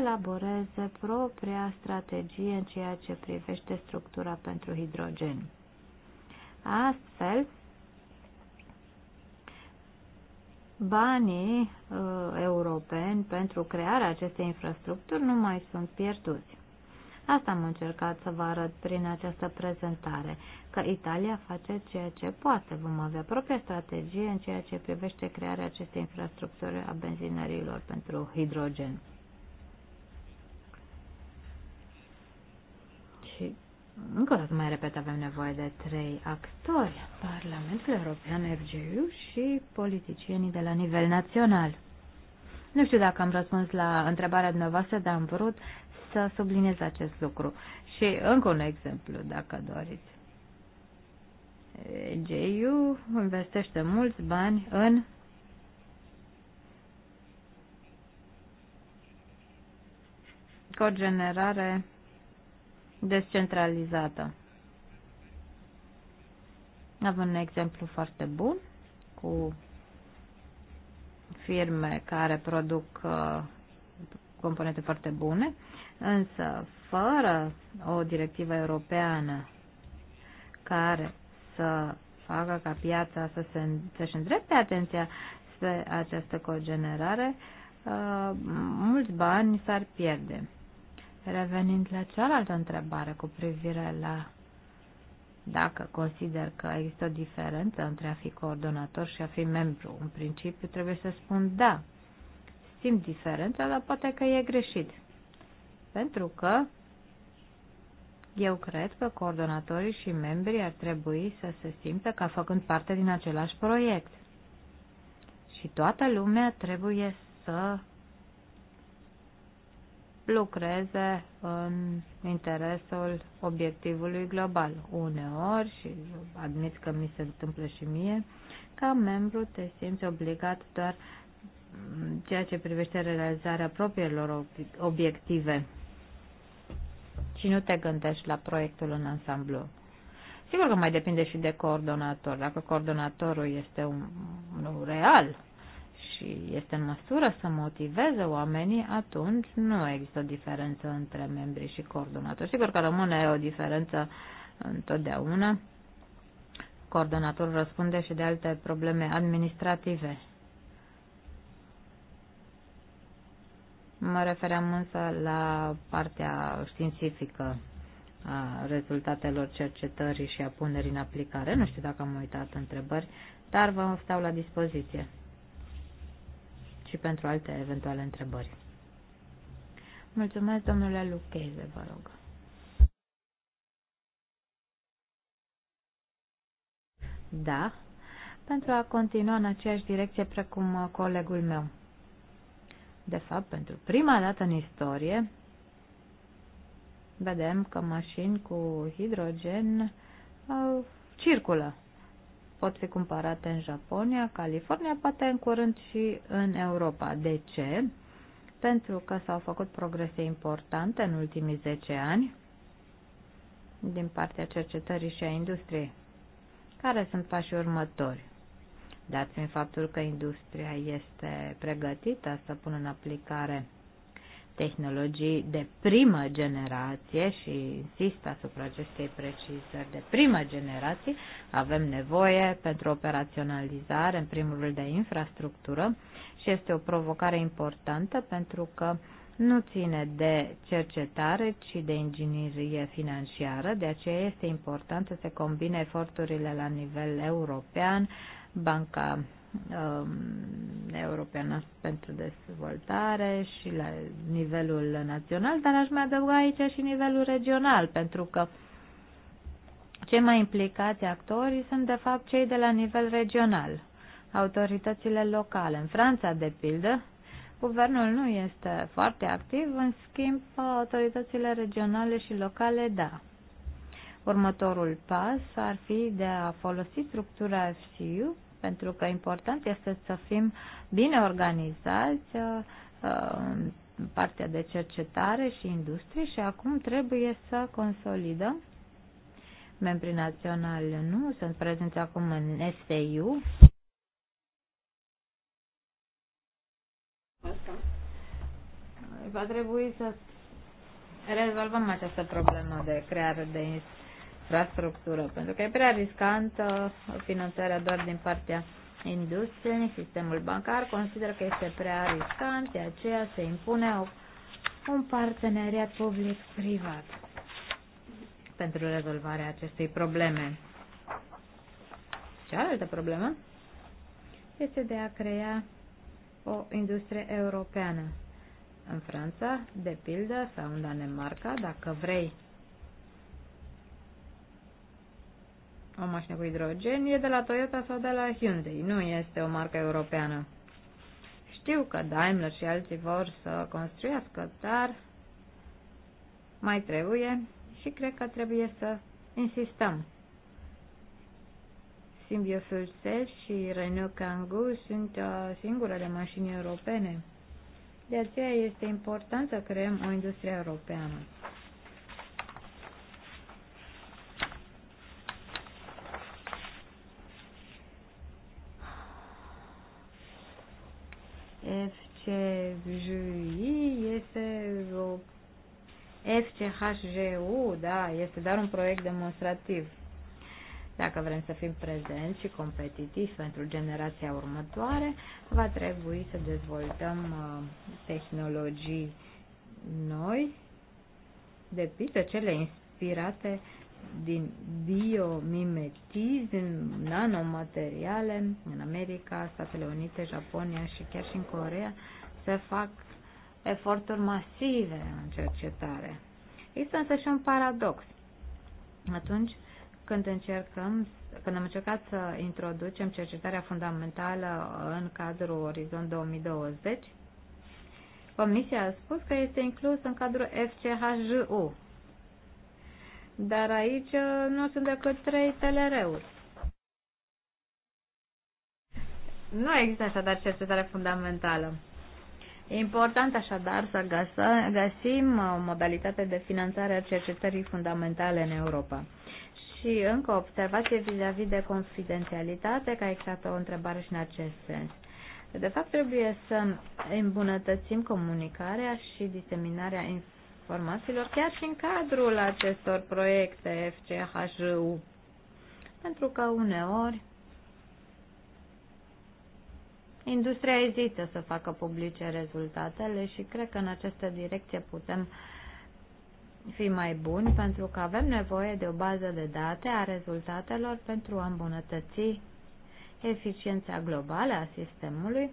elaboreze propria strategie în ceea ce privește structura pentru hidrogen. Astfel, banii uh, europeni pentru crearea acestei infrastructuri nu mai sunt pierduți. Asta am încercat să vă arăt prin această prezentare, că Italia face ceea ce poate. Vom avea propria strategie în ceea ce privește crearea acestei infrastructuri a benzinărilor pentru hidrogen. Și încă o dată mai repet, avem nevoie de trei actori, Parlamentul European, FGU și politicienii de la nivel național. Nu știu dacă am răspuns la întrebarea dumneavoastră, dar am vrut să subliniez acest lucru. Și încă un exemplu, dacă doriți. JU investește mulți bani în cogenerare descentralizată. Avem un exemplu foarte bun cu firme care produc uh, componente foarte bune, însă fără o directivă europeană care să facă ca piața să se, să-și îndrepte atenția spre această cogenerare, uh, mulți bani s-ar pierde. Revenind la cealaltă întrebare cu privire la dacă consider că există o diferență între a fi coordonator și a fi membru, în principiu trebuie să spun da. Simt diferența, dar poate că e greșit. Pentru că eu cred că coordonatorii și membrii ar trebui să se simtă ca făcând parte din același proiect. Și toată lumea trebuie să lucreze în interesul obiectivului global. Uneori, și admit că mi se întâmplă și mie, ca membru te simți obligat doar ceea ce privește realizarea propriilor obiective și nu te gândești la proiectul în ansamblu. Sigur că mai depinde și de coordonator. Dacă coordonatorul este un, unul real, și este în măsură să motiveze oamenii, atunci nu există o diferență între membri și coordonatori. Sigur că rămâne o diferență întotdeauna. Coordonatorul răspunde și de alte probleme administrative. Mă refeream însă la partea științifică a rezultatelor cercetării și a punerii în aplicare. Nu știu dacă am uitat întrebări, dar vă stau la dispoziție și pentru alte eventuale întrebări. Mulțumesc, domnule Lucheze, vă rog. Da, pentru a continua în aceeași direcție precum uh, colegul meu. De fapt, pentru prima dată în istorie, vedem că mașini cu hidrogen uh, circulă pot fi cumpărate în Japonia, California, poate în curând și în Europa. De ce? Pentru că s-au făcut progrese importante în ultimii 10 ani din partea cercetării și a industriei. Care sunt pașii următori? Dați-mi faptul că industria este pregătită să pună în aplicare tehnologii de primă generație și insist asupra acestei precizări de primă generație, avem nevoie pentru operaționalizare, în primul rând, de infrastructură și este o provocare importantă pentru că nu ține de cercetare, ci de inginerie financiară, de aceea este important să se combine eforturile la nivel european, Banca Um, Europeană pentru Dezvoltare și la nivelul național, dar aș mai adăuga aici și nivelul regional, pentru că cei mai implicați actori sunt de fapt cei de la nivel regional, autoritățile locale. În Franța, de pildă, guvernul nu este foarte activ, în schimb autoritățile regionale și locale da. Următorul pas ar fi de a folosi structura FCU pentru că important este să fim bine organizați uh, în partea de cercetare și industrie și acum trebuie să consolidăm membrii naționali nu sunt prezenți acum în STU. Va trebui să rezolvăm această problemă de creare de infrastructură, pentru că e prea riscantă finanțarea doar din partea industriei, sistemul bancar consideră că este prea riscant, de aceea se impune o un parteneriat public-privat pentru rezolvarea acestei probleme. Cealaltă problemă este de a crea o industrie europeană. În Franța, de pildă, sau în Danemarca, dacă vrei o mașină cu hidrogen e de la Toyota sau de la Hyundai, nu este o marcă europeană. Știu că Daimler și alții vor să construiască, dar mai trebuie și cred că trebuie să insistăm. Simbio Fulcel și Renault Kangoo sunt uh, singurele mașini europene. De aceea este important să creăm o industrie europeană. FCJI este o FCHJU, da, este doar un proiect demonstrativ. Dacă vrem să fim prezenți și competitivi pentru generația următoare, va trebui să dezvoltăm uh, tehnologii noi, de pildă cele inspirate din biomimetism, din nanomateriale în America, Statele Unite, Japonia și chiar și în Corea se fac eforturi masive în cercetare. Există însă și un paradox. Atunci când încercăm, când am încercat să introducem cercetarea fundamentală în cadrul Orizont 2020, Comisia a spus că este inclus în cadrul FCHJU, dar aici uh, nu sunt decât trei telereuri. Nu există așadar cercetare fundamentală. E important așadar să găsim uh, o modalitate de finanțare a cercetării fundamentale în Europa. Și încă o observație vis-a-vis -vis de confidențialitate, că a existat o întrebare și în acest sens. De fapt, trebuie să îmbunătățim comunicarea și diseminarea informației informațiilor chiar și în cadrul acestor proiecte FCHU, Pentru că uneori industria ezită să facă publice rezultatele și cred că în această direcție putem fi mai buni pentru că avem nevoie de o bază de date a rezultatelor pentru a îmbunătăți eficiența globală a sistemului.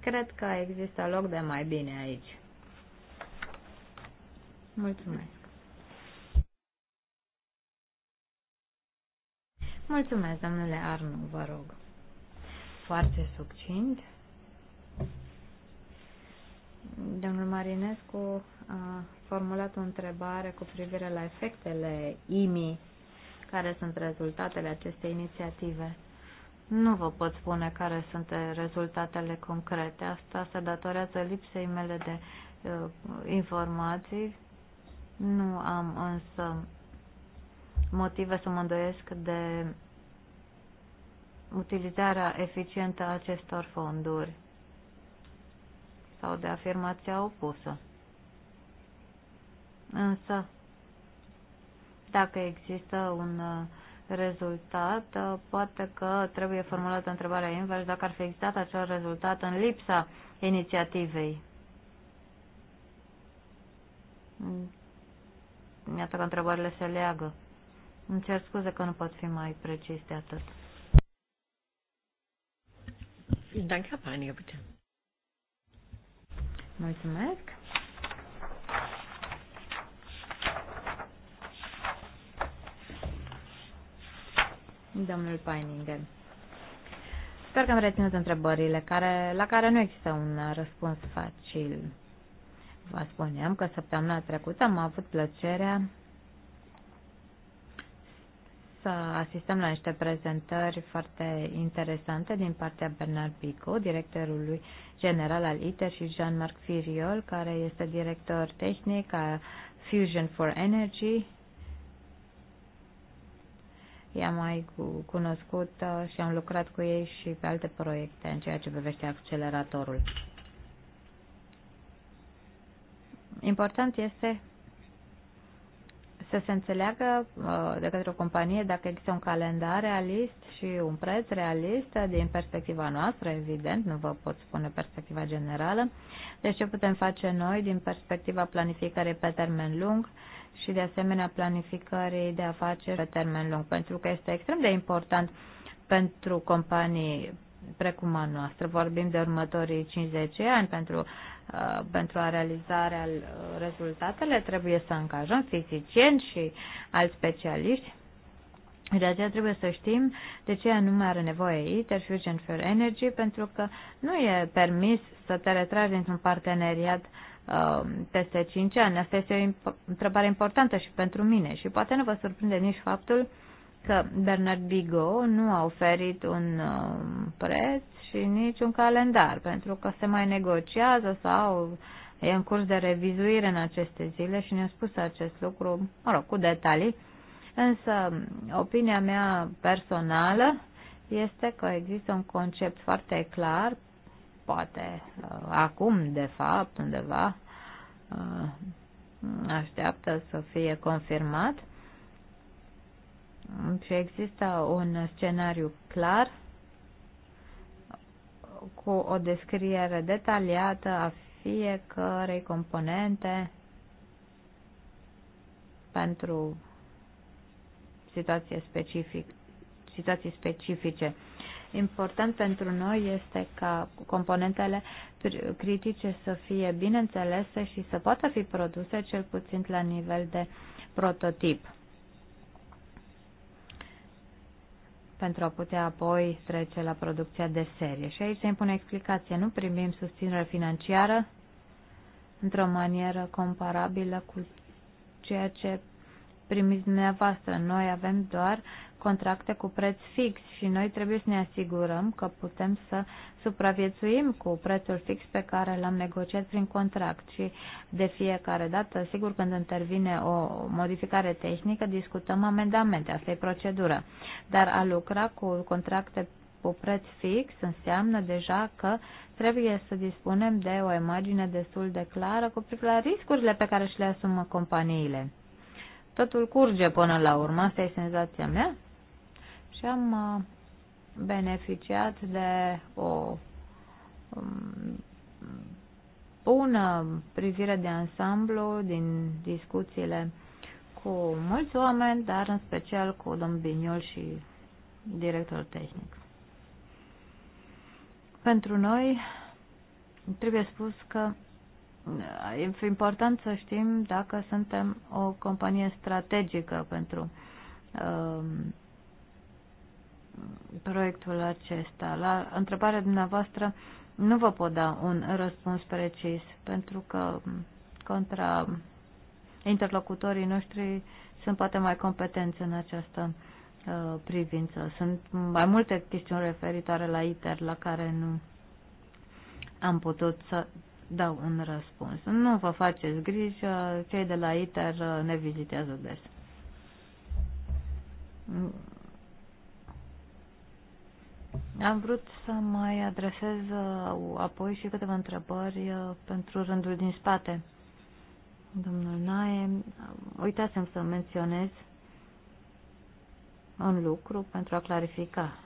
Cred că există loc de mai bine aici. Mulțumesc! Mulțumesc, domnule Arnu, vă rog. Foarte succint. Domnul Marinescu a formulat o întrebare cu privire la efectele IMI, care sunt rezultatele acestei inițiative. Nu vă pot spune care sunt rezultatele concrete. Asta se datorează lipsei mele de uh, informații nu am însă motive să mă îndoiesc de utilizarea eficientă a acestor fonduri sau de afirmația opusă. Însă, dacă există un uh, rezultat, uh, poate că trebuie formulată întrebarea invers dacă ar fi existat acel rezultat în lipsa inițiativei Iată că întrebările se leagă. Îmi cer scuze că nu pot fi mai precis de atât. Mulțumesc. Domnul Paininger. Sper că am reținut întrebările care, la care nu există un răspuns facil vă spuneam că săptămâna trecută am avut plăcerea să asistăm la niște prezentări foarte interesante din partea Bernard Pico, directorului general al ITER și Jean-Marc Firiol, care este director tehnic al Fusion for Energy. I-am mai cunoscut uh, și am lucrat cu ei și pe alte proiecte în ceea ce privește acceleratorul. Important este să se înțeleagă uh, de către o companie dacă există un calendar realist și un preț realist uh, din perspectiva noastră, evident, nu vă pot spune perspectiva generală. Deci ce putem face noi din perspectiva planificării pe termen lung și de asemenea planificării de afaceri pe termen lung, pentru că este extrem de important pentru companii precum a noastră. Vorbim de următorii 50 ani pentru, uh, pentru a realizarea uh, rezultatele. Trebuie să angajăm fizicieni și alți specialiști. De aceea trebuie să știm de ce anume are nevoie ITER, Fusion for Energy, pentru că nu e permis să te retragi dintr-un parteneriat uh, peste 5 ani. Asta este o întrebare importantă și pentru mine și poate nu vă surprinde nici faptul că Bernard Bigot nu a oferit un um, preț și nici un calendar, pentru că se mai negociază sau e în curs de revizuire în aceste zile și ne-a spus acest lucru, mă rog, cu detalii. Însă, opinia mea personală este că există un concept foarte clar, poate uh, acum, de fapt, undeva, uh, așteaptă să fie confirmat, și există un scenariu clar cu o descriere detaliată a fiecărei componente pentru situație specific, situații specifice. Important pentru noi este ca componentele critice să fie bine înțelese și să poată fi produse cel puțin la nivel de prototip. pentru a putea apoi trece la producția de serie. Și aici se impune explicație. Nu primim susținere financiară într-o manieră comparabilă cu ceea ce primiți dumneavoastră. Noi avem doar contracte cu preț fix și noi trebuie să ne asigurăm că putem să supraviețuim cu prețul fix pe care l-am negociat prin contract și de fiecare dată, sigur când intervine o modificare tehnică, discutăm amendamente, asta e procedură. Dar a lucra cu contracte cu preț fix înseamnă deja că trebuie să dispunem de o imagine destul de clară cu privire la riscurile pe care și le asumă companiile. Totul curge până la urmă, asta e senzația mea și am uh, beneficiat de o um, bună privire de ansamblu din discuțiile cu mulți oameni, dar în special cu domnul Biniol și directorul tehnic. Pentru noi, trebuie spus că uh, e important să știm dacă suntem o companie strategică pentru um, proiectul acesta. La întrebarea dumneavoastră nu vă pot da un răspuns precis, pentru că contra interlocutorii noștri sunt poate mai competenți în această uh, privință. Sunt mai multe chestiuni referitoare la ITER la care nu am putut să dau un răspuns. Nu vă faceți griji, cei de la ITER uh, ne vizitează des. Am vrut să mai adresez uh, apoi și câteva întrebări uh, pentru rândul din spate. Domnul Nae, uh, uitați-mi să menționez un lucru pentru a clarifica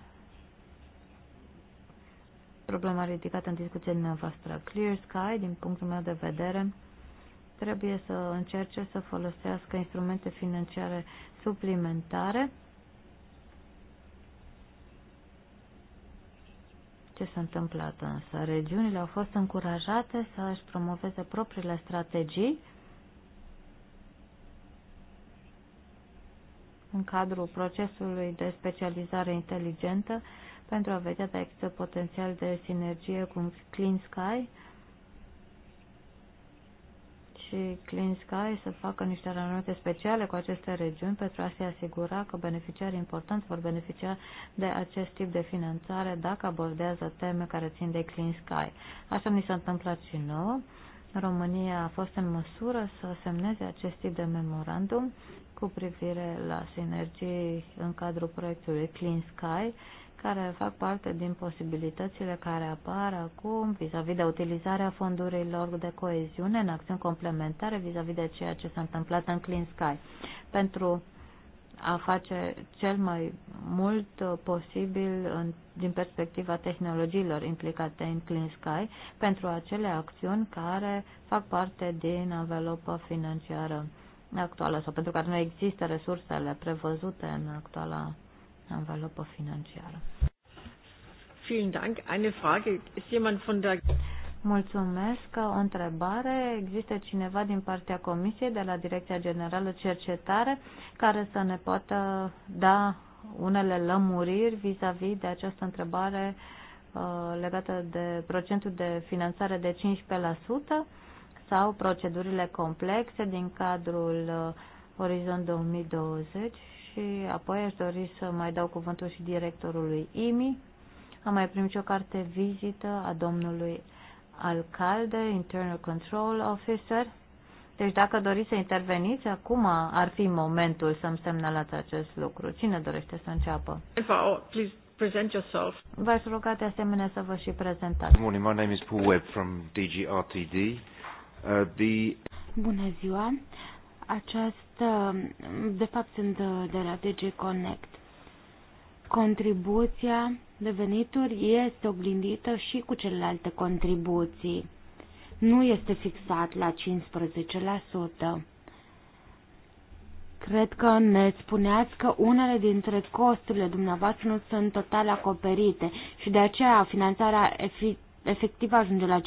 problema ridicată în discuția dumneavoastră. Clear Sky, din punctul meu de vedere, trebuie să încerce să folosească instrumente financiare suplimentare ce s-a întâmplat însă. Regiunile au fost încurajate să își promoveze propriile strategii în cadrul procesului de specializare inteligentă pentru a vedea dacă există potențial de sinergie cu Clean Sky, și Clean Sky să facă niște aranjamente speciale cu aceste regiuni pentru a se asigura că beneficiarii importanți vor beneficia de acest tip de finanțare dacă abordează teme care țin de Clean Sky. Așa ni s-a întâmplat și nouă. România a fost în măsură să semneze acest tip de memorandum cu privire la sinergii în cadrul proiectului Clean Sky care fac parte din posibilitățile care apar acum vis-a-vis -vis de utilizarea fondurilor de coeziune în acțiuni complementare vis-a-vis -vis de ceea ce s-a întâmplat în Clean Sky. Pentru a face cel mai mult posibil în, din perspectiva tehnologiilor implicate în Clean Sky pentru acele acțiuni care fac parte din învelopă financiară actuală sau pentru care nu există resursele prevăzute în actuala anvelopă financiară. Vielen Dank. Eine Frage. Ist jemand von der Mulțumesc. O întrebare. Există cineva din partea Comisiei de la Direcția Generală Cercetare care să ne poată da unele lămuriri vis-a-vis -vis de această întrebare uh, legată de procentul de finanțare de 15% sau procedurile complexe din cadrul uh, Orizont 2020 și apoi aș dori să mai dau cuvântul și directorului IMI. Am mai primit o carte vizită a domnului Alcalde, Internal Control Officer. Deci dacă doriți să interveniți, acum ar fi momentul să-mi semnalați acest lucru. Cine dorește să înceapă? Please present yourself. V-aș ruga de asemenea să vă și prezentați. Good morning, my name is Paul Webb from DGRTD. Uh, the... Bună ziua! Această Există, de fapt sunt uh, de la DG Connect. Contribuția de venituri este oglindită și cu celelalte contribuții. Nu este fixat la 15%. Cred că ne spuneați că unele dintre costurile dumneavoastră nu sunt total acoperite și de aceea finanțarea efectivă ajunge la 15%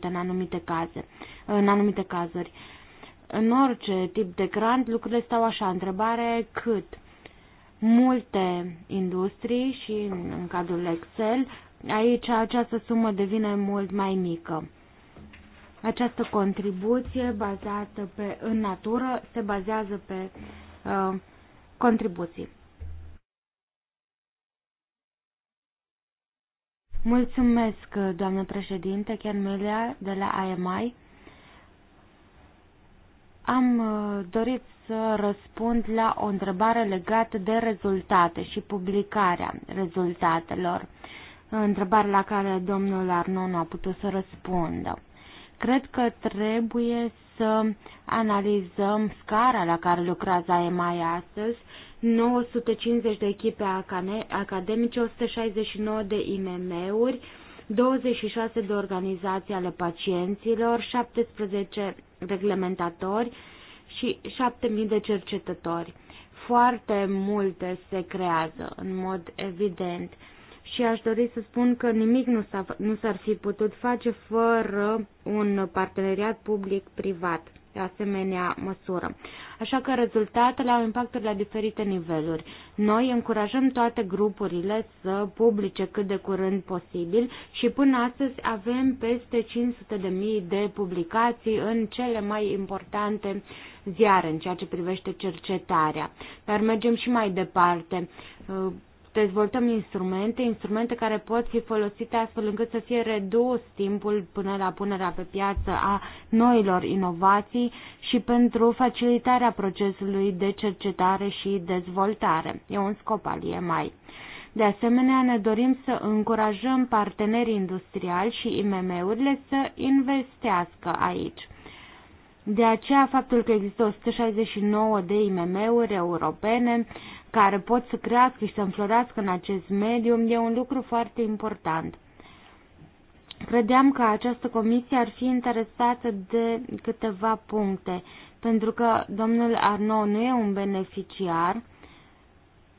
în anumite, caze, în anumite cazuri. În orice tip de grant, lucrurile stau așa. Întrebare cât? Multe industrii și în cadrul Excel, aici această sumă devine mult mai mică. Această contribuție bazată pe, în natură se bazează pe uh, contribuții. Mulțumesc, doamnă președinte, Ken Melia de la AMI. Am uh, dorit să răspund la o întrebare legată de rezultate și publicarea rezultatelor, întrebare la care domnul Arnon a putut să răspundă. Cred că trebuie să analizăm scara la care lucrează AMI astăzi, 950 de echipe academice, 169 de IMM-uri, 26 de organizații ale pacienților, 17 reglementatori și 7.000 de cercetători. Foarte multe se creează, în mod evident. Și aș dori să spun că nimic nu s-ar fi putut face fără un parteneriat public-privat asemenea măsură. Așa că rezultatele au impacturi la diferite niveluri. Noi încurajăm toate grupurile să publice cât de curând posibil și până astăzi avem peste 500.000 de publicații în cele mai importante ziare în ceea ce privește cercetarea. Dar mergem și mai departe dezvoltăm instrumente, instrumente care pot fi folosite astfel încât să fie redus timpul până la punerea pe piață a noilor inovații și pentru facilitarea procesului de cercetare și dezvoltare. E un scop al EMI. De asemenea, ne dorim să încurajăm partenerii industriali și IMM-urile să investească aici. De aceea, faptul că există 169 de IMM-uri europene care pot să crească și să înflorească în acest mediu e un lucru foarte important. Credeam că această comisie ar fi interesată de câteva puncte, pentru că domnul Arnaud nu e un beneficiar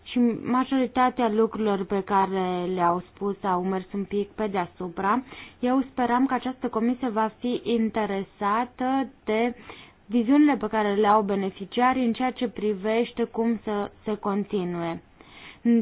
și majoritatea lucrurilor pe care le-au spus au mers un pic pe deasupra. Eu speram că această comisie va fi interesată de uh, viziunile pe care le au beneficiarii în ceea ce privește cum să se continue.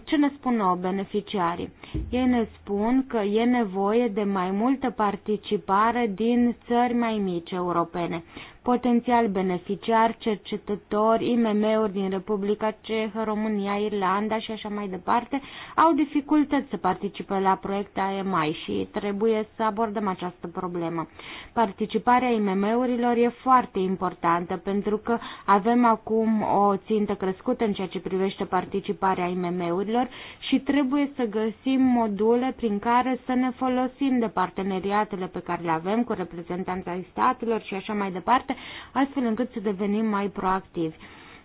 Ce ne spun nou beneficiarii? Ei ne spun că e nevoie de mai multă participare din țări mai mici europene, potențial beneficiar, cercetători, IMM-uri din Republica Cehă, România, Irlanda și așa mai departe, au dificultăți să participe la proiecte AMI și trebuie să abordăm această problemă. Participarea IMM-urilor e foarte importantă pentru că avem acum o țintă crescută în ceea ce privește participarea IMM-urilor și trebuie să găsim module prin care să ne folosim de parteneriatele pe care le avem cu reprezentanța statelor și așa mai departe departe, astfel încât să devenim mai proactivi.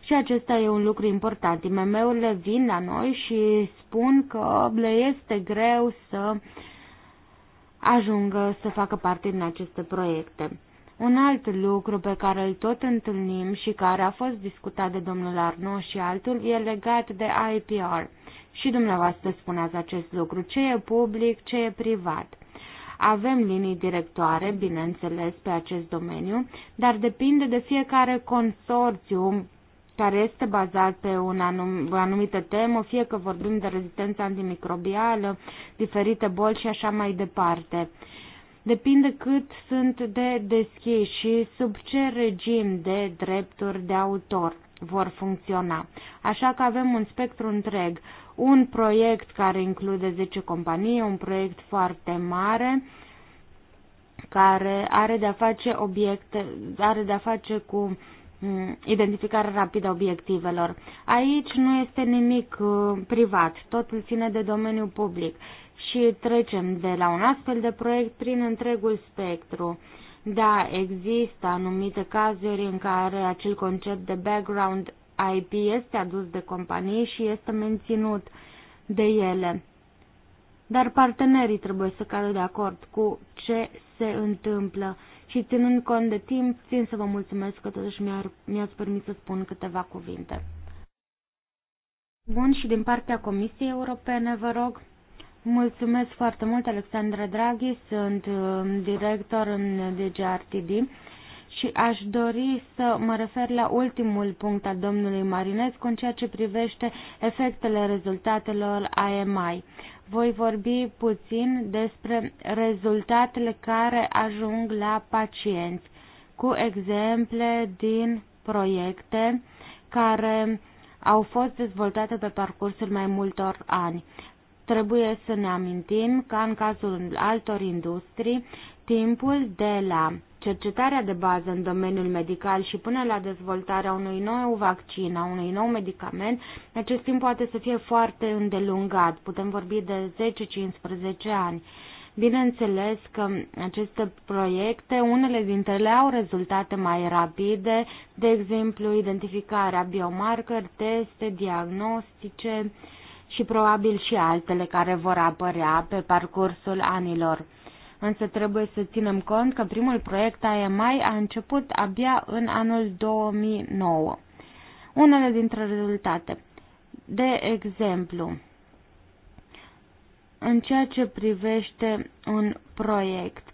Și acesta e un lucru important. IMM-urile vin la noi și spun că le este greu să ajungă să facă parte din aceste proiecte. Un alt lucru pe care îl tot întâlnim și care a fost discutat de domnul Arno și altul e legat de IPR. Și dumneavoastră spuneați acest lucru, ce e public, ce e privat. Avem linii directoare, bineînțeles, pe acest domeniu, dar depinde de fiecare consorțiu care este bazat pe un anum, o anumită temă, fie că vorbim de rezistență antimicrobială, diferite boli și așa mai departe. Depinde cât sunt de deschiși și sub ce regim de drepturi de autor vor funcționa. Așa că avem un spectru întreg un proiect care include 10 companii, un proiect foarte mare care are de-a face obiecte, are de-a face cu mm, identificarea rapidă a obiectivelor. Aici nu este nimic uh, privat, totul ține de domeniul public și trecem de la un astfel de proiect prin întregul spectru. Da, există anumite cazuri în care acel concept de background IP este adus de companii și este menținut de ele. Dar partenerii trebuie să cadă de acord cu ce se întâmplă și ținând cont de timp, țin să vă mulțumesc că totuși mi-ați permis să spun câteva cuvinte. Bun, și din partea Comisiei Europene, vă rog. Mulțumesc foarte mult, Alexandra Draghi, sunt uh, director în DGRTD și aș dori să mă refer la ultimul punct al domnului Marinescu în ceea ce privește efectele rezultatelor AMI. Voi vorbi puțin despre rezultatele care ajung la pacienți, cu exemple din proiecte care au fost dezvoltate pe parcursul mai multor ani. Trebuie să ne amintim că în cazul altor industrii, timpul de la cercetarea de bază în domeniul medical și până la dezvoltarea unui nou vaccin, a unui nou medicament, acest timp poate să fie foarte îndelungat. Putem vorbi de 10-15 ani. Bineînțeles că aceste proiecte, unele dintre ele au rezultate mai rapide, de exemplu identificarea biomarker, teste, diagnostice și probabil și altele care vor apărea pe parcursul anilor însă trebuie să ținem cont că primul proiect AMI a început abia în anul 2009. Unele dintre rezultate. De exemplu, în ceea ce privește un proiect,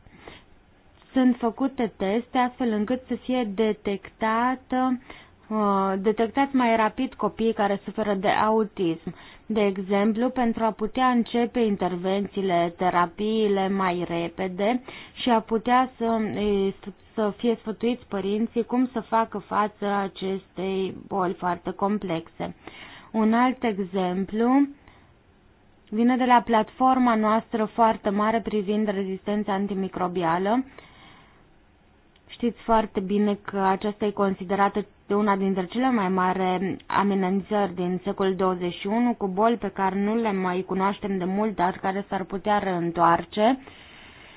sunt făcute teste astfel încât să fie uh, detectați mai rapid copiii care suferă de autism de exemplu, pentru a putea începe intervențiile, terapiile mai repede și a putea să, să fie sfătuiți părinții cum să facă față acestei boli foarte complexe. Un alt exemplu vine de la platforma noastră foarte mare privind rezistența antimicrobială, Știți foarte bine că aceasta e considerată de una dintre cele mai mari amenințări din secolul 21 cu boli pe care nu le mai cunoaștem de mult, dar care s-ar putea reîntoarce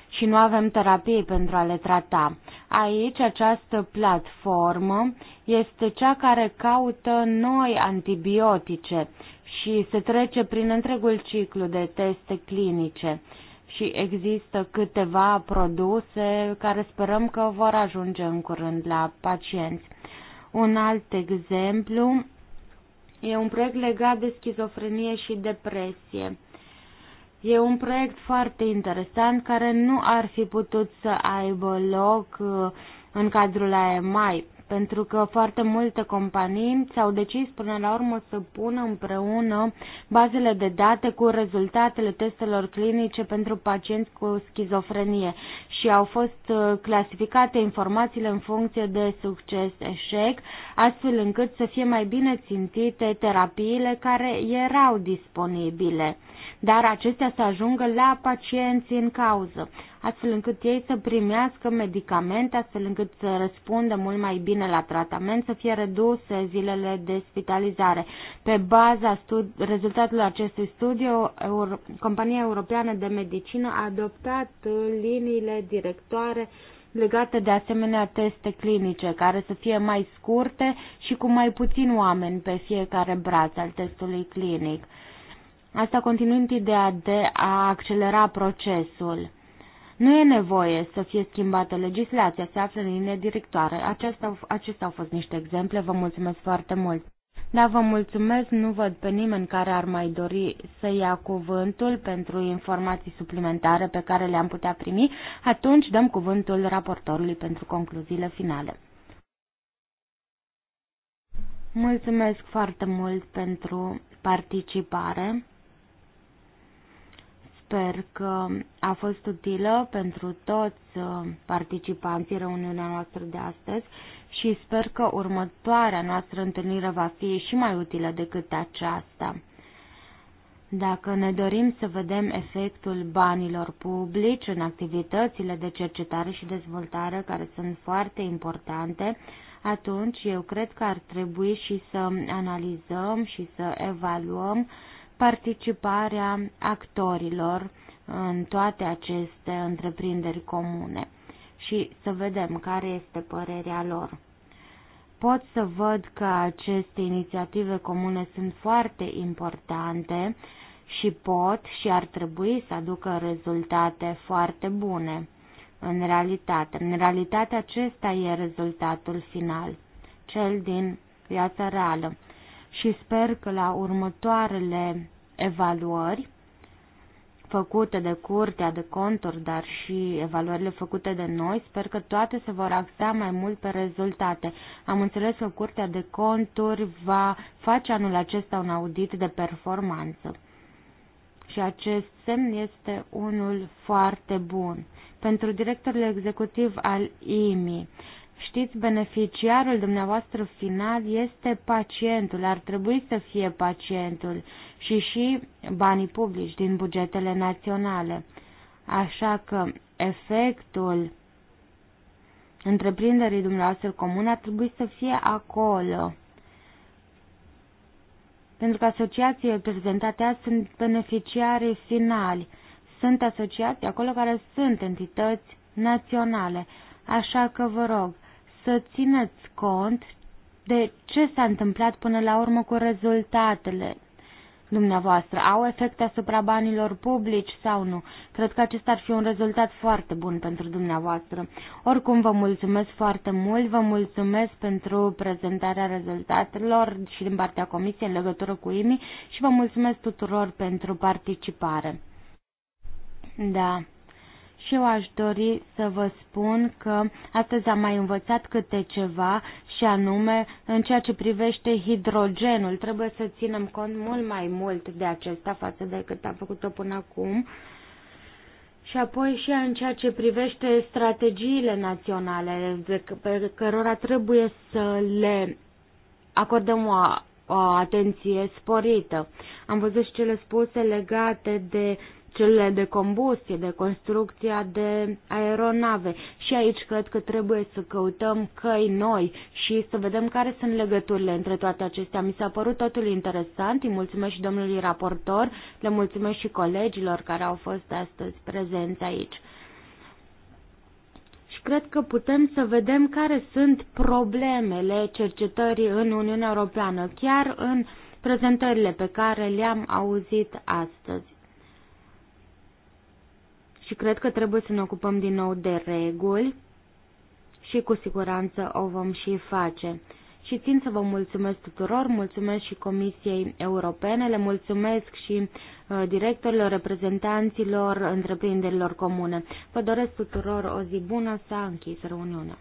și nu avem terapie pentru a le trata. Aici această platformă este cea care caută noi antibiotice și se trece prin întregul ciclu de teste clinice și există câteva produse care sperăm că vor ajunge în curând la pacienți. Un alt exemplu e un proiect legat de schizofrenie și depresie. E un proiect foarte interesant care nu ar fi putut să aibă loc uh, în cadrul AMI pentru că foarte multe companii s-au decis până la urmă să pună împreună bazele de date cu rezultatele testelor clinice pentru pacienți cu schizofrenie și au fost uh, clasificate informațiile în funcție de succes-eșec, astfel încât să fie mai bine țintite terapiile care erau disponibile dar acestea să ajungă la pacienții în cauză, astfel încât ei să primească medicamente, astfel încât să răspundă mult mai bine la tratament, să fie reduse zilele de spitalizare. Pe baza studi- rezultatelor acestui studiu, Euro- Compania Europeană de Medicină a adoptat liniile directoare legate de asemenea teste clinice, care să fie mai scurte și cu mai puțin oameni pe fiecare braț al testului clinic. Asta continuând ideea de a accelera procesul. Nu e nevoie să fie schimbată legislația, se află în linie directoare. Acestea, acestea au fost niște exemple, vă mulțumesc foarte mult. Da, vă mulțumesc, nu văd pe nimeni care ar mai dori să ia cuvântul pentru informații suplimentare pe care le-am putea primi, atunci dăm cuvântul raportorului pentru concluziile finale. Mulțumesc foarte mult pentru participare. Sper că a fost utilă pentru toți uh, participanții reuniunea noastră de astăzi și sper că următoarea noastră întâlnire va fi și mai utilă decât aceasta. Dacă ne dorim să vedem efectul banilor publici în activitățile de cercetare și dezvoltare care sunt foarte importante, atunci eu cred că ar trebui și să analizăm și să evaluăm uh, participarea actorilor în toate aceste întreprinderi comune și să vedem care este părerea lor. Pot să văd că aceste inițiative comune sunt foarte importante și pot și ar trebui să aducă rezultate foarte bune în realitate. În realitate acesta e rezultatul final, cel din viața reală și sper că la următoarele evaluări făcute de curtea de conturi, dar și evaluările făcute de noi, sper că toate se vor axa mai mult pe rezultate. Am înțeles că curtea de conturi va face anul acesta un audit de performanță. Și acest semn este unul foarte bun. Pentru directorul executiv al IMI, Știți, beneficiarul dumneavoastră final este pacientul, ar trebui să fie pacientul și și banii publici din bugetele naționale. Așa că efectul întreprinderii dumneavoastră comune ar trebui să fie acolo. Pentru că asociațiile prezentate azi sunt beneficiarii finali. Sunt asociații acolo care sunt entități naționale. Așa că vă rog, să țineți cont de ce s-a întâmplat până la urmă cu rezultatele dumneavoastră. Au efecte asupra banilor publici sau nu? Cred că acesta ar fi un rezultat foarte bun pentru dumneavoastră. Oricum, vă mulțumesc foarte mult, vă mulțumesc pentru prezentarea rezultatelor și din partea comisiei în legătură cu IMI și vă mulțumesc tuturor pentru participare. Da. Și eu aș dori să vă spun că astăzi am mai învățat câte ceva și anume în ceea ce privește hidrogenul. Trebuie să ținem cont mult mai mult de acesta față de cât am făcut-o până acum. Și apoi și în ceea ce privește strategiile naționale pe cărora trebuie să le acordăm o o atenție sporită. Am văzut și cele spuse legate de celule de combustie, de construcția de aeronave. Și aici cred că trebuie să căutăm căi noi și să vedem care sunt legăturile între toate acestea. Mi s-a părut totul interesant, îi mulțumesc și domnului raportor, le mulțumesc și colegilor care au fost astăzi prezenți aici Și cred că putem să vedem care sunt problemele cercetării în Uniunea Europeană, chiar în prezentările pe care le-am auzit astăzi și cred că trebuie să ne ocupăm din nou de reguli și cu siguranță o vom și face. Și țin să vă mulțumesc tuturor, mulțumesc și Comisiei Europene, le mulțumesc și uh, directorilor, reprezentanților, întreprinderilor comune. Vă doresc tuturor o zi bună, s-a închis reuniunea.